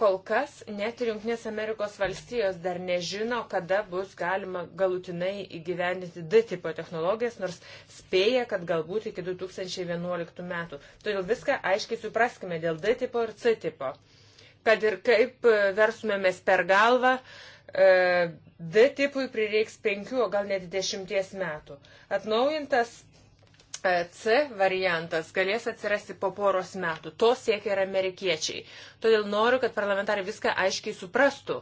Kol kas net ir Junktinės Amerikos valstijos dar nežino, kada bus galima galutinai įgyvendinti D tipo technologijas, nors spėja, kad galbūt iki 2011 metų. Todėl viską aiškiai supraskime dėl D tipo ir C tipo. Kad ir kaip e, versumėmės per galvą, e, D tipui prireiks penkių, o gal net dešimties metų. Atnaujintas e, C variantas galės atsirasti po poros metų. To siekia ir amerikiečiai. Todėl noriu, kad parlamentarai viską aiškiai suprastų.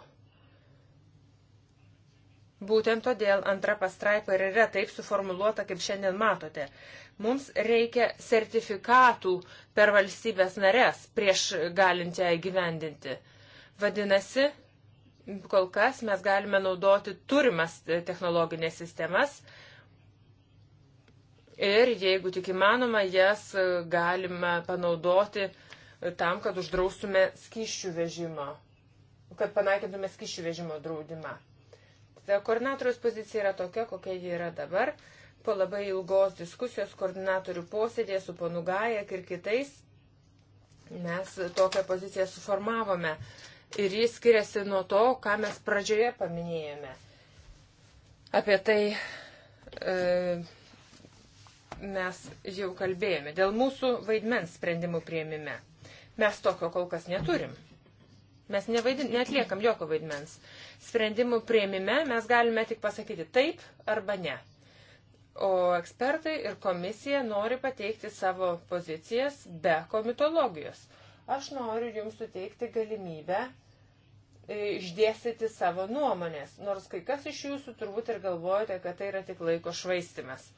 Būtent todėl antra pastraipa ir yra taip suformuluota, kaip šiandien matote. Mums reikia sertifikatų per valstybės narės prieš galinčią įgyvendinti. Vadinasi, kol kas mes galime naudoti turimas technologinės sistemas ir jeigu tik įmanoma, jas galime panaudoti tam, kad uždraustume skyšių vežimą, kad panaikintume skyšių vežimo draudimą. Koordinatoriaus pozicija yra tokia, kokia ji yra dabar. Po labai ilgos diskusijos koordinatorių posėdėje su ponu Gajek ir kitais mes tokią poziciją suformavome ir jis skiriasi nuo to, ką mes pradžioje paminėjome. Apie tai e, mes jau kalbėjome. Dėl mūsų vaidmens sprendimų prieimime. Mes tokio kol kas neturim. Mes nevaidin, netliekam jokio vaidmens. Sprendimų prieimime mes galime tik pasakyti taip arba ne. O ekspertai ir komisija nori pateikti savo pozicijas be komitologijos. Aš noriu jums suteikti galimybę e, išdėstyti savo nuomonės, nors kai kas iš jūsų turbūt ir galvojate, kad tai yra tik laiko švaistimas.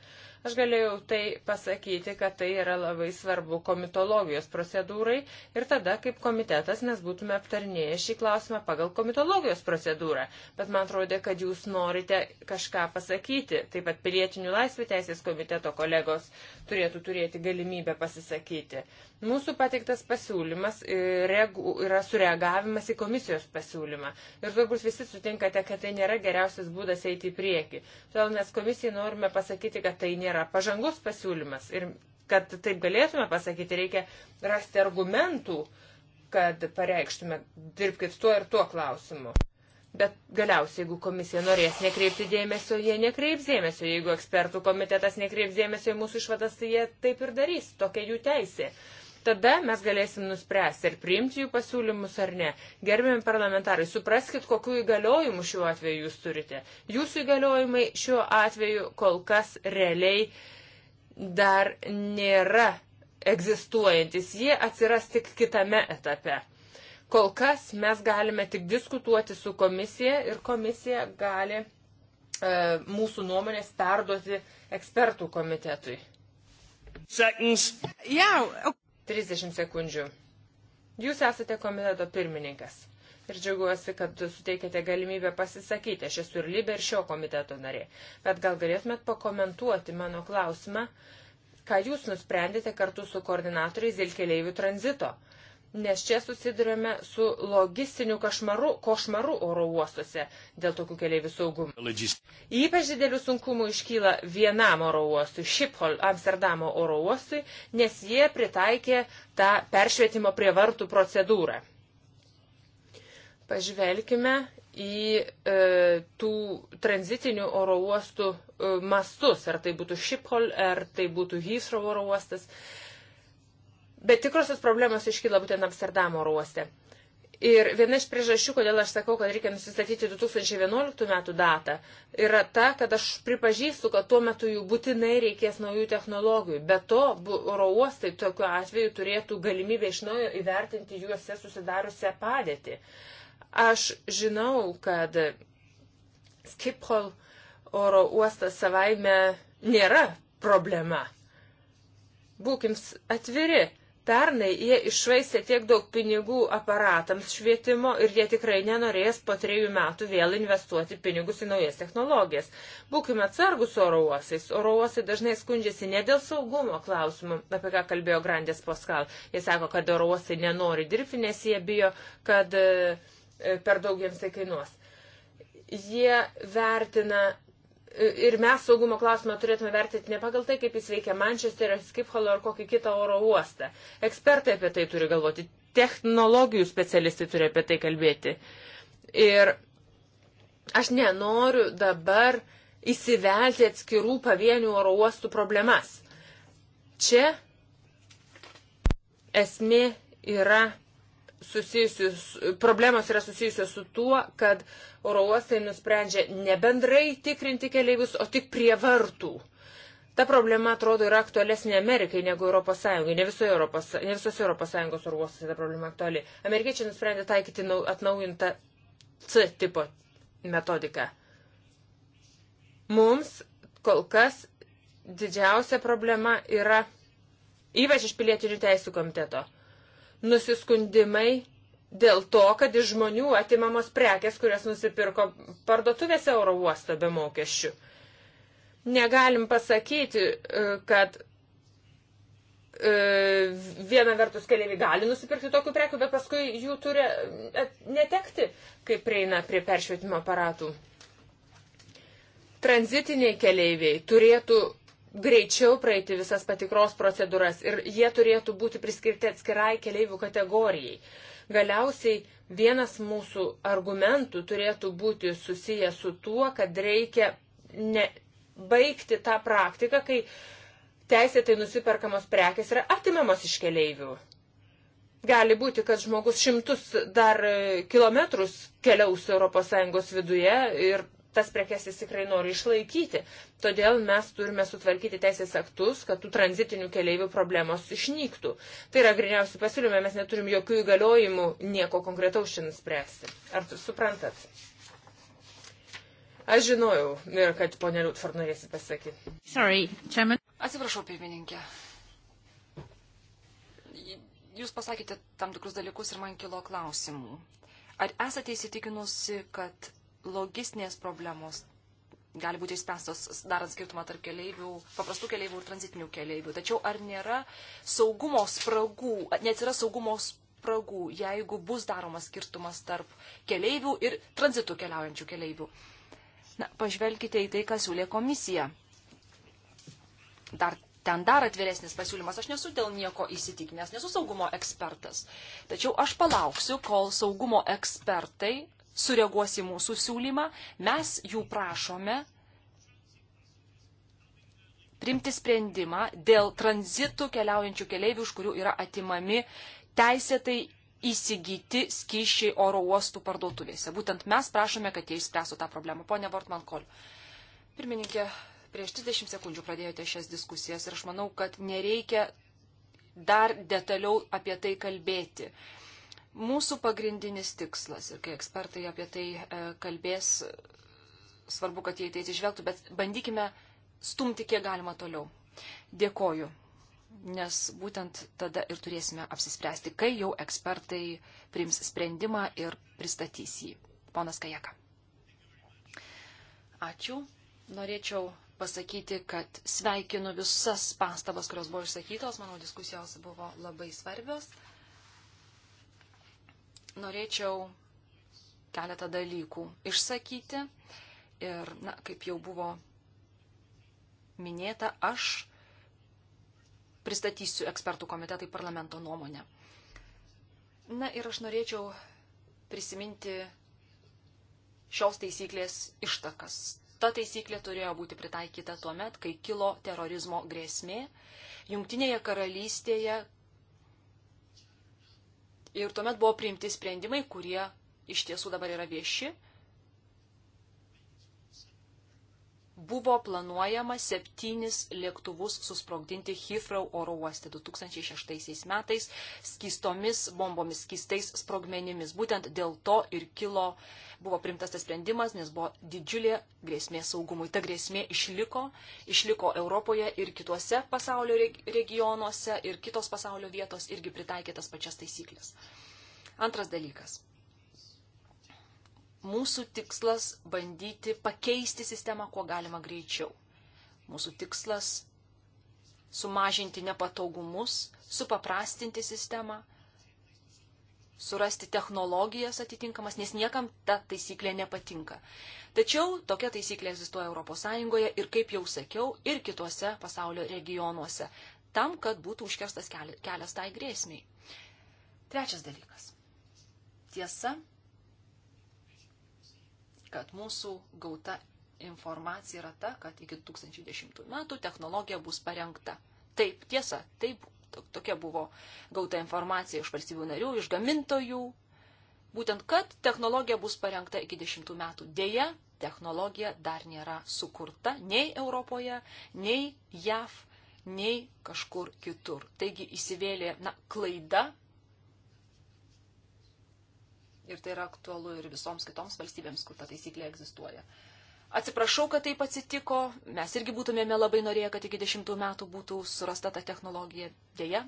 Aš galėjau tai pasakyti, kad tai yra labai svarbu komitologijos procedūrai ir tada kaip komitetas mes būtume aptarnėję šį klausimą pagal komitologijos procedūrą. Bet man atrodė, kad jūs norite kažką pasakyti. Taip pat pilietinių laisvių teisės komiteto kolegos turėtų turėti galimybę pasisakyti. Mūsų pateiktas pasiūlymas e, yra sureagavimas į komisijos pasiūlymą. Ir turbūt visi sutinkate, kad tai nėra geriausias būdas eiti į priekį. Todėl mes komisijai norime pasakyti, kad tai nėra nėra pažangus pasiūlymas. Ir kad taip galėtume pasakyti, reikia rasti argumentų, kad pareikštume, dirbkit tuo ir tuo klausimu. Bet galiausiai, jeigu komisija norės nekreipti dėmesio, jie nekreips dėmesio. Jeigu ekspertų komitetas nekreips dėmesio į mūsų išvadas, tai jie taip ir darys. Tokia jų teisė. Tada mes galėsim nuspręsti, ar priimti jų pasiūlymus ar ne. Gerbiami parlamentarai, supraskite, kokiu įgaliojimu šiuo atveju jūs turite. Jūsų įgaliojimai šiuo atveju kol kas realiai dar nėra egzistuojantis. Jie atsiras tik kitame etape. Kol kas mes galime tik diskutuoti su komisija ir komisija gali e, mūsų nuomonės perduoti ekspertų komitetui. Seconds. Yeah. 30 sekundžių. Jūs esate komiteto pirmininkas ir džiaugiuosi, kad suteikėte galimybę pasisakyti. Aš esu ir Libė, ir šio komiteto narė. Bet gal galėtumėt pakomentuoti mano klausimą, ką jūs nusprendėte kartu su koordinatoriais dėl keleivių tranzito? nes čia susidurėme su logistiniu košmaru, košmaru oro uostuose dėl tokių keliaivių saugumo. Ypač didelių sunkumų iškyla vienam oro uostui, Šiphol, Amsterdamo oro uostui, nes jie pritaikė tą peršvietimo prie vartų procedūrą. Pažvelkime į e, tų tranzitinių oro uostų e, mastus, ar tai būtų Šiphol, ar tai būtų Heathrow oro uostas. E, Bet tikrosios problemos iškyla būtent Amsterdamo ruoste. Ir viena iš priežasčių, kodėl aš sakau, kad reikia nusistatyti 2011 metų datą, yra ta, kad aš pripažįstu, kad tuo metu jų būtinai reikės naujų technologijų. Be to, oro uostai tokiu atveju turėtų galimybę iš naujo įvertinti juose susidariusią padėtį. Aš žinau, kad Skiphol oro uostas savaime nėra problema. Būkim atviri Pernai jie išvaistė tiek daug pinigų aparatams švietimo ir jie tikrai nenorės po trejų metų vėl investuoti pinigus į naujas technologijas. Būkime atsargus oro uostais. Oro uostai dažnai skundžiasi ne dėl saugumo klausimų, apie ką kalbėjo Grandės Poskal. Jie sako, kad oro uostai nenori dirbti, nes jie bijo, kad e, per daug jiems tai kainuos. Jie vertina ir mes saugumo klausimą turėtume vertinti ne pagal tai, kaip jis veikia Mančesterio, Skipholo ar kokį kitą oro uostą. Ekspertai apie tai turi galvoti, technologijų specialistai turi apie tai kalbėti. Ir aš nenoriu dabar įsivelti atskirų pavienių oro uostų problemas. Čia esmė yra susijusius, problemos yra susijusios su tuo, kad oro uostai nusprendžia ne bendrai tikrinti keleivius, o tik prie vartų. Ta problema, atrodo, yra aktualesnė Amerikai negu Europos Sąjungai. Ne, Europos, ne visose Europos Sąjungos oro uostose ta problema aktuali. Amerikiečiai nusprendė taikyti atnaujintą C tipo metodiką. Mums kol kas didžiausia problema yra, ypač iš pilietinių teisų komiteto, nusiskundimai dėl to, kad iš žmonių atimamos prekes, kurias nusipirko parduotuvėse oro uosto be mokesčių. Negalim pasakyti, e, kad e, viena vertus keliaiviai gali nusipirkti tokių prekių, bet paskui jų turi e, netekti, kai prieina prie peršvietimo aparatų. Tranzitiniai keliaiviai turėtų greičiau praeiti visas patikros procedūras ir jie turėtų būti priskirti atskirai keliaivių kategorijai. Galiausiai vienas mūsų argumentų turėtų būti susijęs su tuo, kad reikia ne, baigti tą praktiką, kai teisėtai nusiperkamos prekes yra atimamos iš keliaivių. Gali būti, kad žmogus šimtus dar kilometrus keliaus ES viduje ir tas prekes jis tikrai nori išlaikyti. Todėl mes turime sutvarkyti teisės aktus, kad tų tranzitinių keliaivių problemos išnyktų. Tai yra griniausi pasiūlymai, mes neturim jokių įgaliojimų nieko konkretaus šiandien spręsti. Ar tu suprantat? Aš žinojau ir kad ponė Liutford norėsi pasakyti. Sorry, chairman. Atsiprašau, pirmininkė. Jūs pasakėte tam tikrus dalykus ir man kilo klausimų. Ar esate įsitikinusi, kad logistinės problemos gali būti išspręstos darant skirtumą tarp keleivių, paprastų keleivių ir tranzitinių keleivių. Tačiau ar nėra saugumo spragų, neatsiras saugumo spragų, jeigu bus daromas skirtumas tarp keleivių ir tranzitų keliaujančių keleivių? Na, pažvelkite į tai, ką siūlė komisija. Dar ten dar atviresnis pasiūlymas. Aš nesu dėl nieko įsitikinęs, nesu saugumo ekspertas. Tačiau aš palauksiu, kol saugumo ekspertai sureaguos į mūsų siūlymą, mes jų prašome priimti sprendimą dėl tranzitų keliaujančių keleivių, iš kurių yra atimami teisėtai įsigyti skyšiai oro uostų parduotuvėse. Būtent mes prašome, kad jie išspręstų tą problemą. Pone Vortman Kol. Pirmininkė, prieš 30 sekundžių pradėjote šias diskusijas ir aš manau, kad nereikia dar detaliau apie tai kalbėti mūsų pagrindinis tikslas. Ir kai ekspertai apie tai e, kalbės, svarbu, kad jie į tai atsižvelgtų, bet bandykime stumti kiek galima toliau. Dėkoju, nes būtent tada ir turėsime apsispręsti, kai jau ekspertai priims sprendimą ir pristatys jį. Ponas Kajaka. Ačiū. Norėčiau pasakyti, kad sveikinu visas pastabas, kurios buvo išsakytos. Manau, diskusijos buvo labai svarbios norėčiau keletą dalykų išsakyti. Ir, na, kaip jau buvo minėta, aš pristatysiu ekspertų komitetai parlamento nuomonę. Na ir aš norėčiau prisiminti šios taisyklės ištakas. Ta taisyklė turėjo būti pritaikyta tuo met, kai kilo terorizmo grėsmė Jungtinėje karalystėje, Ir tuomet buvo priimti sprendimai, kurie iš tiesų dabar yra vieši buvo planuojama septynis lėktuvus susprogdinti Hifrau oro uoste 2006 metais skystomis bombomis, skystais sprogmenimis. Būtent dėl to ir kilo, buvo primtas tas sprendimas, nes buvo didžiulė grėsmė saugumui. Ta grėsmė išliko, išliko Europoje ir kituose pasaulio regionuose ir kitos pasaulio vietos irgi pritaikė tas pačias taisyklės. Antras dalykas mūsų tikslas bandyti pakeisti sistemą kuo galima greičiau. Mūsų tikslas sumažinti nepatogumus, supaprastinti sistemą, surasti technologijas atitinkamas, nes niekam ta taisyklė nepatinka. Tačiau tokia taisyklė egzistuoja ES ir, kaip jau sakiau, ir kitose pasaulio regionuose, tam, kad būtų užkirstas kelias tai grėsmiai. Trečias dalykas. Tiesa, kad mūsų gauta informacija yra ta, kad iki 2010 metų technologija bus parengta. Taip, tiesa, taip, tokia buvo gauta informacija iš valstybių narių, iš gamintojų, būtent kad technologija bus parengta iki 10 metų. Deja, technologija dar nėra sukurta nei Europoje, nei JAV, nei kažkur kitur. Taigi įsivėlė na, klaida Ir tai yra aktualu ir visoms kitoms valstybėms, kur ta taisyklė egzistuoja. Atsiprašau, kad taip atsitiko. Mes irgi būtumėme labai norėję, kad iki dešimtų metų būtų surasta ta technologija. Deja,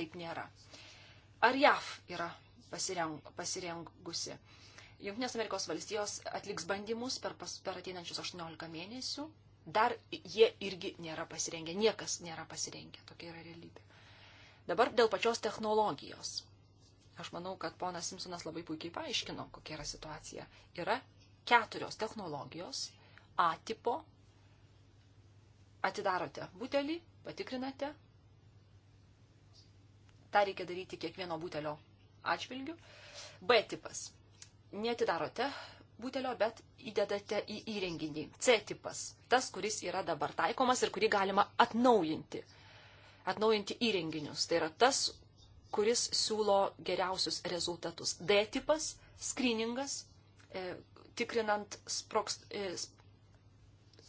taip nėra. Ar JAV yra pasireng, pasirengusi? Junktinės Amerikos valstijos atliks bandymus per, pas, per ateinančius 18 mėnesių. Dar jie irgi nėra pasirengę. Niekas nėra pasirengę. Tokia yra realybė. Dabar dėl pačios technologijos. Aš manau, kad ponas Simpsonas labai puikiai paaiškino, kokia yra situacija. Yra keturios technologijos A tipo. Atidarote butelį, patikrinate. Ta reikia daryti kiekvieno butelio atžvilgių. B tipas. Netidarote butelio, bet įdedate į įrenginį. C tipas. Tas, kuris yra dabar taikomas ir kurį galima atnaujinti. Atnaujinti įrenginius. Tai yra tas, kuris siūlo geriausius rezultatus. D tipas - skriningas, e, tikrinant sproks, e,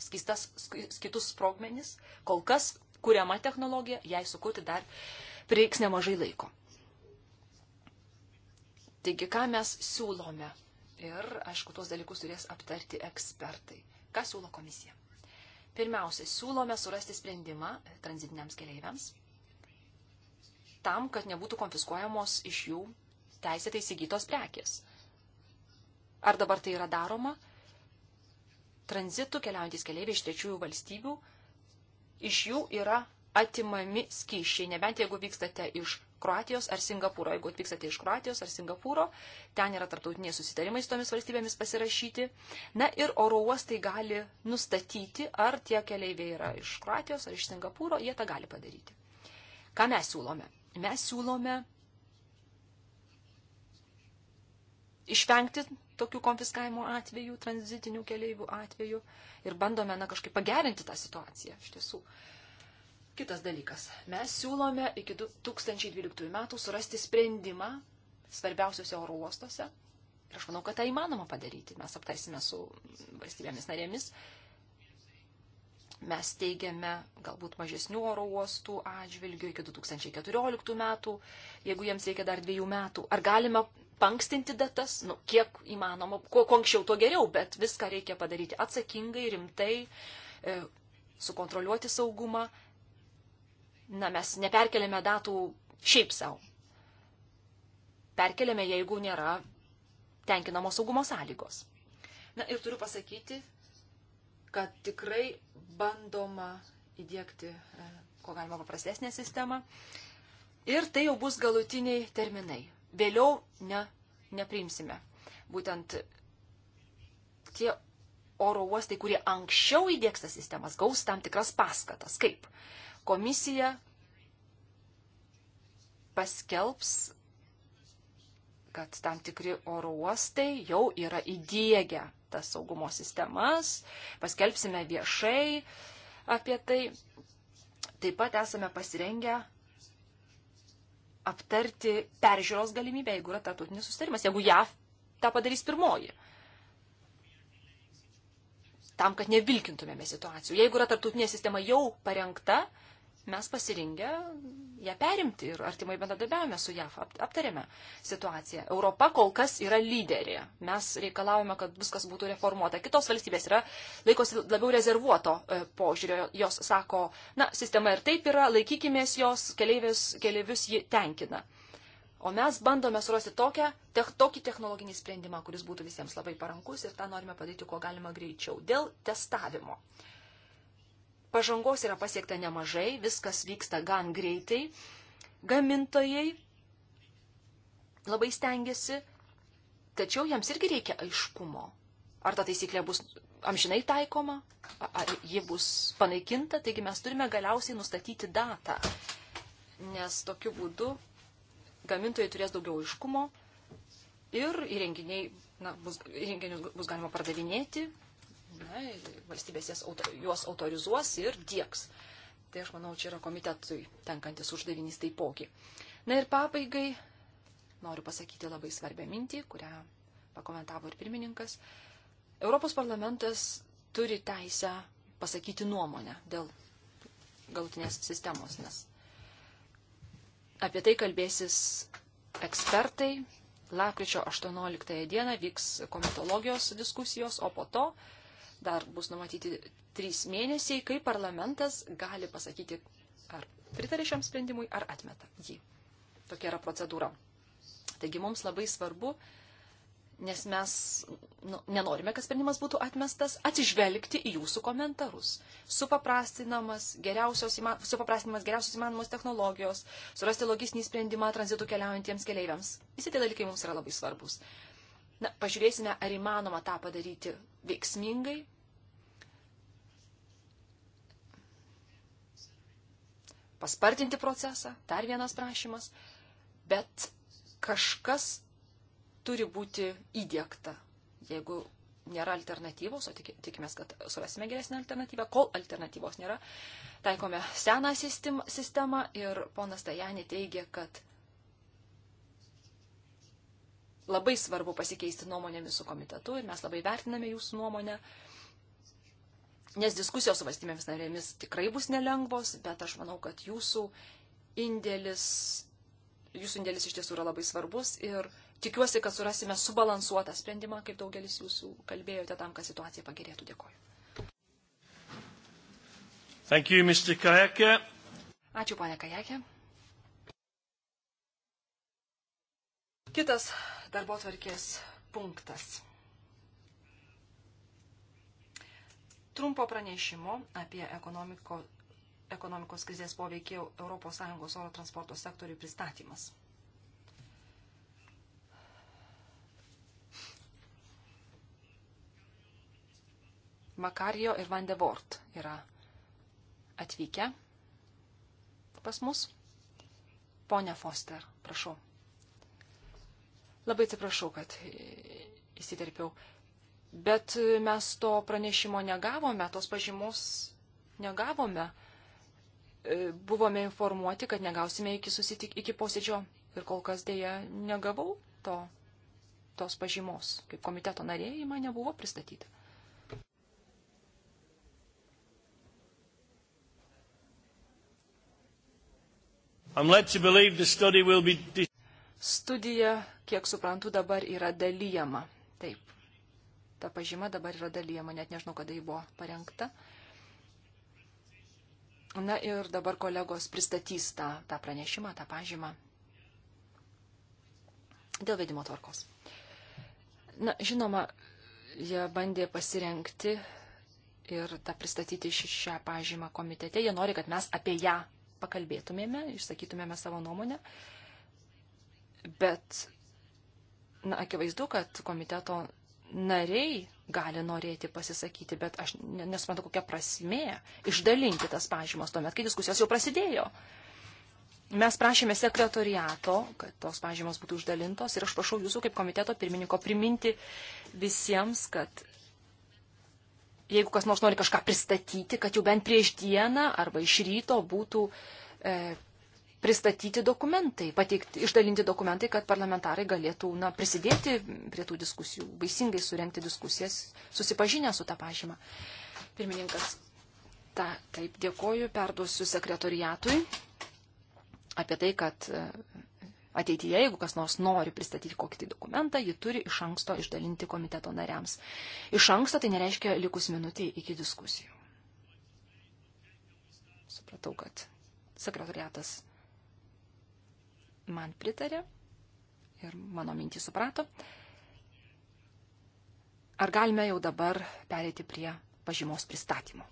skistas, kitus sprogmenis. Kol kas kuriama technologija, jai sukurti dar prireiks nemažai laiko. Taigi, ką mes siūlome? Ir, aišku, tuos dalykus turės aptarti ekspertai. Ką siūlo komisija? Pirmiausia, siūlome surasti sprendimą tranzitiniams keleiviams tam, kad nebūtų konfiskuojamos iš jų teisėtai įsigytos prekės. Ar dabar tai yra daroma? Tranzitų keliaujantis keliaiviai iš trečiųjų valstybių, iš jų yra atimami skyšiai, nebent jeigu vykstate iš Kroatijos ar Singapūro. Jeigu atvykstate iš Kroatijos ar Singapūro, ten yra tarptautiniai susitarimai su tomis valstybėmis pasirašyti. Na ir oro uostai gali nustatyti, ar tie keliaiviai yra iš Kroatijos ar iš Singapūro, jie tą gali padaryti. Ką mes siūlome? Mes siūlome išvengti tokių konfiskavimo atvejų, tranzitinių keleivių atvejų ir bandome na, kažkaip pagerinti tą situaciją iš tiesų. Kitas dalykas. Mes siūlome iki 2012 metų surasti sprendimą svarbiausiuose oro uostuose. Ir aš manau, kad tai įmanoma padaryti. Mes aptarsime su valstybėmis narėmis mes teigiame galbūt mažesnių oro uostų atžvilgių iki 2014 metų, jeigu jiems reikia dar dviejų metų. Ar galime pankstinti datas, nu, kiek įmanoma, kuo, kuo anksčiau, tuo geriau, bet viską reikia padaryti atsakingai, rimtai, e, sukontroliuoti saugumą. Na, mes neperkeliame datų šiaip savo. Perkeliame, jeigu nėra tenkinamos saugumo sąlygos. Na ir turiu pasakyti, kad tikrai bandoma įdėkti, e, ko galima, paprastesnę sistemą. Ir tai jau bus galutiniai terminai. Vėliau ne, nepriimsime. Būtent tie oro uostai, kurie anksčiau įdėks tas sistemas, gaus tam tikras paskatas. Kaip? Komisija paskelbs, kad tam tikri oro uostai jau yra įdėgę tas saugumo sistemas, paskelbsime viešai apie tai. Taip pat esame pasirengę aptarti peržiūros galimybę, jeigu yra tarptautinis sustarimas, jeigu JAV tą padarys pirmoji. Tam, kad nevilkintumėme situacijų. Jeigu yra tarptautinė sistema jau parengta, mes pasirinkę ją perimti ir artimai bendradarbiavome su JAF, aptarėme situaciją. Europa kol kas yra lyderė. Mes reikalavome, kad viskas būtų reformuota. Kitos valstybės yra laikosi labiau rezervuoto e, požiūrio. Jos sako, na, sistema ir taip yra, laikykimės jos, keleivius, keleivius ji tenkina. O mes bandome surasti tokią, te, tokį technologinį sprendimą, kuris būtų visiems labai parankus ir tą norime padaryti kuo galima greičiau. Dėl testavimo. Uh, pažangos yra pasiekta nemažai, viskas vyksta gan greitai. Gamintojai labai stengiasi, tačiau jiems irgi reikia aiškumo. Ar ta taisyklė bus amžinai taikoma, ar ji bus panaikinta, taigi mes turime galiausiai nustatyti datą, nes tokiu būdu gamintojai turės daugiau aiškumo ir įrenginiai, na, bus, įrenginius bus galima pardavinėti, na, valstybės auto, juos autorizuos ir dieks. Tai aš manau, čia yra komitetui tenkantis uždavinys taipogi. Na ir pabaigai noriu pasakyti labai svarbę mintį, kurią pakomentavo ir pirmininkas. Europos parlamentas turi teisę pasakyti nuomonę dėl galutinės sistemos, nes apie tai kalbėsis ekspertai. Lapkričio 18 dieną vyks komitologijos diskusijos, o po to Dar bus numatyti trys mėnesiai, kai parlamentas gali pasakyti, ar pritarė šiam sprendimui, ar atmeta jį. Tokia yra procedūra. Taigi mums labai svarbu, nes mes nu, nenorime, kad sprendimas būtų atmestas, atsižvelgti į jūsų komentarus. Supaprastinamas geriausios, įma, supaprastinamas geriausios įmanomos technologijos, surasti logistinį sprendimą tranzitų keliaujantiems keleiviams. Visi tie dalykai mums yra labai svarbus. Na, pažiūrėsime, ar įmanoma tą padaryti veiksmingai. Paspartinti procesą, dar vienas prašymas, bet kažkas turi būti įdėkta, jeigu nėra alternatyvos, o tik, tikimės, kad surasime geresnę alternatyvą, kol alternatyvos nėra. Taikome seną sistemą ir ponas Tajani teigia, kad labai svarbu pasikeisti nuomonėmis su komitetu ir mes labai vertiname jūsų nuomonę, nes diskusijos su valstybėmis narėmis tikrai bus nelengvos, bet aš manau, kad jūsų indėlis, jūsų indėlis iš tiesų yra labai svarbus ir tikiuosi, kad surasime subalansuotą sprendimą, kaip daugelis jūsų kalbėjote, tam, kad situacija pagerėtų. Dėkoju. Thank you, Mr. Kajake. Ačiū, ponė Kajake. Kitas darbo tvarkės punktas. Trumpo pranešimo apie ekonomiko, ekonomikos krizės poveikį ES oro transporto sektoriui pristatymas. Makario ir Van de Vort yra atvykę pas mus. Pone Foster, prašau. Labai atsiprašau, kad įsiterpiau. Bet mes to pranešimo negavome, tos pažymos negavome. E, buvome informuoti, kad negausime iki, susitik, iki posėdžio ir kol kas dėja negavau to, tos pažymos. Kaip komiteto narėjai man nebuvo pristatyta. I'm led to believe the study will be studija, kiek suprantu, dabar yra dalyjama. Taip. Ta pažyma dabar yra dalyjama, net nežinau, kada ji buvo parengta. Na ir dabar kolegos pristatys tą, tą pranešimą, tą pažymą dėl vedimo tvarkos. Na, žinoma, jie bandė pasirenkti ir tą pristatyti šią pažymą komitete. Jie nori, kad mes apie ją pakalbėtumėme, išsakytumėme savo nuomonę. Uh, Bet, na, akivaizdu, kad komiteto nariai gali norėti pasisakyti, bet aš nesuprantu, kokia prasmė išdalinti tas pažymas tuomet, kai diskusijos jau prasidėjo. Mes prašėme sekretoriato, kad tos pažymos būtų uždalintos ir aš prašau jūsų kaip komiteto pirmininko priminti visiems, kad jeigu kas nors nori kažką pristatyti, kad jau bent prieš dieną arba iš ryto būtų e, pristatyti dokumentai, pateikti, išdalinti dokumentai, kad parlamentarai galėtų na, prisidėti prie tų diskusijų, baisingai surenkti diskusijas, susipažinę su tą pažymą. Pirmininkas, ta, taip dėkoju, perduosiu sekretoriatui apie tai, kad e, ateityje, jeigu kas nors nori pristatyti kokį tai dokumentą, jį turi iš anksto išdalinti komiteto nariams. Iš anksto tai nereiškia likus minutį iki diskusijų. Supratau, kad sekretoriatas man pritarė ir mano mintį suprato. Ar galime jau dabar pereiti prie pažymos pristatymo?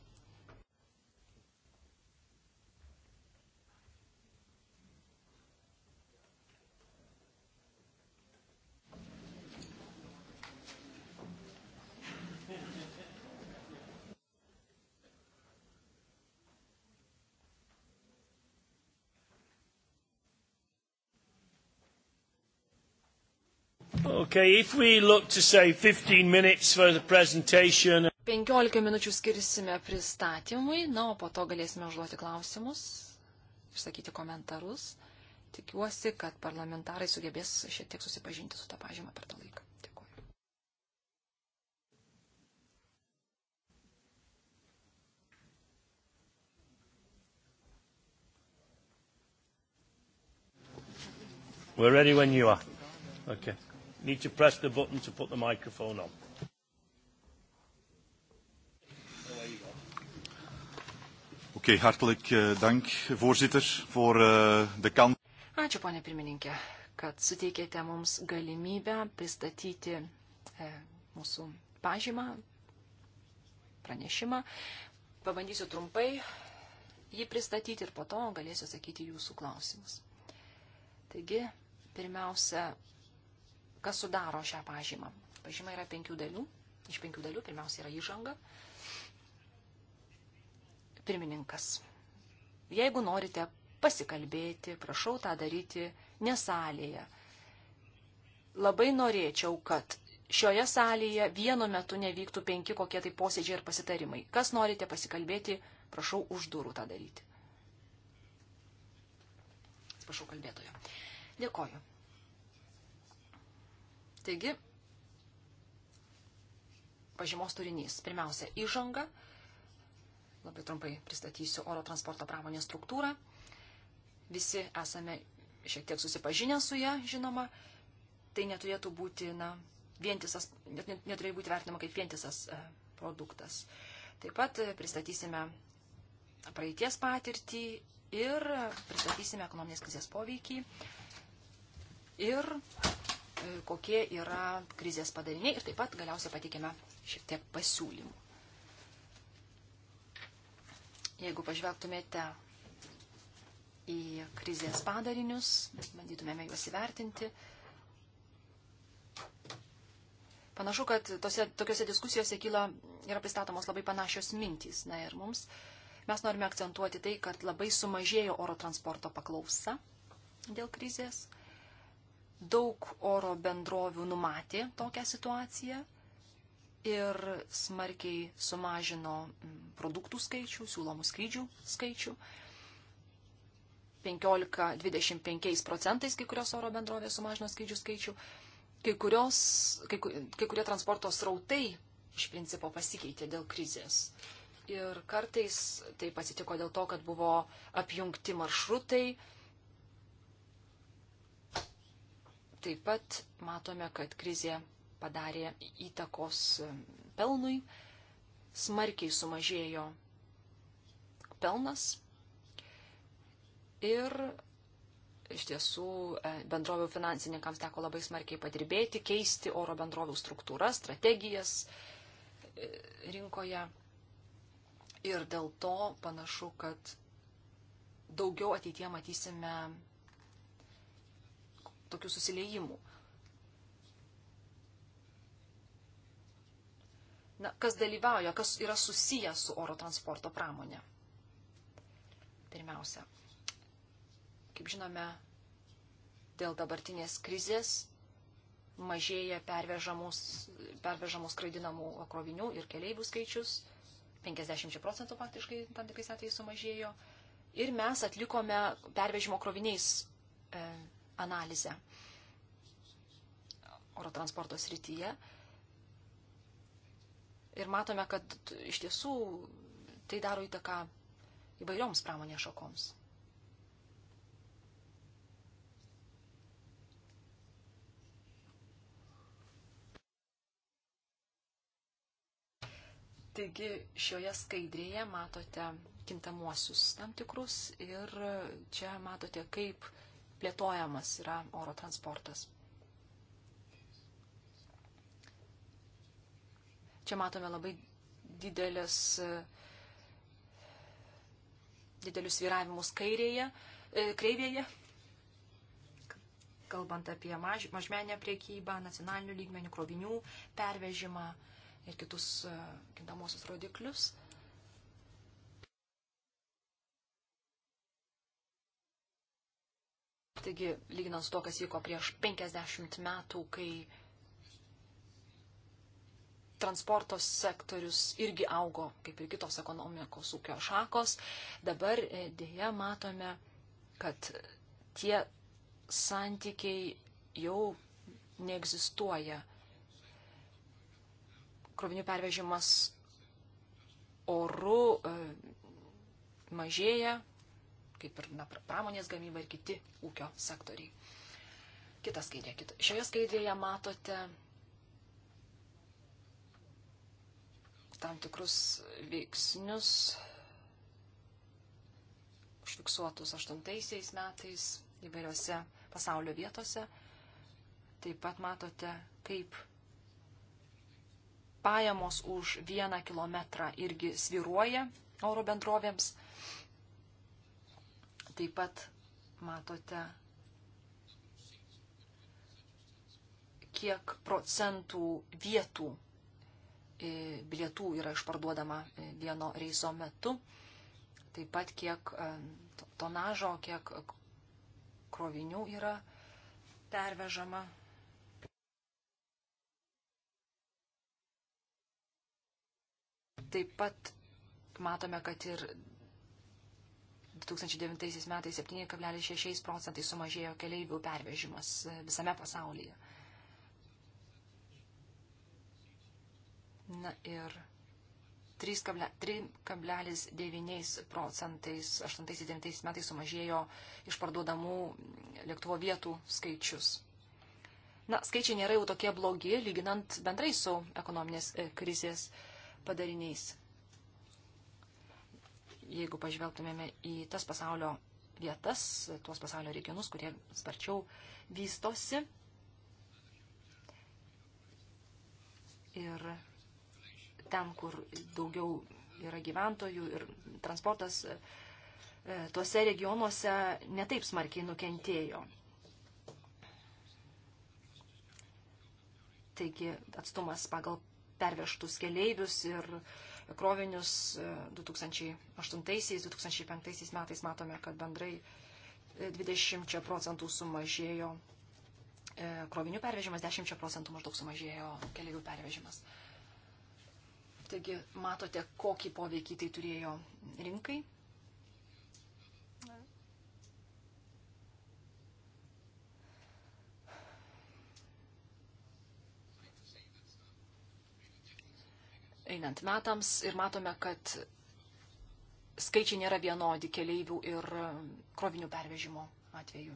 Okay, if we look to say 15 minutes for the presentation. 15 minučių skirsime pristatymui, na, o po to galėsime užduoti klausimus, išsakyti komentarus. Tikiuosi, kad parlamentarai sugebės šiek tiek susipažinti su tą pažymą per tą laiką. Dėkuoju. We're ready when you are. Okay need to press the button to put the microphone on. Oké, okay, hartelijk uh, dank, voorzitter, voor uh, de kans. Ačiū, ponė pirmininkė, kad suteikėte mums galimybę pristatyti e, mūsų pažymą, pranešimą. Pabandysiu trumpai jį pristatyti ir po to galėsiu atsakyti jūsų klausimus. Taigi, pirmiausia, kas sudaro šią pažymą. Pažyma yra penkių dalių. Iš penkių dalių pirmiausia yra įžanga. Pirmininkas. Jeigu norite pasikalbėti, prašau tą daryti nesalėje. Labai norėčiau, kad šioje salėje vienu metu nevyktų penki kokie tai posėdžiai ir pasitarimai. Kas norite pasikalbėti, prašau už durų tą daryti. Prašau kalbėtojo. Dėkoju. Taigi, pažymos turinys. Pirmiausia, įžanga. Labai trumpai pristatysiu oro transporto pramonės struktūrą. Visi esame šiek tiek susipažinę su ją, žinoma. Tai neturėtų būti, na, vientisas, net neturėtų būti vertinama kaip vientisas e, produktas. Taip pat e, pristatysime praeities patirtį ir e, pristatysime ekonominės krizės poveikį ir kokie yra krizės padariniai ir taip pat galiausiai patikėme šiek tiek pasiūlymų. Jeigu pažvelgtumėte į krizės padarinius, bandytumėme juos įvertinti. Panašu, kad tose, tokiose diskusijose kyla, yra pristatomos labai panašios mintys. Na ir mums, mes norime akcentuoti tai, kad labai sumažėjo oro transporto paklausa dėl krizės Daug oro bendrovių numatė tokią situaciją ir smarkiai sumažino mm, produktų skaičių, siūlomų skrydžių skaičių. 15-25 procentais kai kurios oro bendrovės sumažino skrydžių skaičių. Kai, kurios, kai, kai kurie transporto srautai iš principo pasikeitė dėl krizės. Ir kartais taip atsitiko dėl to, kad buvo apjungti maršrutai, Taip pat matome, kad krizė padarė įtakos pelnui, smarkiai sumažėjo pelnas ir iš tiesų e, bendrovių finansininkams teko labai smarkiai padirbėti, keisti oro bendrovių struktūras, strategijas e, rinkoje. Ir dėl to panašu, kad daugiau ateitie matysime tokių susiliejimų. Na, kas dalyvauja, kas yra susijęs su oro transporto pramonė? Pirmiausia, kaip žinome, dėl dabartinės krizės mažėja pervežamų skraidinamų krovinių ir keleivių skaičius. 50 procentų faktiškai tam tikrais atvejais sumažėjo. Ir mes atlikome pervežimo kroviniais e, analizę oro transporto srityje. Ir matome, kad iš tiesų tai daro įtaką įvairioms pramonės šakoms. Taigi šioje skaidrėje matote kintamuosius tam tikrus ir čia matote, kaip plėtojamas yra oro transportas. Čia matome labai didelis, didelius vyravimus kairėje, e, kreivėje, kalbant apie maž, mažmenę priekybą, nacionalinių lygmenių krovinių pervežimą ir kitus e, kintamosius rodiklius. Taigi, lyginant su to, kas vyko prieš 50 metų, kai transporto sektorius irgi augo, kaip ir kitos ekonomikos ūkio šakos, dabar e, dėja matome, kad tie santykiai jau neegzistuoja. Krovinių pervežimas oru e, mažėja, kaip ir na, pramonės gamyba ir kiti ūkio sektoriai. Kita skaidrė. Kita. Šioje skaidrėje matote tam tikrus veiksnius užfiksuotus 8 metais įvairiose pasaulio vietose. Taip pat matote, kaip pajamos už vieną kilometrą irgi sviruoja oro bendrovėms. Taip pat matote, kiek procentų vietų e, bilietų yra išparduodama e, vieno reiso metu. Taip pat kiek e, tonažo, kiek krovinių yra pervežama. Taip pat matome, kad ir 2009 metais 7,6 procentai sumažėjo keleivių pervežimas e, visame pasaulyje. Na ir 3,9 procentais 8-9 metais sumažėjo išparduodamų lėktuvo vietų skaičius. Na, skaičiai nėra jau tokie blogi, lyginant bendrai su ekonominės e, krizės padariniais jeigu pažvelgtumėme į tas pasaulio vietas, tuos pasaulio regionus, kurie sparčiau vystosi. Ir ten, kur daugiau yra gyventojų ir transportas, e, tuose regionuose netaip smarkiai nukentėjo. Taigi atstumas pagal perveštus keleivius ir uh, krovinius 2008-2005 e, metais matome, kad bendrai 20 e, procentų sumažėjo e, krovinių pervežimas, 10 procentų maždaug sumažėjo keliaivių pervežimas. Taigi matote, kokį poveikį tai turėjo rinkai einant metams ir matome, kad skaičiai nėra vienodi keleivių ir krovinių pervežimo atveju.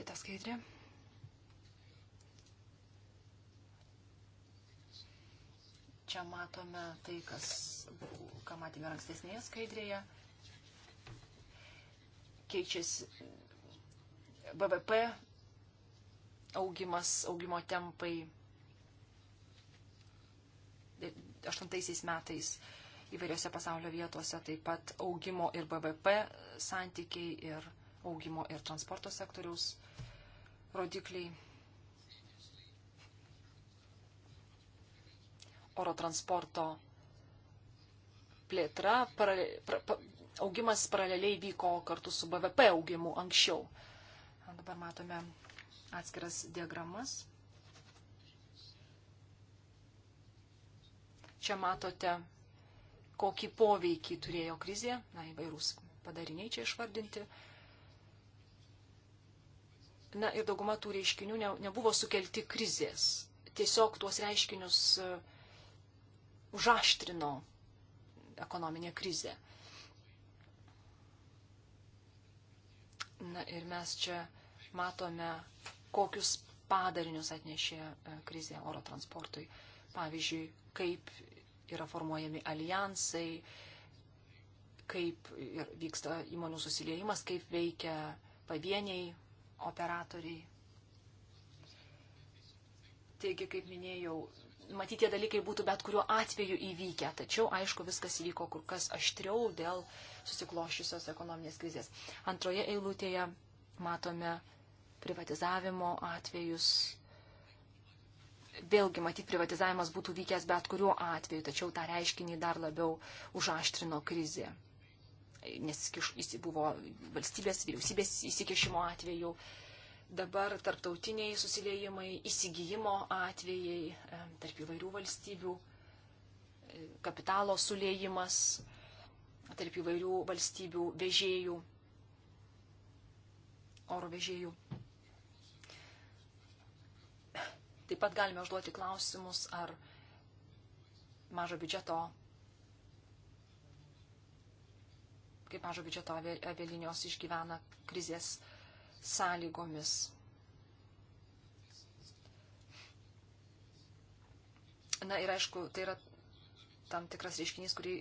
Kita skaidrė. Čia matome tai, kas, ką matėme ankstesnėje skaidrėje. Keičiasi BVP augimas, augimo tempai 2008 metais įvairiose pasaulio vietose, taip pat augimo ir BVP santykiai ir augimo ir transporto sektoriaus rodikliai. Oro transporto plėtra, pra, pra, pra, augimas paraleliai vyko kartu su BVP augimu anksčiau. Dabar matome atskiras diagramas. Čia matote, kokį poveikį turėjo krizė, na, įvairūs padariniai čia išvardinti. Na ir dauguma tų reiškinių ne, nebuvo sukelti krizės. Tiesiog tuos reiškinius e, užaštrino ekonominė krizė. Na ir mes čia matome, kokius padarinius atnešė e, krizė oro transportui. Pavyzdžiui, kaip yra formuojami alijansai, kaip vyksta įmonių susiliejimas, kaip veikia pavieniai operatoriai. Taigi, kaip minėjau, matyti tie dalykai būtų bet kuriuo atveju įvykę, tačiau, aišku, viskas įvyko kur kas aštriau dėl susikloščiusios ekonominės krizės. Antroje eilutėje matome privatizavimo atvejus, vėlgi matyt privatizavimas būtų vykęs bet kuriuo atveju, tačiau tą reiškinį dar labiau užaštrino krizė. Nes jis buvo valstybės, vyriausybės įsikešimo atveju, dabar tarptautiniai susiliejimai, įsigijimo atvejai e, tarp įvairių valstybių, e, kapitalo suliejimas tarp įvairių valstybių vežėjų, oro vežėjų. Taip pat galime užduoti klausimus, ar mažo biudžeto, kaip mažo biudžeto avialinijos išgyvena krizės sąlygomis. Na ir aišku, tai yra tam tikras reiškinys, kurį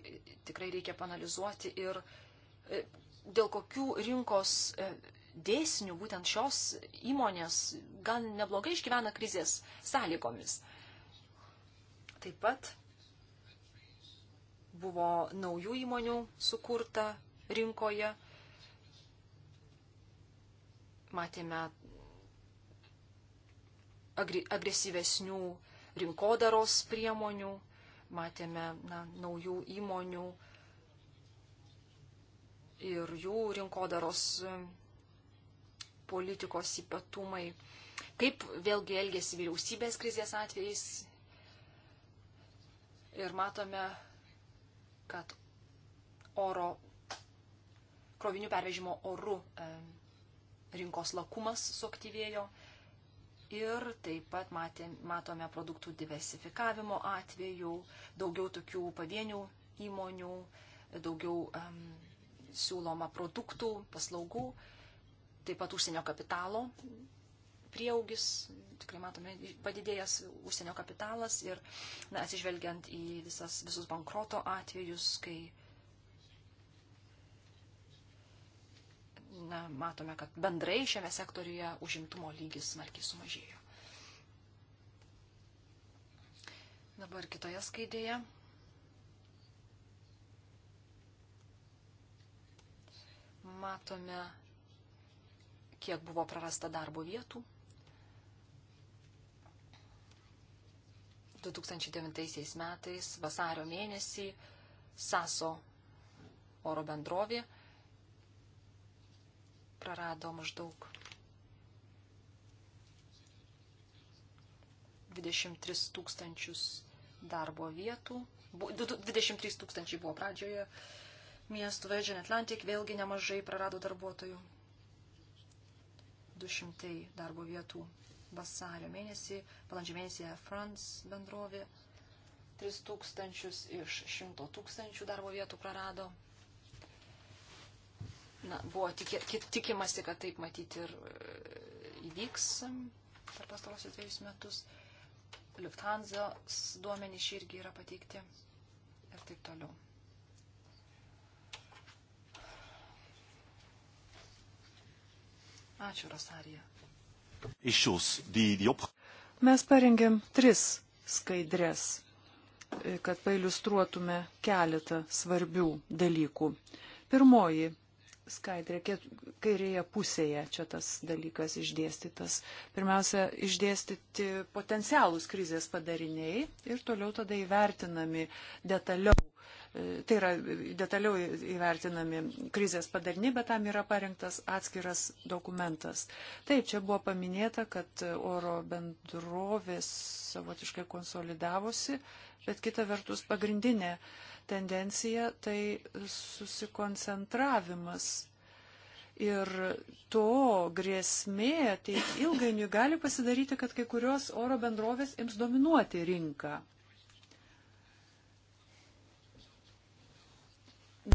tikrai reikia panalizuoti ir e, dėl kokių rinkos e, dėsnių būtent šios įmonės gan neblogai išgyvena krizės sąlygomis. Taip pat buvo naujų įmonių sukurta rinkoje. Matėme agresyvesnių rinkodaros priemonių, matėme na, naujų įmonių ir jų rinkodaros politikos ypatumai, kaip vėlgi elgėsi vyriausybės krizės atvejais. Ir matome, kad oro krovinių pervežimo orų e, rinkos lakumas suaktyvėjo ir taip pat matė, matome produktų diversifikavimo atvejų, daugiau tokių pavienių įmonių, daugiau um, siūloma produktų, paslaugų. Uh, taip pat užsienio kapitalo prieaugis, tikrai matome padidėjęs užsienio kapitalas ir na, atsižvelgiant į visas, visus bankroto atvejus, kai na, matome, kad bendrai šiame sektoriuje užimtumo lygis smarkiai sumažėjo. Dabar kitoje skaidėje. Matome kiek buvo prarasta darbo vietų. 2009 metais vasario mėnesį Saso oro bendrovė prarado maždaug 23 tūkstančius darbo vietų. 23 tūkstančiai buvo pradžioje miestų Virgin Atlantic, vėlgi nemažai prarado darbuotojų. 200 darbo vietų. Vasario mėnesį, balandžio mėnesį France bendrovė 3 tūkstančius iš 100 tūkstančių darbo vietų prarado. Na, buvo tikė, tikimasi, kad taip matyti ir e, įvyks per pastarosius dviejus metus. Lufthansa duomenys irgi yra pateikti ir taip toliau. Ačiū, Rosarija. Mes parengėm tris skaidrės, e, kad pailustruotume keletą svarbių dalykų. Pirmoji skaidrė kairėje pusėje čia tas dalykas išdėstytas. Pirmiausia, išdėstyti potencialūs krizės padariniai ir toliau tada įvertinami detaliau tai yra detaliau įvertinami krizės padarniai, bet tam yra parengtas atskiras dokumentas. Taip, čia buvo paminėta, kad oro bendrovės savotiškai konsolidavosi, bet kita vertus pagrindinė tendencija tai susikoncentravimas Ir to grėsmė, tai ilgainiui gali pasidaryti, kad kai kurios oro bendrovės ims dominuoti rinką.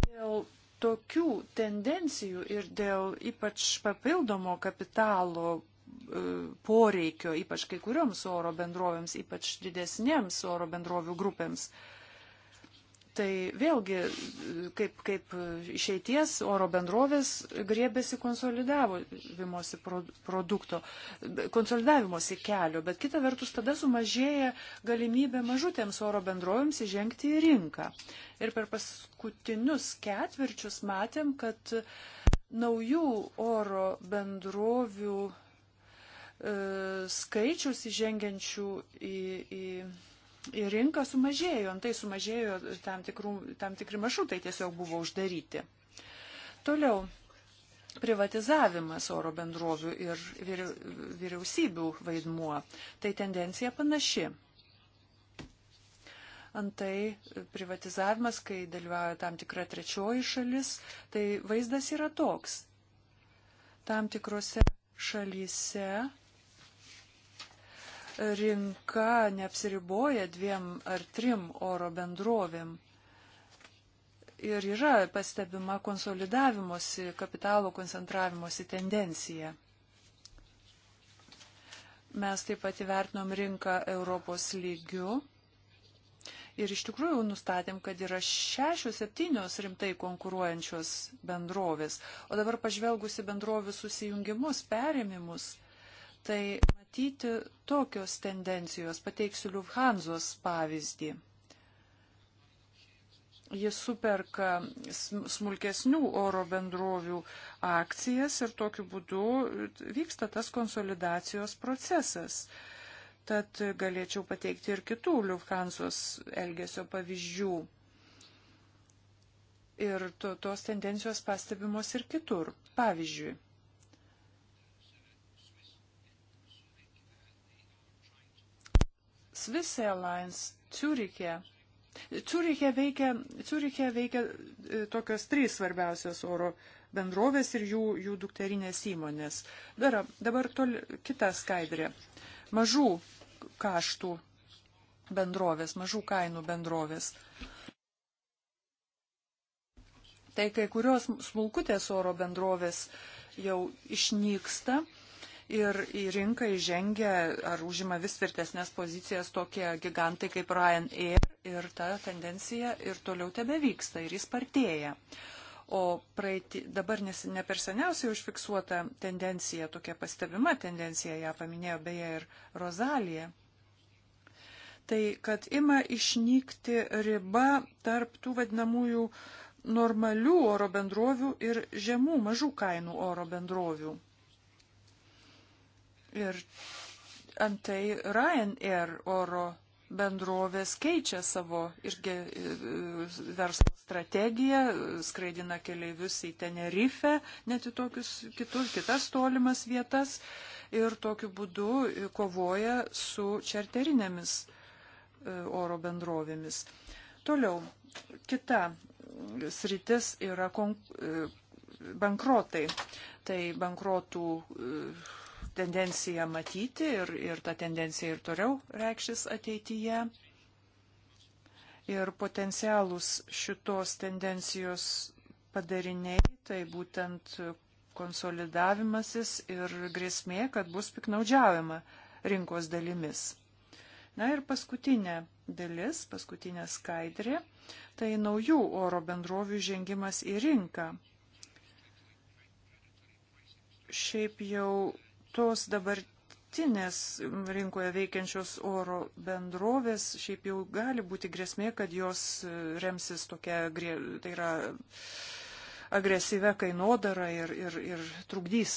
Dėl tokių tendencijų ir dėl ypač papildomo kapitalo e, poreikio, ypač kai kurioms oro bendrovėms, ypač didesnėms oro bendrovių grupėms, Tai vėlgi, kaip, kaip išeities oro bendrovės griebėsi konsolidavimosi produkto, konsolidavimosi kelio, bet kita vertus tada sumažėja galimybė mažutėms oro bendrovėms įžengti į rinką. Ir per paskutinius ketvirčius matėm, kad naujų oro bendrovių e, skaičius įžengiančių į. į ir rinka sumažėjo, antai sumažėjo tam, tikrų, tam tikri maršrutai tiesiog buvo uždaryti. Toliau. Privatizavimas oro bendrovių ir vyriausybių vaidmuo. Tai tendencija panaši. Antai privatizavimas, kai dalyvauja tam tikra trečioji šalis, tai vaizdas yra toks. Tam tikrose šalyse rinka neapsiriboja dviem ar trim oro bendrovėm. Ir yra pastebima konsolidavimosi, kapitalo koncentravimosi tendencija. Mes taip pat įvertinom rinką Europos lygių ir iš tikrųjų nustatėm, kad yra šešios, septynios rimtai konkuruojančios bendrovės. O dabar pažvelgusi bendrovių susijungimus, perėmimus, tai matyti tokios tendencijos. Pateiksiu Lufthansos pavyzdį. Jis superka smulkesnių oro bendrovių akcijas ir tokiu būdu vyksta tas konsolidacijos procesas. Tad galėčiau pateikti ir kitų Lufthansos elgesio pavyzdžių. Ir to, tos tendencijos pastebimos ir kitur. Pavyzdžiui, Swiss Airlines Ciurichė. Ciurichė veikia, Ciurichė veikia e, tokios trys svarbiausios oro bendrovės ir jų, jų dukterinės įmonės. Dar, dabar tol, kita skaidrė. Mažų kaštų bendrovės, mažų kainų bendrovės. Tai kai kurios smulkutės oro bendrovės jau išnyksta ir į rinką įžengia ar užima vis tvirtesnės pozicijas tokie gigantai kaip Ryanair ir ta tendencija ir toliau tebe vyksta ir jis partėja. O praeitį, dabar nes, ne per seniausiai užfiksuota tendencija, tokia pastebima tendencija, ją paminėjo beje ir Rozalija, tai kad ima išnykti riba tarp tų vadinamųjų normalių oro bendrovių ir žemų mažų kainų oro bendrovių. Ir antai Ryanair oro bendrovės keičia savo irgi e, verslo strategiją, skraidina keleivius į Tenerife, net į tokius kitus, kitas tolimas vietas ir tokiu būdu kovoja su čarterinėmis e, oro bendrovėmis. Toliau, kita sritis yra e, bankrotai. Tai bankrotų tendenciją matyti ir, ir ta tendencija ir toliau reikšis ateityje. Ir potencialus šitos tendencijos padariniai, tai būtent konsolidavimasis ir grėsmė, kad bus piknaudžiaujama rinkos dalimis. Na ir paskutinė dalis, paskutinė skaidrė, tai naujų oro bendrovių žengimas į rinką. Šiaip jau tos dabartinės rinkoje veikiančios oro bendrovės šiaip jau gali būti grėsmė, kad jos e, remsis tokia, tai yra agresyvę kainodarą ir, ir, ir trukdys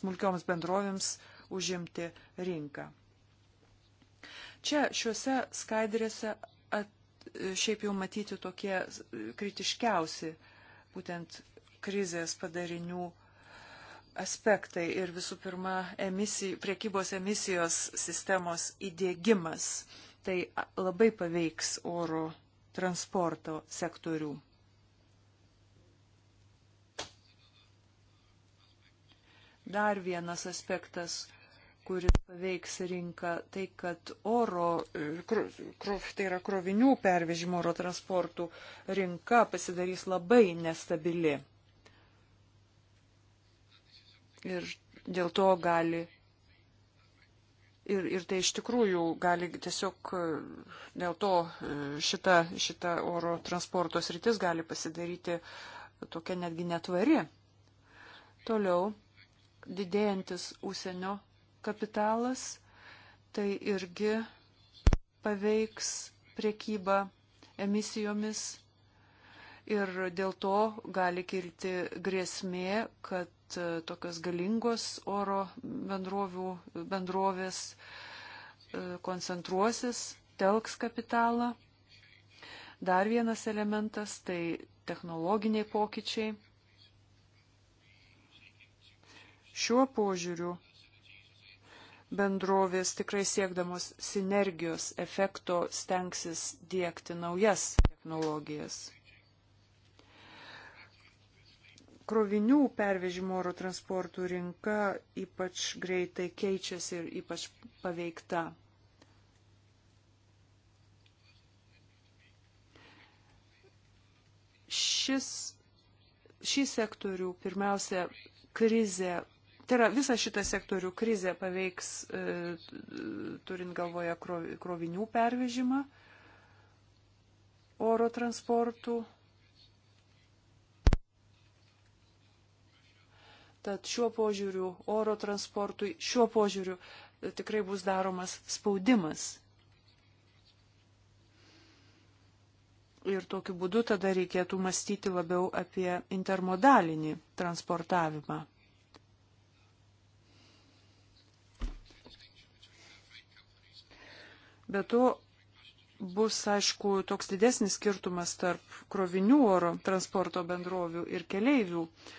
smulkioms bendrovėms užimti rinką. Čia šiuose skaidrėse at, šiaip jau matyti tokie kritiškiausi būtent krizės padarinių aspektai ir visų pirma emisijų, priekybos emisijos sistemos įdėgymas. Tai labai paveiks oro transporto sektorių. Dar vienas aspektas, kuris paveiks rinką, tai kad oro, tai yra krovinių pervežimo oro transportų rinka pasidarys labai nestabili ir dėl to gali. Ir, ir tai iš tikrųjų gali tiesiog e, dėl to e, šita, šita oro transporto sritis gali pasidaryti tokia netgi netvari. Toliau didėjantis ūsienio kapitalas, tai irgi paveiks priekybą emisijomis ir dėl to gali kilti grėsmė, kad kad e, tokios galingos oro bendrovių, bendrovės e, koncentruosis, telks kapitalą. Dar vienas elementas - tai technologiniai pokyčiai. Šiuo požiūriu bendrovės tikrai siekdamos sinergijos efekto stengsis dėkti naujas technologijas krovinių pervežimo oro transportų rinka ypač greitai keičiasi ir ypač paveikta. Šis, šį sektorių pirmiausia krizė, tai yra visą šitą sektorių krizė paveiks, e, turint galvoje krovinių pervežimą oro transportų Tad šiuo požiūriu, oro transportui, šiuo požiūriu e, tikrai bus daromas spaudimas. Ir tokiu būdu tada reikėtų mąstyti labiau apie intermodalinį transportavimą. Be to, bus, aišku, toks didesnis skirtumas tarp krovinių oro transporto bendrovių ir keleivių uh,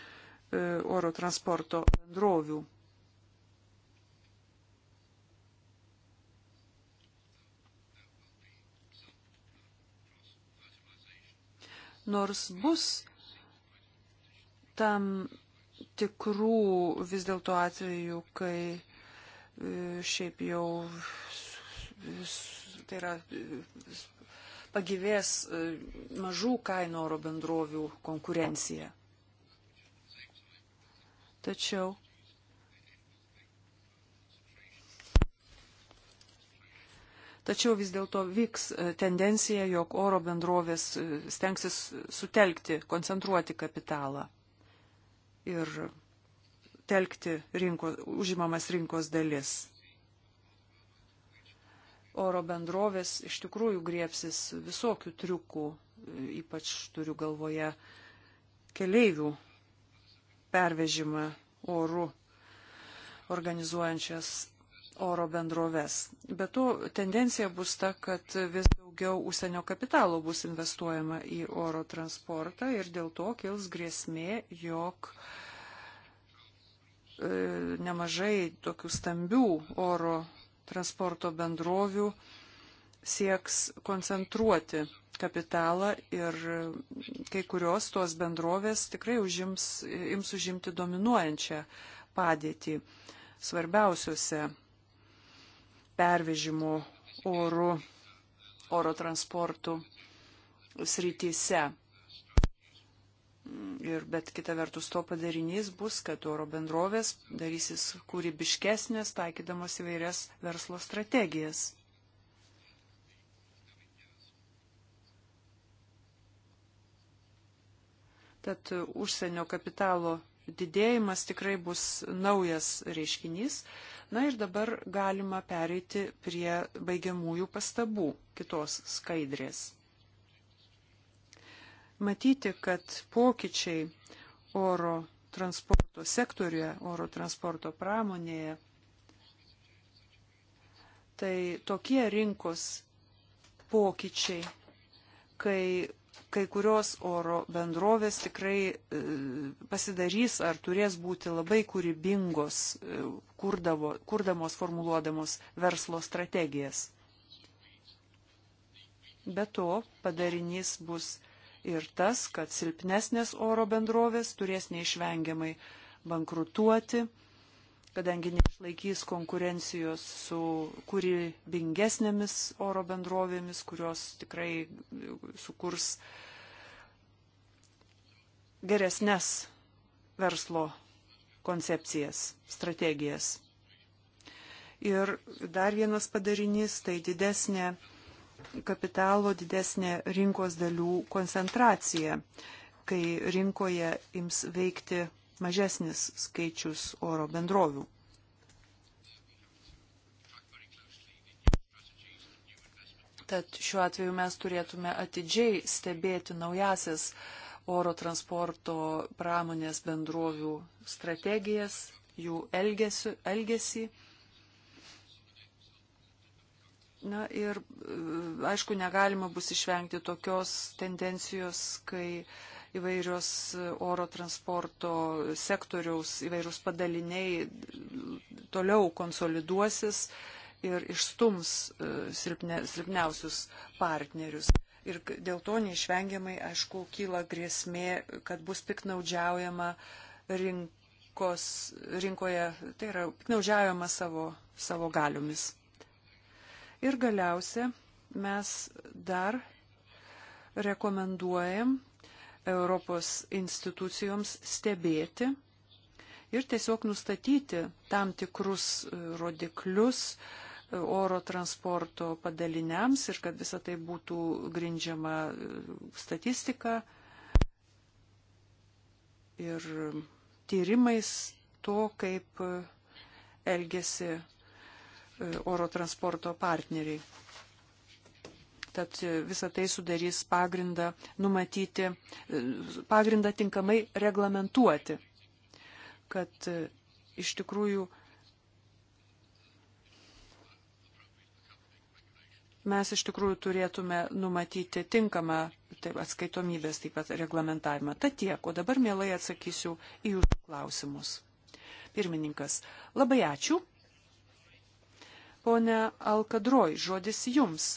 E, oro transporto bendrovių. Nors bus tam tikrų vis dėlto atvejų, kai e, šiaip jau tai yra pagyvės e, mažų kainų oro bendrovių konkurencija. Tačiau Tačiau vis dėlto vyks e, tendencija, jog oro bendrovės e, stengsis sutelkti, koncentruoti kapitalą ir telkti rinko, užimamas rinkos dalis. Oro bendrovės iš tikrųjų griepsis visokių triukų, e, ypač turiu galvoje keleivių pervežimą oru organizuojančias oro bendroves. Bet to tendencija bus ta, kad vis daugiau užsienio kapitalo bus investuojama į oro transportą ir dėl to kils grėsmė, jog e, nemažai tokių stambių oro transporto bendrovių sieks koncentruoti kapitalą ir kai kurios tos bendrovės tikrai užims, ims užimti dominuojančią padėtį svarbiausiuose pervežimo oru, oro transportų srityse. Ir bet kita vertus to padarinys bus, kad oro bendrovės darysis kūrybiškesnės, taikydamas įvairias verslo strategijas. Tad užsienio kapitalo didėjimas tikrai bus naujas reiškinys. Na ir dabar galima pereiti prie baigiamųjų pastabų kitos skaidrės. Matyti, kad pokyčiai oro transporto sektoriuje, oro transporto pramonėje, tai tokie rinkos pokyčiai, kai kai kurios oro bendrovės tikrai e, pasidarys ar turės būti labai kūrybingos, e, kurdavo, kurdamos, formuluodamos verslo strategijas. Be to, padarinys bus ir tas, kad silpnesnės oro bendrovės turės neišvengiamai bankrutuoti kadangi neišlaikys konkurencijos su kūrybingesnėmis oro bendrovėmis, kurios tikrai sukurs geresnes verslo koncepcijas, strategijas. Ir dar vienas padarinys - tai didesnė kapitalo, didesnė rinkos dalių koncentracija, kai rinkoje ims veikti mažesnis skaičius oro bendrovių. Tad šiuo atveju mes turėtume atidžiai stebėti naujasias oro transporto pramonės bendrovių strategijas, jų elgesiu, elgesį. Na ir e, aišku, negalima bus išvengti tokios tendencijos, kai uh, įvairios oro transporto sektoriaus, įvairūs padaliniai toliau konsoliduosis ir išstums e, silpne, silpniausius partnerius. Ir dėl to neišvengiamai, aišku, kyla grėsmė, kad bus piknaudžiaujama rinkos, rinkoje, tai yra piknaudžiaujama savo, savo galiomis. Ir galiausia, mes dar rekomenduojam Europos institucijoms stebėti ir tiesiog nustatyti tam tikrus e, rodiklius e, oro transporto padaliniams ir kad visa tai būtų grindžiama e, statistika ir tyrimais to, kaip elgesi oro transporto partneriai. Tad visą tai sudarys pagrindą numatyti, pagrindą tinkamai reglamentuoti, kad e, iš tikrųjų mes iš tikrųjų turėtume numatyti tinkamą taip, atskaitomybės taip pat reglamentavimą. Ta tiek, o dabar mielai atsakysiu į jūsų klausimus. Pirmininkas, labai ačiū. Pone Alkadroj, žodis jums.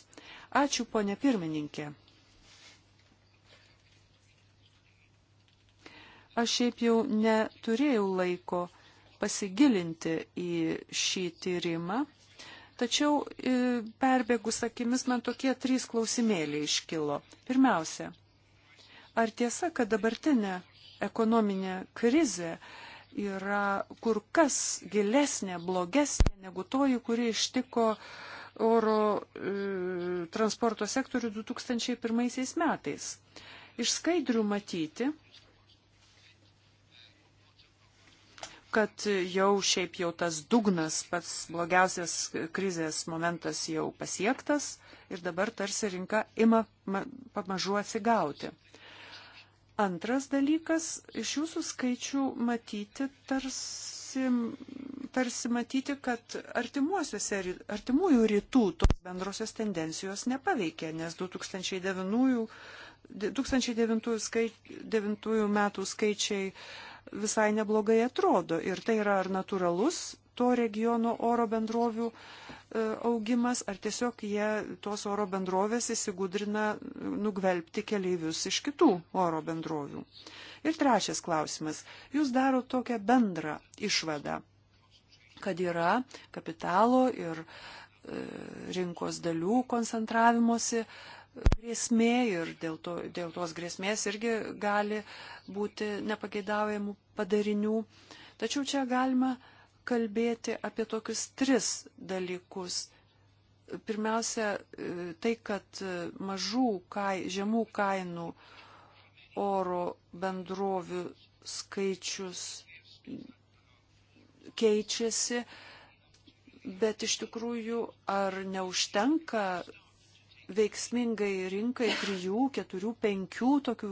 Ačiū, ponė pirmininkė. Aš šiaip jau neturėjau laiko pasigilinti į šį tyrimą, tačiau e, perbėgus akimis man tokie trys klausimėliai iškilo. Pirmiausia, ar tiesa, kad dabartinė ekonominė krizė yra kur kas gilesnė, blogesnė negu toji, kuri ištiko uh, oro e, transporto sektorių 2001 metais. Iš skaidrių matyti, kad jau šiaip jau tas dugnas, pats blogiausias krizės momentas jau pasiektas ir dabar tarsi rinka ima pamažu atsigauti. Antras dalykas, iš jūsų skaičių matyti tarsi tarsi matyti, kad artimųjų rytų tos bendrosios tendencijos nepaveikė, nes 2009, 2009, skai, 2009 metų skaičiai visai neblogai atrodo. Ir tai yra ar natūralus to regiono oro bendrovių e, augimas, ar tiesiog jie tos oro bendrovės įsigudrina nugvelbti keleivius iš kitų oro bendrovių. Ir trečias klausimas. Jūs darot tokią bendrą išvadą kad yra kapitalo ir e, rinkos dalių koncentravimuose e, grėsmė ir dėl, to, dėl tos grėsmės irgi gali būti nepageidaujamų padarinių. Tačiau čia galima kalbėti apie tokius tris dalykus. Pirmiausia, e, tai, kad mažų kai, žemų kainų oro bendrovių skaičius keičiasi, bet iš tikrųjų ar neužtenka veiksmingai rinkai trijų, keturių, penkių tokių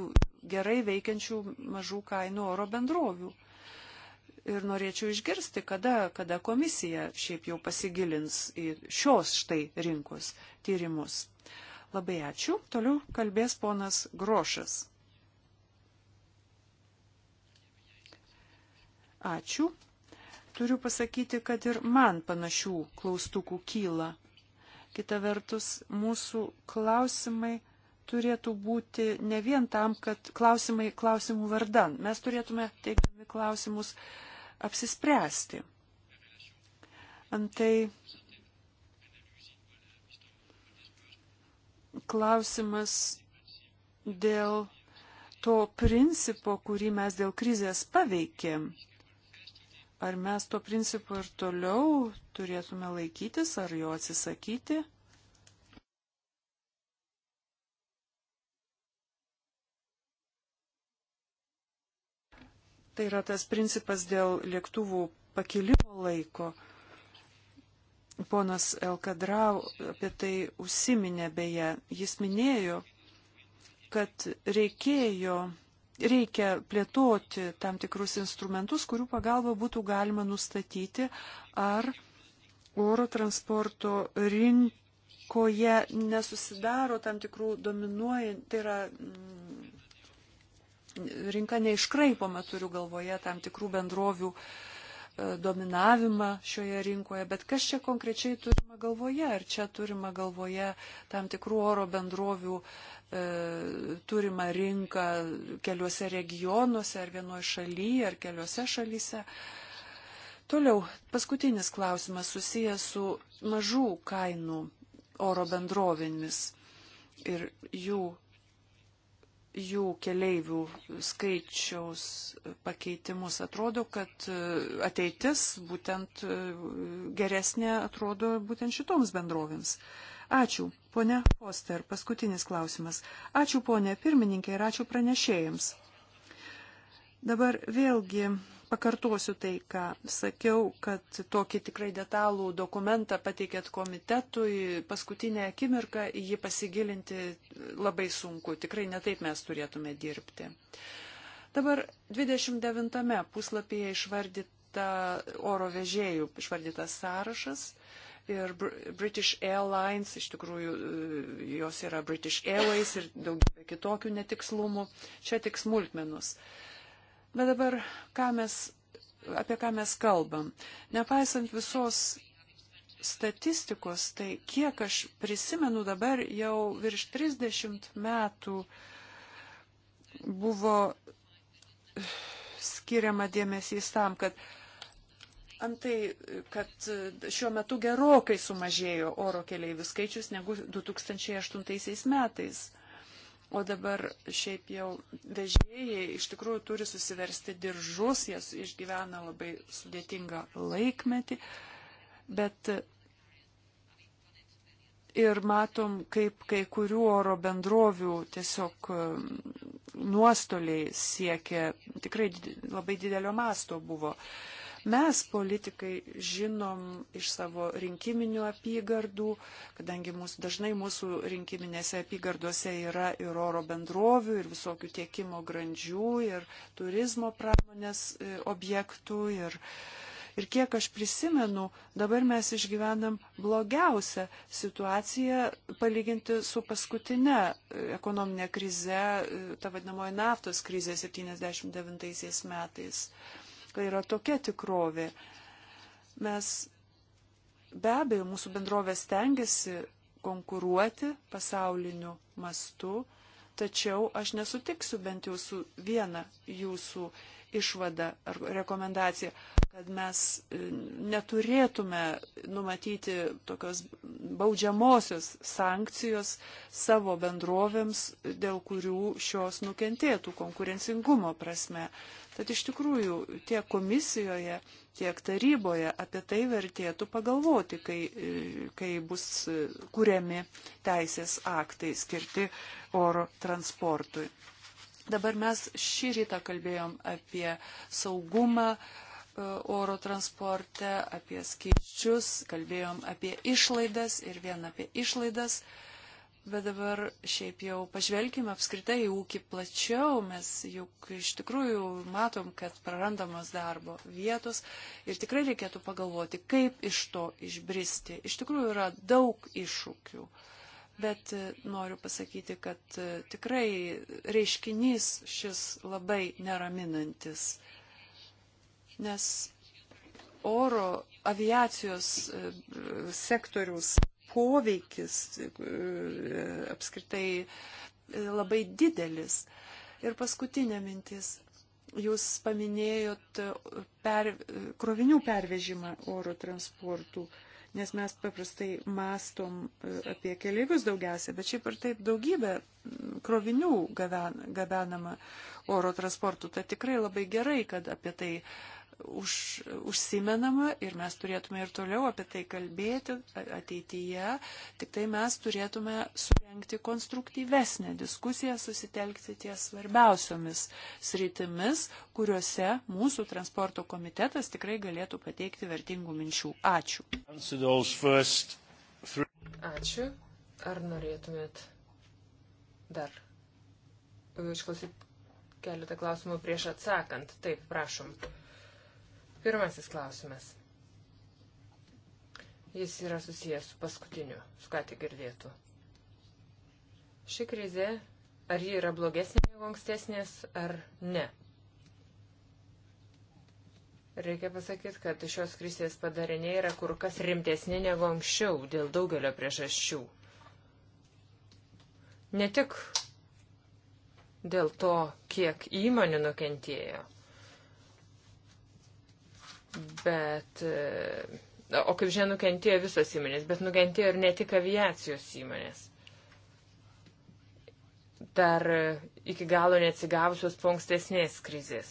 gerai veikiančių mažų kainų oro bendrovių. Ir norėčiau išgirsti, kada, kada komisija šiaip jau pasigilins į šios štai rinkos tyrimus. Labai ačiū. Toliau kalbės ponas Grošas. Ačiū. Turiu pasakyti, kad ir man panašių klaustukų kyla. Kita vertus, mūsų klausimai turėtų būti ne vien tam, kad klausimai klausimų vardan. Mes turėtume teikdami klausimus apsispręsti. Antai klausimas dėl to principo, kurį mes dėl krizės paveikėm. Ar mes to principu ir toliau turėtume laikytis, ar jo atsisakyti? Tai yra tas principas dėl lėktuvų pakilimo laiko. Ponas Elkadrau apie tai užsiminė beje. Jis minėjo, kad reikėjo reikia plėtoti tam tikrus instrumentus, kurių pagalba būtų galima nustatyti, ar oro transporto rinkoje nesusidaro tam tikrų dominuojant, tai yra mm, rinka neiškraipoma, turiu galvoje, tam tikrų bendrovių e, dominavimą šioje rinkoje, bet kas čia konkrečiai turima galvoje, ar čia turima galvoje tam tikrų oro bendrovių uh, E, turimą rinką keliuose regionuose ar vienoje šalyje ar keliuose šalyse. Toliau, paskutinis klausimas susijęs su mažų kainų oro bendrovėmis ir jų, jų keleivių skaičiaus pakeitimus. Atrodo, kad e, ateitis būtent e, geresnė atrodo būtent šitoms bendrovėms. Uh, Ačiū, ponia Foster. Paskutinis klausimas. Ačiū, ponia pirmininkė, ir ačiū pranešėjams. Dabar vėlgi pakartosiu tai, ką sakiau, kad tokį tikrai detalų dokumentą pateikėt komitetui, paskutinę akimirką į jį pasigilinti labai sunku, tikrai netaip mes turėtume dirbti. Dabar 29 puslapyje išvardyta oro vežėjų, išvardytas sąrašas ir British Airlines, iš tikrųjų e, jos yra British Airways ir daugybė kitokių netikslumų, čia tik smulkmenus. Bet dabar, ką mes, apie ką mes kalbam? Nepaisant visos statistikos, tai kiek aš prisimenu dabar jau virš 30 metų buvo e, skiriama dėmesys tam, kad Antai, kad e, šiuo metu gerokai sumažėjo oro keleivių skaičius negu 2008 metais. O dabar šiaip jau vežėjai iš tikrųjų turi susiversti diržus, jie išgyvena labai sudėtingą laikmetį, bet e, ir matom, kaip kai kurių oro bendrovių tiesiog e, nuostoliai siekia, tikrai labai didelio masto buvo. Uh, Mes, politikai, žinom iš savo rinkiminių apygardų, kadangi mūsų, dažnai mūsų rinkiminėse apygardose yra ir oro bendrovių, ir visokių tiekimo grandžių, ir turizmo pramonės e, objektų. Ir, Ir kiek aš prisimenu, dabar mes išgyvenam blogiausią situaciją palyginti su paskutinė e, ekonominė krize, e, ta vadinamoji naftos krizė 79 metais visiškai yra tokia tikrovė. Mes be abejo, mūsų bendrovės tengiasi konkuruoti pasauliniu mastu, tačiau aš nesutiksiu bent jau su viena jūsų išvada ar rekomendacija, kad mes e, neturėtume numatyti tokios baudžiamosios sankcijos savo bendrovėms, dėl kurių šios nukentėtų konkurencingumo prasme. Tad iš tikrųjų tiek komisijoje, tiek taryboje apie tai vertėtų pagalvoti, kai, kai bus kuriami teisės aktai skirti oro transportui. Dabar mes šį rytą kalbėjom apie saugumą e, oro transporte, apie skaičius, kalbėjom apie išlaidas ir vien apie išlaidas. Uh, Bet dabar šiaip jau pažvelkime apskritai į ūkį plačiau, mes juk iš tikrųjų matom, kad prarandamos darbo vietos ir tikrai reikėtų pagalvoti, kaip iš to išbristi. Iš tikrųjų yra daug iššūkių, bet e, noriu pasakyti, kad e, tikrai reiškinys šis labai neraminantis, nes oro aviacijos e, sektorius poveikis e, apskritai e, labai didelis. Ir paskutinė mintis. Jūs paminėjot per, krovinių pervežimą oro transportų, nes mes paprastai mastom e, apie keliaivius daugiausia, bet šiaip ir taip daugybė krovinių gabenama oro transportų. Tai tikrai labai gerai, kad apie tai uh, už, užsimenama ir mes turėtume ir toliau apie tai kalbėti ateityje, tik tai mes turėtume surenkti konstruktyvesnę diskusiją, susitelkti ties svarbiausiomis sritimis, kuriuose mūsų transporto komitetas tikrai galėtų pateikti vertingų minčių. Ačiū. Ačiū. Ar norėtumėt dar išklausyti keletą klausimų prieš atsakant? Taip, prašom. Pirmasis klausimas. Jis yra susijęs su paskutiniu, su ką tik girdėtų. Ši krizė, ar ji yra blogesnė negu ankstesnės, ar ne? Reikia pasakyti, kad šios krizės padariniai yra kur kas rimtesni negu anksčiau dėl daugelio priežasčių. Ne tik dėl to, kiek įmonių nukentėjo, Bet, e, o kaip žinia, nukentėjo visos įmonės, bet nukentėjo ir ne tik aviacijos įmonės. Dar iki galo neatsigavusios po ankstesnės krizės.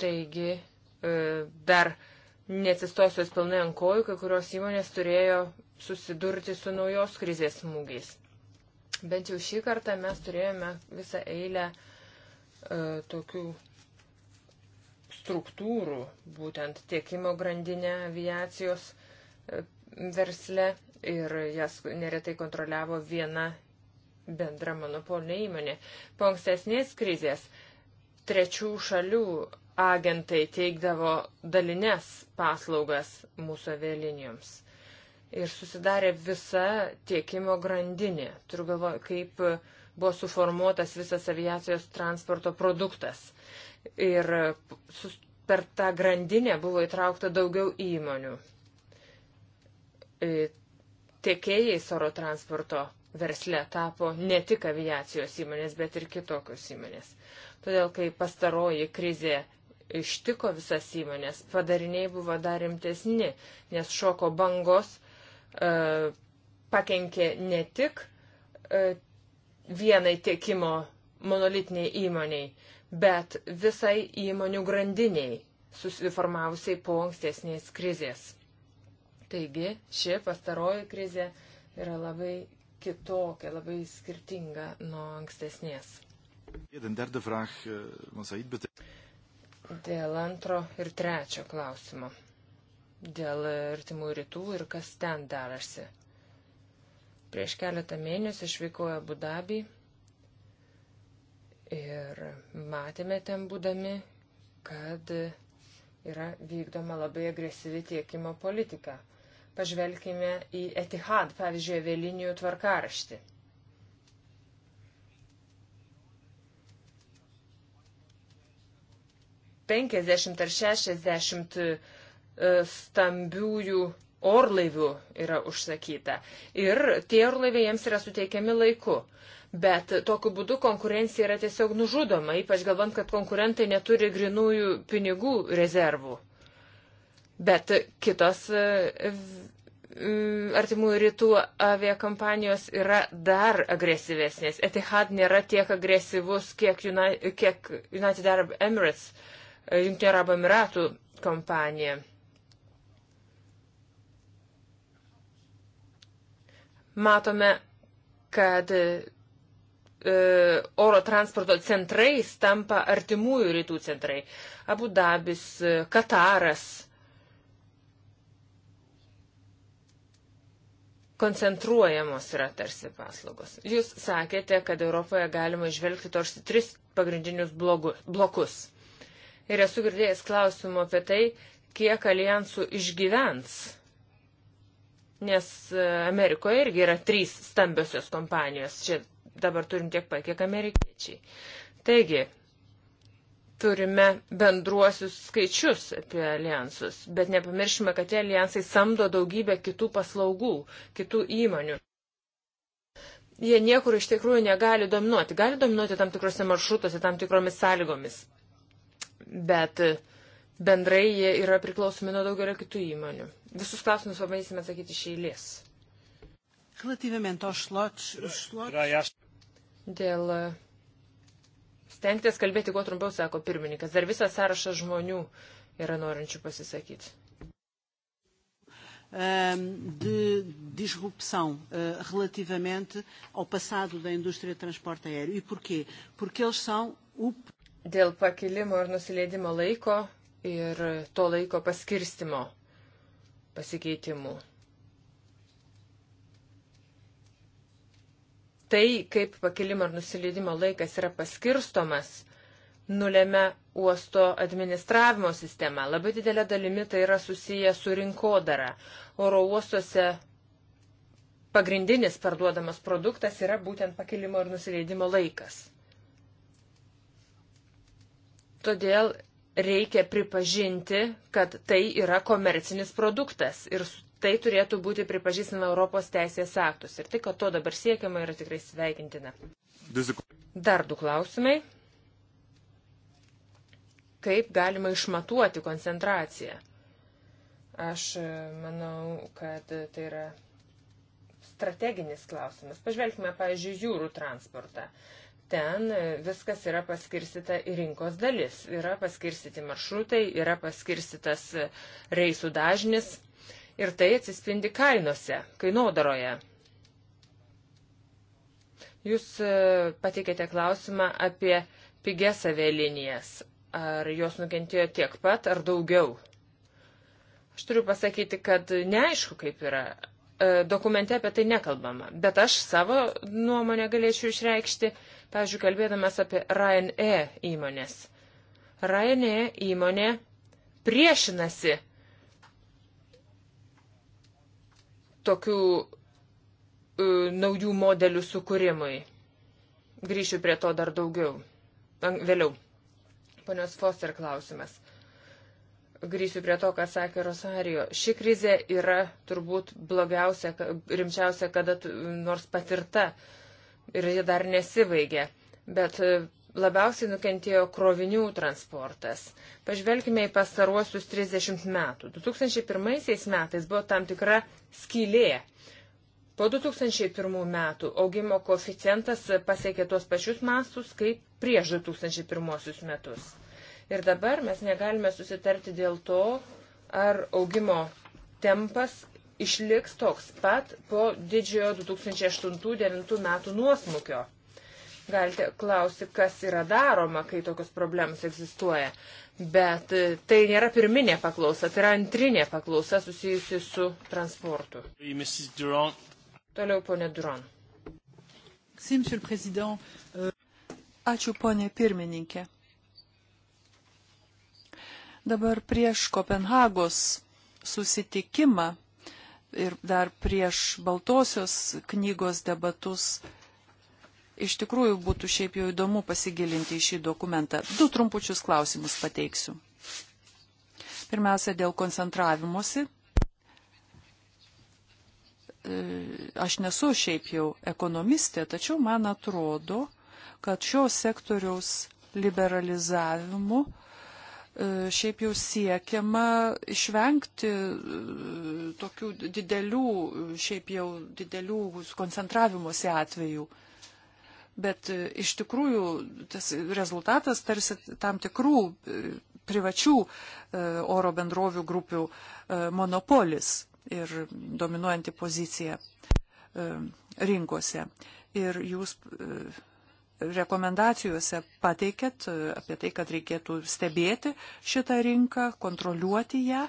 Taigi, e, dar neatsistosios pilnai ant kojų, kai kurios įmonės turėjo susidurti su naujos krizės smūgiais. Bent jau šį kartą mes turėjome visą eilę uh, tokių struktūrų, būtent tiekimo grandinę aviacijos e, versle ir jas neretai kontroliavo viena bendra monopolinė įmonė. Po ankstesnės krizės trečių šalių agentai teikdavo dalines paslaugas mūsų avialinijoms. Ir susidarė visa tiekimo grandinė. Turiu galvoje, kaip buvo suformuotas visas aviacijos transporto produktas ir per tą grandinę buvo įtraukta daugiau įmonių. E, Tiekėjais oro transporto versle tapo ne tik aviacijos įmonės, bet ir kitokios įmonės. Todėl, kai pastaroji krizė ištiko visas įmonės, padariniai buvo dar rimtesni, nes šoko bangos e, pakenkė ne tik e, vienai tiekimo monolitiniai įmoniai, bet visai įmonių grandiniai susiformavusiai po ankstesnės krizės. Taigi ši pastaroji krizė yra labai kitokia, labai skirtinga nuo ankstesnės. Eh, Dėl antro ir trečio klausimo. Dėl artimų rytų ir kas ten darasi. Prieš keletą mėnesių išvykau į Abu Dabį Ir matėme ten būdami, kad yra vykdoma labai agresyvi tiekimo politika. Pažvelkime į Etihad, pavyzdžiui, vėlinių tvarkaraštį. Penkiasdešimt ar šešiasdešimt e, stambiųjų orlaivių yra užsakyta. Ir tie orlaiviai jiems yra suteikiami laiku. Bet tokiu būdu konkurencija yra tiesiog nužudoma, ypač galvant, kad konkurentai neturi grinųjų pinigų rezervų. Bet kitos e, artimųjų rytų aviakompanijos yra dar agresyvesnės. Etihad nėra tiek agresyvus, kiek, Uni kiek United Arab Emirates, e, Junktinio Arabų Emiratų kompanija. Matome, kad e, oro transporto centrais tampa artimųjų rytų centrai. Abu Dabis, e, Kataras koncentruojamos yra tarsi paslaugos. Jūs sakėte, kad Europoje galima išvelgti tarsi tris pagrindinius blogu, blokus. Ir esu girdėjęs klausimų apie tai, kiek alijansų išgyvens. Nes e, Amerikoje irgi yra trys stambiosios kompanijos. Čia dabar turim tiek pat, kiek amerikiečiai. Taigi, turime bendruosius skaičius apie alijansus, bet nepamirškime, kad tie alijansai samdo daugybę kitų paslaugų, kitų įmonių. Jie niekur iš tikrųjų negali dominuoti. Gali dominuoti tam tikrose maršrutuose, tam tikromis sąlygomis. Bet e, bendrai jie yra priklausomi nuo daugelio kitų įmonių. Visus klausimus pabandysime atsakyti iš eilės. Relativamente aos slots, os slots dėl e, stengtis kalbėti kuo trumpiau, sako pirmininkas. Dar visas sąrašas žmonių yra norinčių pasisakyti. Ehm, de disrupção eh, relativamente ao passado da indústria de transporte aéreo. E porquê? Porque eles são o. Dėl pakilimo ir nusileidimo laiko ir to laiko paskirstimo pasikeitimų. tai, kaip pakilimo ir nusileidimo laikas yra paskirstomas, nulėmė uosto administravimo sistema. Labai didelė dalimi tai yra susiję su rinkodara. Oro uostuose pagrindinis parduodamas produktas yra būtent pakilimo ir nusileidimo laikas. Todėl reikia pripažinti, kad tai yra komercinis produktas ir tai turėtų būti pripažįstama Europos teisės aktus. Ir tai, kad to dabar siekiama, yra tikrai sveikintina. Dar du klausimai. Kaip galima išmatuoti koncentraciją? Aš e, manau, kad tai yra strateginis klausimas. Pažvelkime, pavyzdžiui, jūrų transportą. Ten e, viskas yra paskirstita į rinkos dalis. Yra paskirstyti maršrutai, yra paskirstytas e, reisų dažnis ir tai atsispindi kainose, kainodaroje. Jūs e, pateikėte klausimą apie pigias avialinijas. Ar jos nukentėjo tiek pat ar daugiau? Aš turiu pasakyti, kad neaišku, kaip yra. E, dokumente apie tai nekalbama, bet aš savo nuomonę galėčiau išreikšti, pavyzdžiui, kalbėdamas apie Ryanair įmonės. Ryanair įmonė priešinasi tokių e, naujų modelių sukūrimui. Grįšiu prie to dar daugiau. Vėliau. Ponios Foster klausimas. Grįšiu prie to, ką sakė Rosario. Ši krizė yra turbūt blogiausia, rimčiausia, kada nors patirta ir ji dar nesivaigė. Bet e, labiausiai nukentėjo krovinių transportas. Pažvelkime į pastaruosius 30 metų. 2001 metais buvo tam tikra skylė. Po 2001 metų augimo koficijantas pasiekė tuos pačius mastus kaip prieš 2001 metus. Ir dabar mes negalime susitarti dėl to, ar augimo tempas išliks toks pat po didžiojo 2008-2009 metų nuosmukio. Galite klausyti, kas yra daroma, kai tokios problemos egzistuoja. Bet e, tai nėra pirminė paklausa, tai yra antrinė paklausa susijusi su transportu. Toliau, ponė Duron. Euh, ačiū, ponė pirmininkė. Dabar prieš Kopenhagos susitikimą ir dar prieš Baltosios knygos debatus iš tikrųjų būtų šiaip jau įdomu pasigilinti į šį dokumentą. Du trumpučius klausimus pateiksiu. Pirmiausia, dėl koncentravimuose. E, aš nesu šiaip jau ekonomistė, tačiau man atrodo, kad šios sektoriaus liberalizavimu e, šiaip jau siekiama išvengti e, tokių didelių, šiaip jau didelių koncentravimuose atvejų bet e, iš tikrųjų tas rezultatas tarsi tam tikrų e, privačių e, oro bendrovių grupių monopolis ir dominuojanti pozicija rinkose. Ir jūs rekomendacijose pateikėt apie tai, kad reikėtų stebėti šitą rinką, kontroliuoti ją,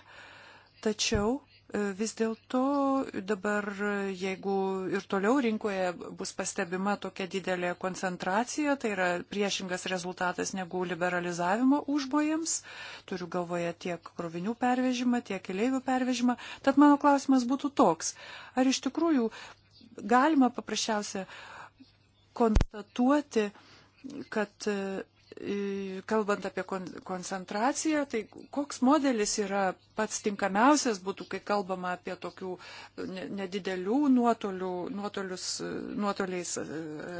tačiau Vis dėlto dabar, jeigu ir toliau rinkoje bus pastebima tokia didelė koncentracija, tai yra priešingas rezultatas negu liberalizavimo užmojams, turiu galvoje tiek krovinių pervežimą, tiek keleivių pervežimą, tad mano klausimas būtų toks, ar iš tikrųjų galima paprasčiausia konstatuoti, kad kalbant apie koncentraciją, tai koks modelis yra pats tinkamiausias būtų, kai kalbama apie tokių nedidelių nuotolių, nuotolius, nuotoliais e,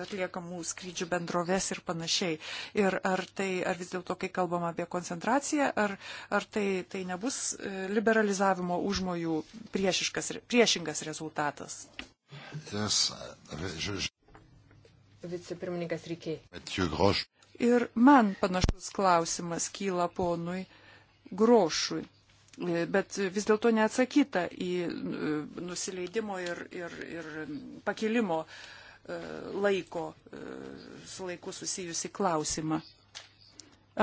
atliekamų skrydžių bendrovės ir panašiai. Ir ar tai, ar vis dėlto, kai kalbama apie koncentraciją, ar, ar tai, tai nebus e, liberalizavimo užmojų priešingas rezultatas? Yes, uh, je... Vicepirmininkas Rykiai. Ir man panašus klausimas kyla ponui Grošui. Bet vis dėlto neatsakyta į e, nusileidimo ir, ir, ir pakilimo e, laiko, e, su laiku susijusi klausimą.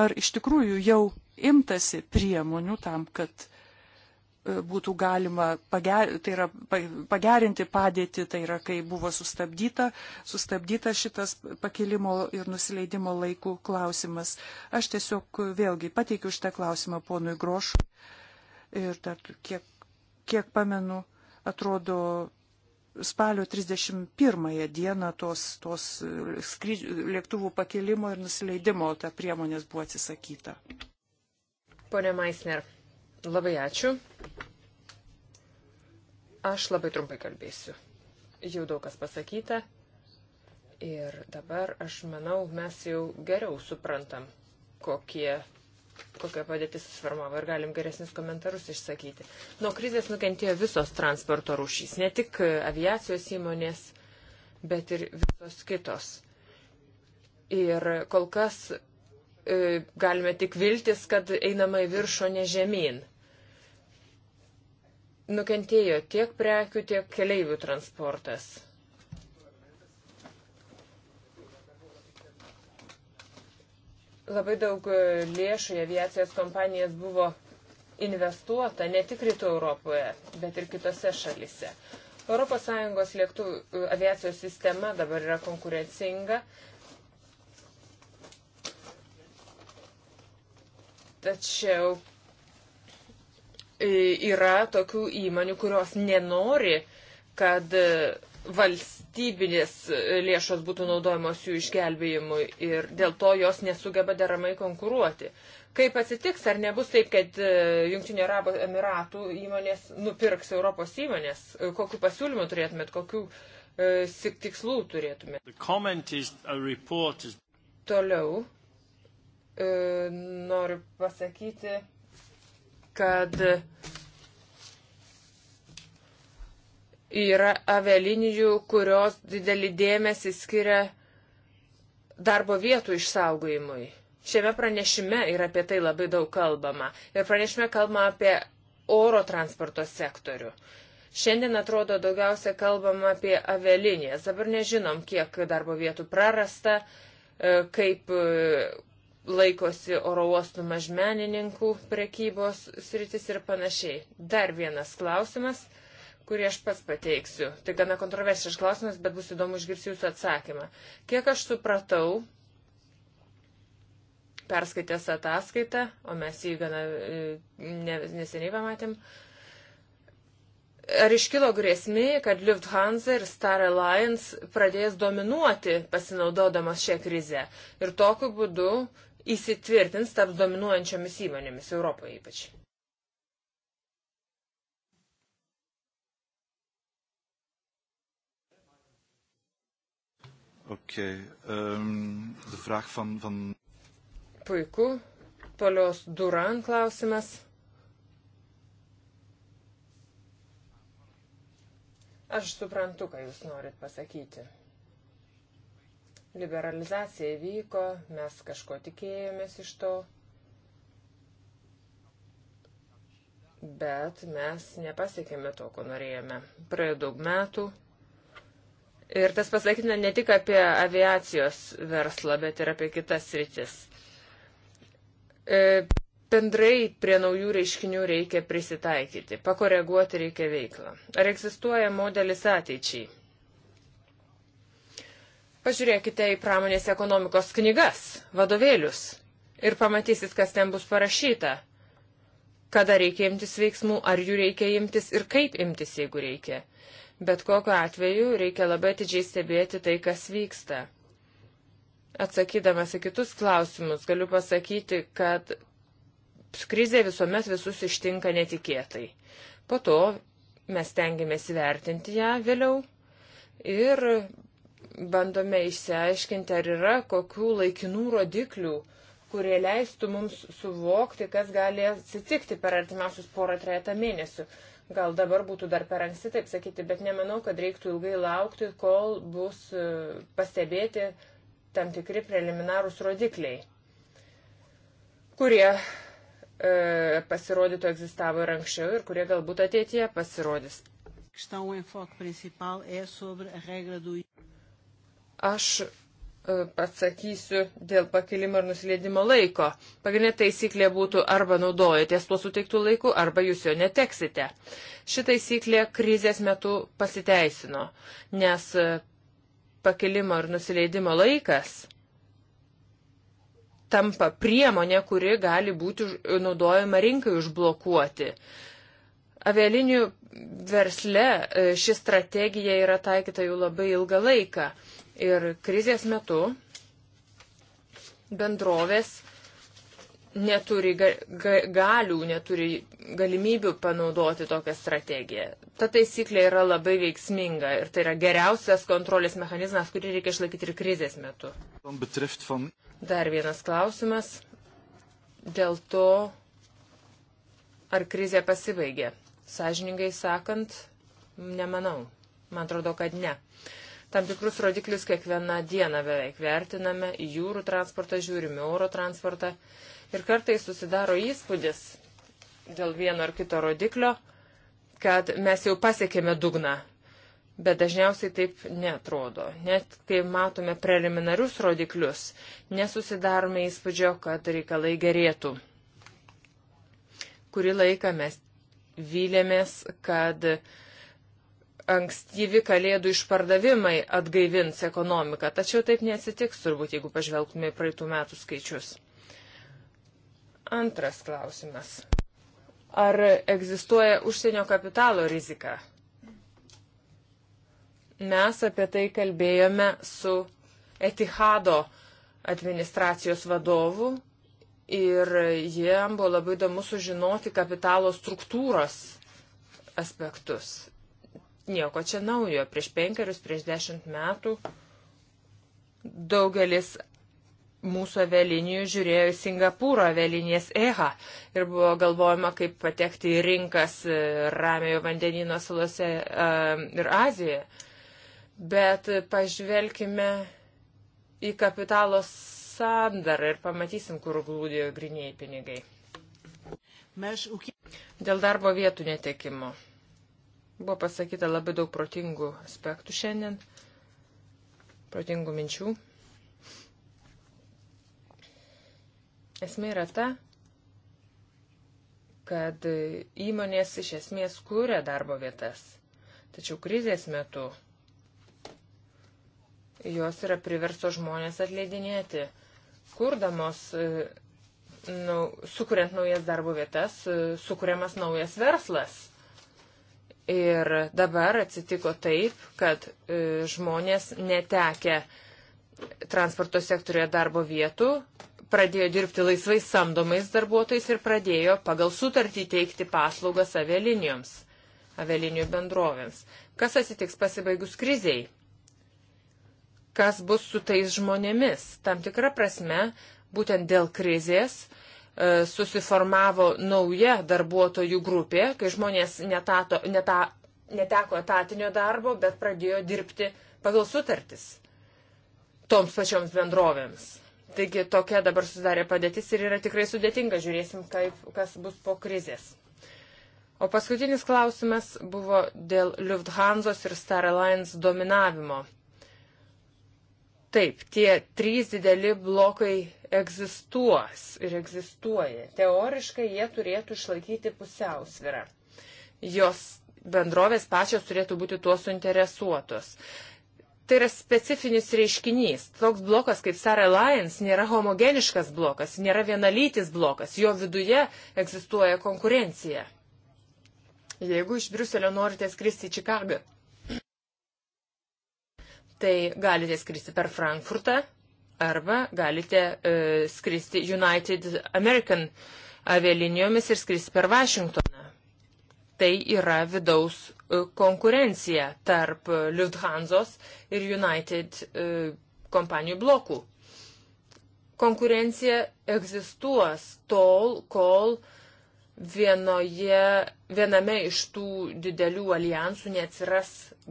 Ar iš tikrųjų jau imtasi priemonių tam, kad būtų galima pager, tai yra, pagerinti padėtį, tai yra, kai buvo sustabdyta, sustabdyta šitas pakilimo ir nusileidimo laikų klausimas. Aš tiesiog vėlgi pateikiu šitą klausimą ponui Grošui ir dar kiek, kiek pamenu, atrodo. Spalio 31 dieną tos, tos skrydž, lėktuvų pakilimo ir nusileidimo ta priemonės buvo atsisakyta. Pone Maisner, Labai ačiū. Aš labai trumpai kalbėsiu. Jau daug kas pasakyta. Ir dabar, aš manau, mes jau geriau suprantam, kokie kokia padėtis susiformavo ir galim geresnius komentarus išsakyti. Nuo krizės nukentėjo visos transporto rūšys, ne tik aviacijos įmonės, bet ir visos kitos. Ir kol kas E, galime tik viltis, kad einama į viršų, ne žemyn. Nukentėjo tiek prekių, tiek keleivių transportas. Labai daug lėšų į aviacijos kompanijas buvo investuota ne tik rytų Europoje, bet ir kitose šalise. ES lėktuvų e, aviacijos sistema dabar yra konkurencinga, Tačiau e, yra tokių įmonių, kurios nenori, kad e, valstybinės e, lėšos būtų naudojamos jų išgelbėjimui ir dėl to jos nesugeba deramai konkuruoti. Kaip atsitiks, ar nebus taip, kad Junktinio Arabo Emiratų įmonės nupirks Europos įmonės? Kokiu pasiūlymu turėtumėt, kokiu e, tikslų turėtumėt? Is, is... Toliau E, noriu pasakyti, kad yra avialinijų, kurios didelį dėmesį skiria darbo vietų išsaugojimui. Šiame pranešime yra apie tai labai daug kalbama. Ir pranešime kalbama apie oro transporto sektorių. Šiandien atrodo daugiausia kalbama apie avialinijas. Dabar nežinom, kiek darbo vietų prarasta, e, kaip e, laikosi oro uostų mažmenininkų prekybos sritis ir panašiai. Dar vienas klausimas, kurį aš pats pateiksiu. Tai gana kontroversiškas klausimas, bet bus įdomu išgirsti jūsų atsakymą. Kiek aš supratau, perskaitęs ataskaitą, o mes jį gana e, ne, neseniai pamatėm, ar iškilo grėsmė, kad Lufthansa ir Star Alliance pradės dominuoti pasinaudodamas šią krizę ir tokiu būdu įsitvirtins tarp dominuojančiomis įmonėmis Europoje ypač. Oké, okay, um, de vraag van, van... Puiku. Tolios Duran klausimas. Aš suprantu, ką jūs norit pasakyti. Liberalizacija įvyko, mes kažko tikėjomės iš to, bet mes nepasiekėme to, ko norėjome. Praėjo daug metų. Ir tas pasakytina ne tik apie aviacijos verslą, bet ir apie kitas rytis. E, bendrai prie naujų reiškinių reikia prisitaikyti, pakoreguoti reikia veiklą. Ar egzistuoja modelis ateičiai? Pažiūrėkite į pramonės ekonomikos knygas, vadovėlius ir pamatysit, kas ten bus parašyta. Kada reikia imtis veiksmų, ar jų reikia imtis ir kaip imtis, jeigu reikia. Bet kokiu atveju reikia labai atidžiai stebėti tai, kas vyksta. Atsakydamas į kitus klausimus, galiu pasakyti, kad krizė visuomet visus ištinka netikėtai. Po to mes tengiamės įvertinti ją vėliau ir bandome išsiaiškinti, ar yra kokių laikinų rodiklių, kurie leistų mums suvokti, kas gali atsitikti per artimiausius porą trejata mėnesių. Gal dabar būtų dar per anksti taip sakyti, bet nemanau, kad reiktų ilgai laukti, kol bus e, pastebėti tam tikri preliminarūs rodikliai, kurie e, pasirodytų egzistavo ir anksčiau ir kurie galbūt ateityje pasirodys. Aš e, pasakysiu dėl pakilimo ir nusileidimo laiko. Pagrindinė taisyklė būtų arba naudojatės tuo suteiktų laiku, arba jūs jo neteksite. Ši taisyklė krizės metu pasiteisino, nes e, pakilimo ir nusileidimo laikas tampa priemonė, kuri gali būti naudojama rinkai užblokuoti. Avialinių versle e, ši strategija yra taikyta jau labai ilgą laiką Ir krizės metu bendrovės neturi ga, ga, galių, neturi galimybių panaudoti tokią strategiją. Ta taisyklė yra labai veiksminga ir tai yra geriausias kontrolės mechanizmas, kurį reikia išlaikyti ir krizės metu. Dar vienas klausimas dėl to, ar krizė pasibaigė. Sažiningai sakant, nemanau. Man atrodo, kad ne. Uh, Tam tikrus rodiklius kiekvieną dieną beveik vertiname, į jūrų transportą žiūrime, oro transportą. Ir kartais susidaro įspūdis dėl vieno ar kito rodiklio, kad mes jau pasiekėme dugną. Bet dažniausiai taip netrodo. Net kai matome preliminarius rodiklius, nesusidarome įspūdžio, kad reikalai gerėtų. Kuri laiką mes vylėmės, kad uh, ankstyvi kalėdų išpardavimai atgaivins ekonomiką, tačiau taip neatsitiks turbūt, jeigu pažvelgtume į praeitų metų skaičius. Antras klausimas. Ar egzistuoja užsienio kapitalo rizika? Mes apie tai kalbėjome su Etihado administracijos vadovu ir jiem buvo labai įdomu sužinoti kapitalo struktūros aspektus nieko čia naujo. Prieš penkerius, prieš dešimt metų daugelis mūsų avelinijų žiūrėjo į Singapūro avelinijas EHA ir buvo galvojama, kaip patekti į rinkas e, Ramiojo vandenino salose e, ir Azijoje. Bet pažvelkime į kapitalo sandarą ir pamatysim, kur glūdėjo grinėjai pinigai. Dėl darbo vietų netekimo. Buvo pasakyta labai daug protingų aspektų šiandien, protingų minčių. Esmė yra ta, kad įmonės iš esmės kūrė darbo vietas. Tačiau krizės metu jos yra priverso žmonės atleidinėti, kurdamos, nu, sukuriant naujas darbo vietas, e, sukuriamas naujas verslas Ir dabar atsitiko taip, kad e, žmonės netekę transporto sektorioje darbo vietų, pradėjo dirbti laisvai samdomais darbuotojais ir pradėjo pagal sutartį teikti paslaugas avialinijoms, avialinijų bendrovėms. Kas atsitiks pasibaigus kriziai? Kas bus su tais žmonėmis? Tam tikra prasme, būtent dėl krizės uh, E, susiformavo nauja darbuotojų grupė, kai žmonės netato, neta, neteko etatinio darbo, bet pradėjo dirbti pagal sutartis toms pačioms bendrovėms. Taigi tokia dabar susidarė padėtis ir yra tikrai sudėtinga, žiūrėsim, kaip, kas bus po krizės. O paskutinis klausimas buvo dėl Lufthansos ir Star Alliance dominavimo. Taip, tie trys dideli blokai egzistuos ir egzistuoja. Teoriškai jie turėtų išlaikyti pusiausvirą. Jos bendrovės pačios turėtų būti tuo suinteresuotos. Tai yra specifinis reiškinys. Toks blokas kaip Star Alliance nėra homogeniškas blokas, nėra vienalytis blokas, jo viduje egzistuoja konkurencija. Jeigu iš Briuselio norite skristi į Čikagą, tai galite skristi per Frankfurtą, arba galite e, skristi United American avialinijomis ir skristi per Vašingtoną. Tai yra vidaus e, konkurencija tarp e, Lufthansos ir United e, kompanijų blokų. Konkurencija egzistuos tol, kol e, vienoje, viename iš tų didelių alijansų neatsiras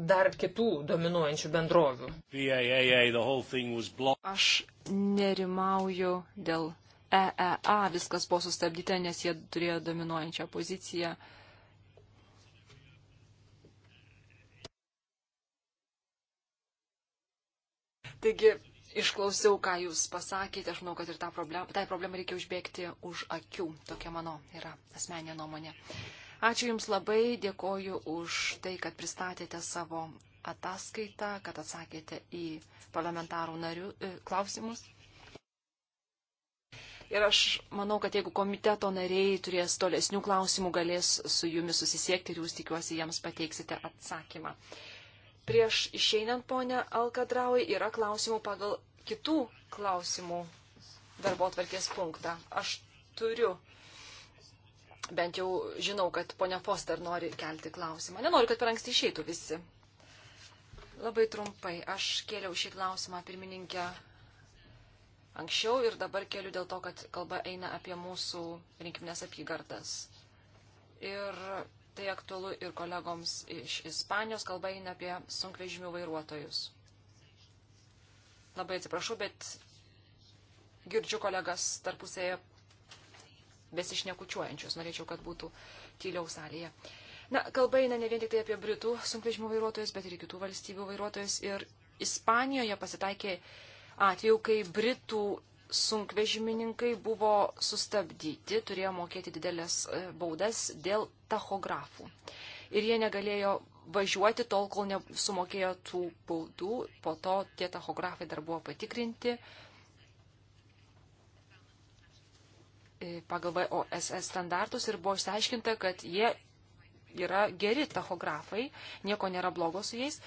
dar kitų dominuojančių bendrovių. Aš nerimauju dėl EEA, viskas buvo sustabdyta, nes jie turėjo dominuojančią poziciją. Taigi išklausiau, ką Jūs pasakėte. Aš manau, kad ir tą problemą, tai problemą reikia užbėgti už akių. Tokia mano yra asmeninė nuomonė. Ačiū Jums labai, dėkoju už tai, kad pristatėte savo ataskaitą, kad atsakėte į parlamentarų narių e, klausimus. Ir aš manau, kad jeigu komiteto nariai turės tolesnių klausimų, galės su jumis susisiekti ir jūs tikiuosi jiems pateiksite atsakymą. Prieš išeinant, ponė Alkadraui, yra klausimų pagal kitų klausimų darbo atvarkės punktą. Aš turiu, bent jau žinau, kad ponia Foster nori kelti klausimą. Nenoriu, kad per anksti išeitų visi. Labai trumpai, aš kėliau šį klausimą pirmininkę anksčiau ir dabar keliu dėl to, kad kalba eina apie mūsų rinkiminės apygardas. Ir tai aktualu ir kolegoms iš Ispanijos, kalba eina apie sunkvežimių vairuotojus. Labai atsiprašau, bet girdžiu kolegas tarpusėje besišnekučiuojančius. Norėčiau, kad būtų tyliau salėje. Na, kalba eina ne vien tik tai apie Britų sunkvežimių vairuotojus, bet ir kitų valstybių vairuotojus. Ir Ispanijoje pasitaikė atveju, kai Britų sunkvežimininkai buvo sustabdyti, turėjo mokėti didelės e, baudas dėl tachografų. Ir jie negalėjo važiuoti tol, kol nesumokėjo tų baudų, po to tie tachografai dar buvo patikrinti e, pagal VOSS standartus ir buvo išsiaiškinta, kad jie yra geri tachografai, nieko nėra blogo su jais.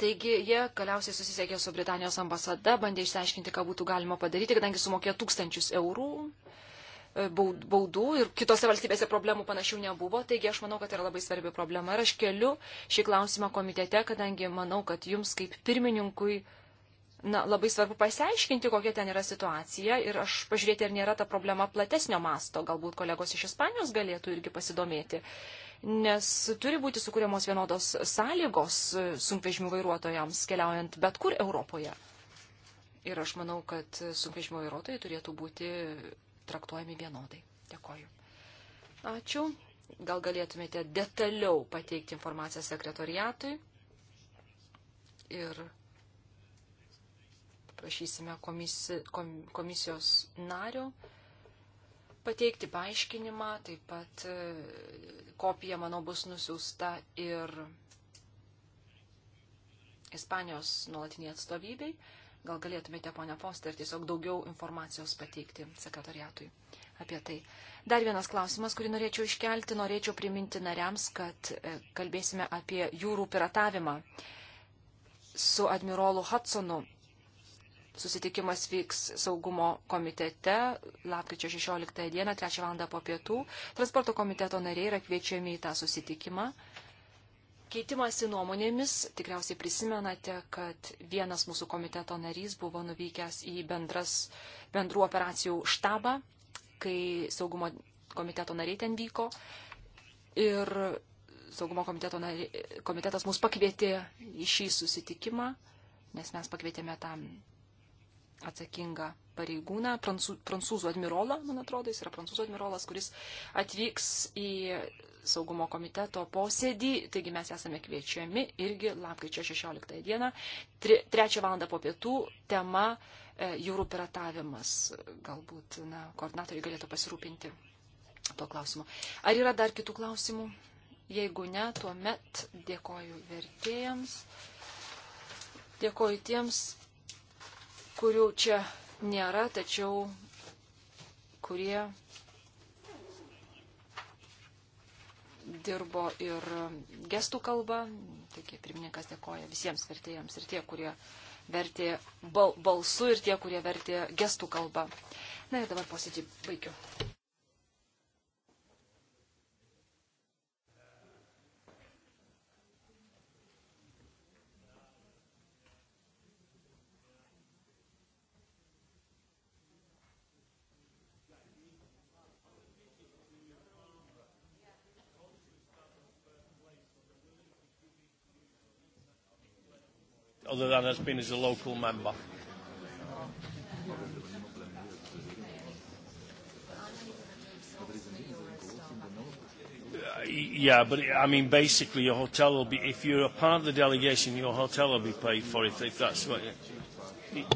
Taigi jie galiausiai susisiekė su Britanijos ambasada, bandė išsiaiškinti, ką būtų galima padaryti, kadangi sumokėjo tūkstančius eurų. Uh, baudų ir kitose valstybėse problemų panašių nebuvo, taigi aš manau, kad tai yra labai svarbi problema ir aš keliu šį klausimą komitete, kadangi manau, kad jums kaip pirmininkui na, labai svarbu pasiaiškinti, kokia ten yra situacija ir aš pažiūrėti, ar nėra ta problema platesnio masto, galbūt kolegos iš Ispanijos galėtų irgi pasidomėti, nes turi būti sukūriamos vienodos sąlygos sunkvežimių vairuotojams keliaujant bet kur Europoje. Ir aš manau, kad sunkvežimio vairuotojai turėtų būti traktuojami vienodai. Dėkoju. Ačiū. Gal galėtumėte detaliau pateikti informaciją sekretoriatui ir prašysime komisi, kom, komisijos nario pateikti paaiškinimą, taip pat e, kopija, manau, bus nusiųsta ir Ispanijos nuolatiniai atstovybei. Gal galėtumėte, ponia Foster, tiesiog daugiau informacijos pateikti sekretariatui apie tai. Dar vienas klausimas, kurį norėčiau iškelti, norėčiau priminti nariams, kad e, kalbėsime apie jūrų piratavimą. Su admirolu Hudsonu susitikimas vyks saugumo komitete lapkričio 16 dieną, 3 val. po pietų. Transporto komiteto nariai yra kviečiami į tą susitikimą keitimąsi nuomonėmis. Tikriausiai prisimenate, kad vienas mūsų komiteto narys buvo nuvykęs į bendras, bendrų operacijų štabą, kai saugumo komiteto nariai ten vyko. Ir saugumo nari, komitetas mus pakvietė į šį susitikimą, nes mes pakvietėme tam atsakingą pareigūną, prancū, prancūzų admirolą, man atrodo, jis yra prancūzų admirolas, kuris atvyks į saugumo komiteto posėdį, taigi mes esame kviečiami irgi lapkričio 16 dieną, 3 val. po pietų tema e, jūrų piratavimas, galbūt na, koordinatoriai galėtų pasirūpinti tuo klausimu. Ar yra dar kitų klausimų? Jeigu ne, tuomet dėkoju vertėjams, dėkoju tiems kurių čia nėra, tačiau kurie dirbo ir gestų kalba. Taigi pirmininkas dėkoja visiems vertėjams ir tie, kurie vertė bal balsu ir tie, kurie vertė gestų kalba. Na ir dabar posėdį baigiu. other than has been as a local member. Uh, yeah, but I mean, basically, your hotel will be, if you're a part of the delegation, your hotel will be paid for if, if that's what. You,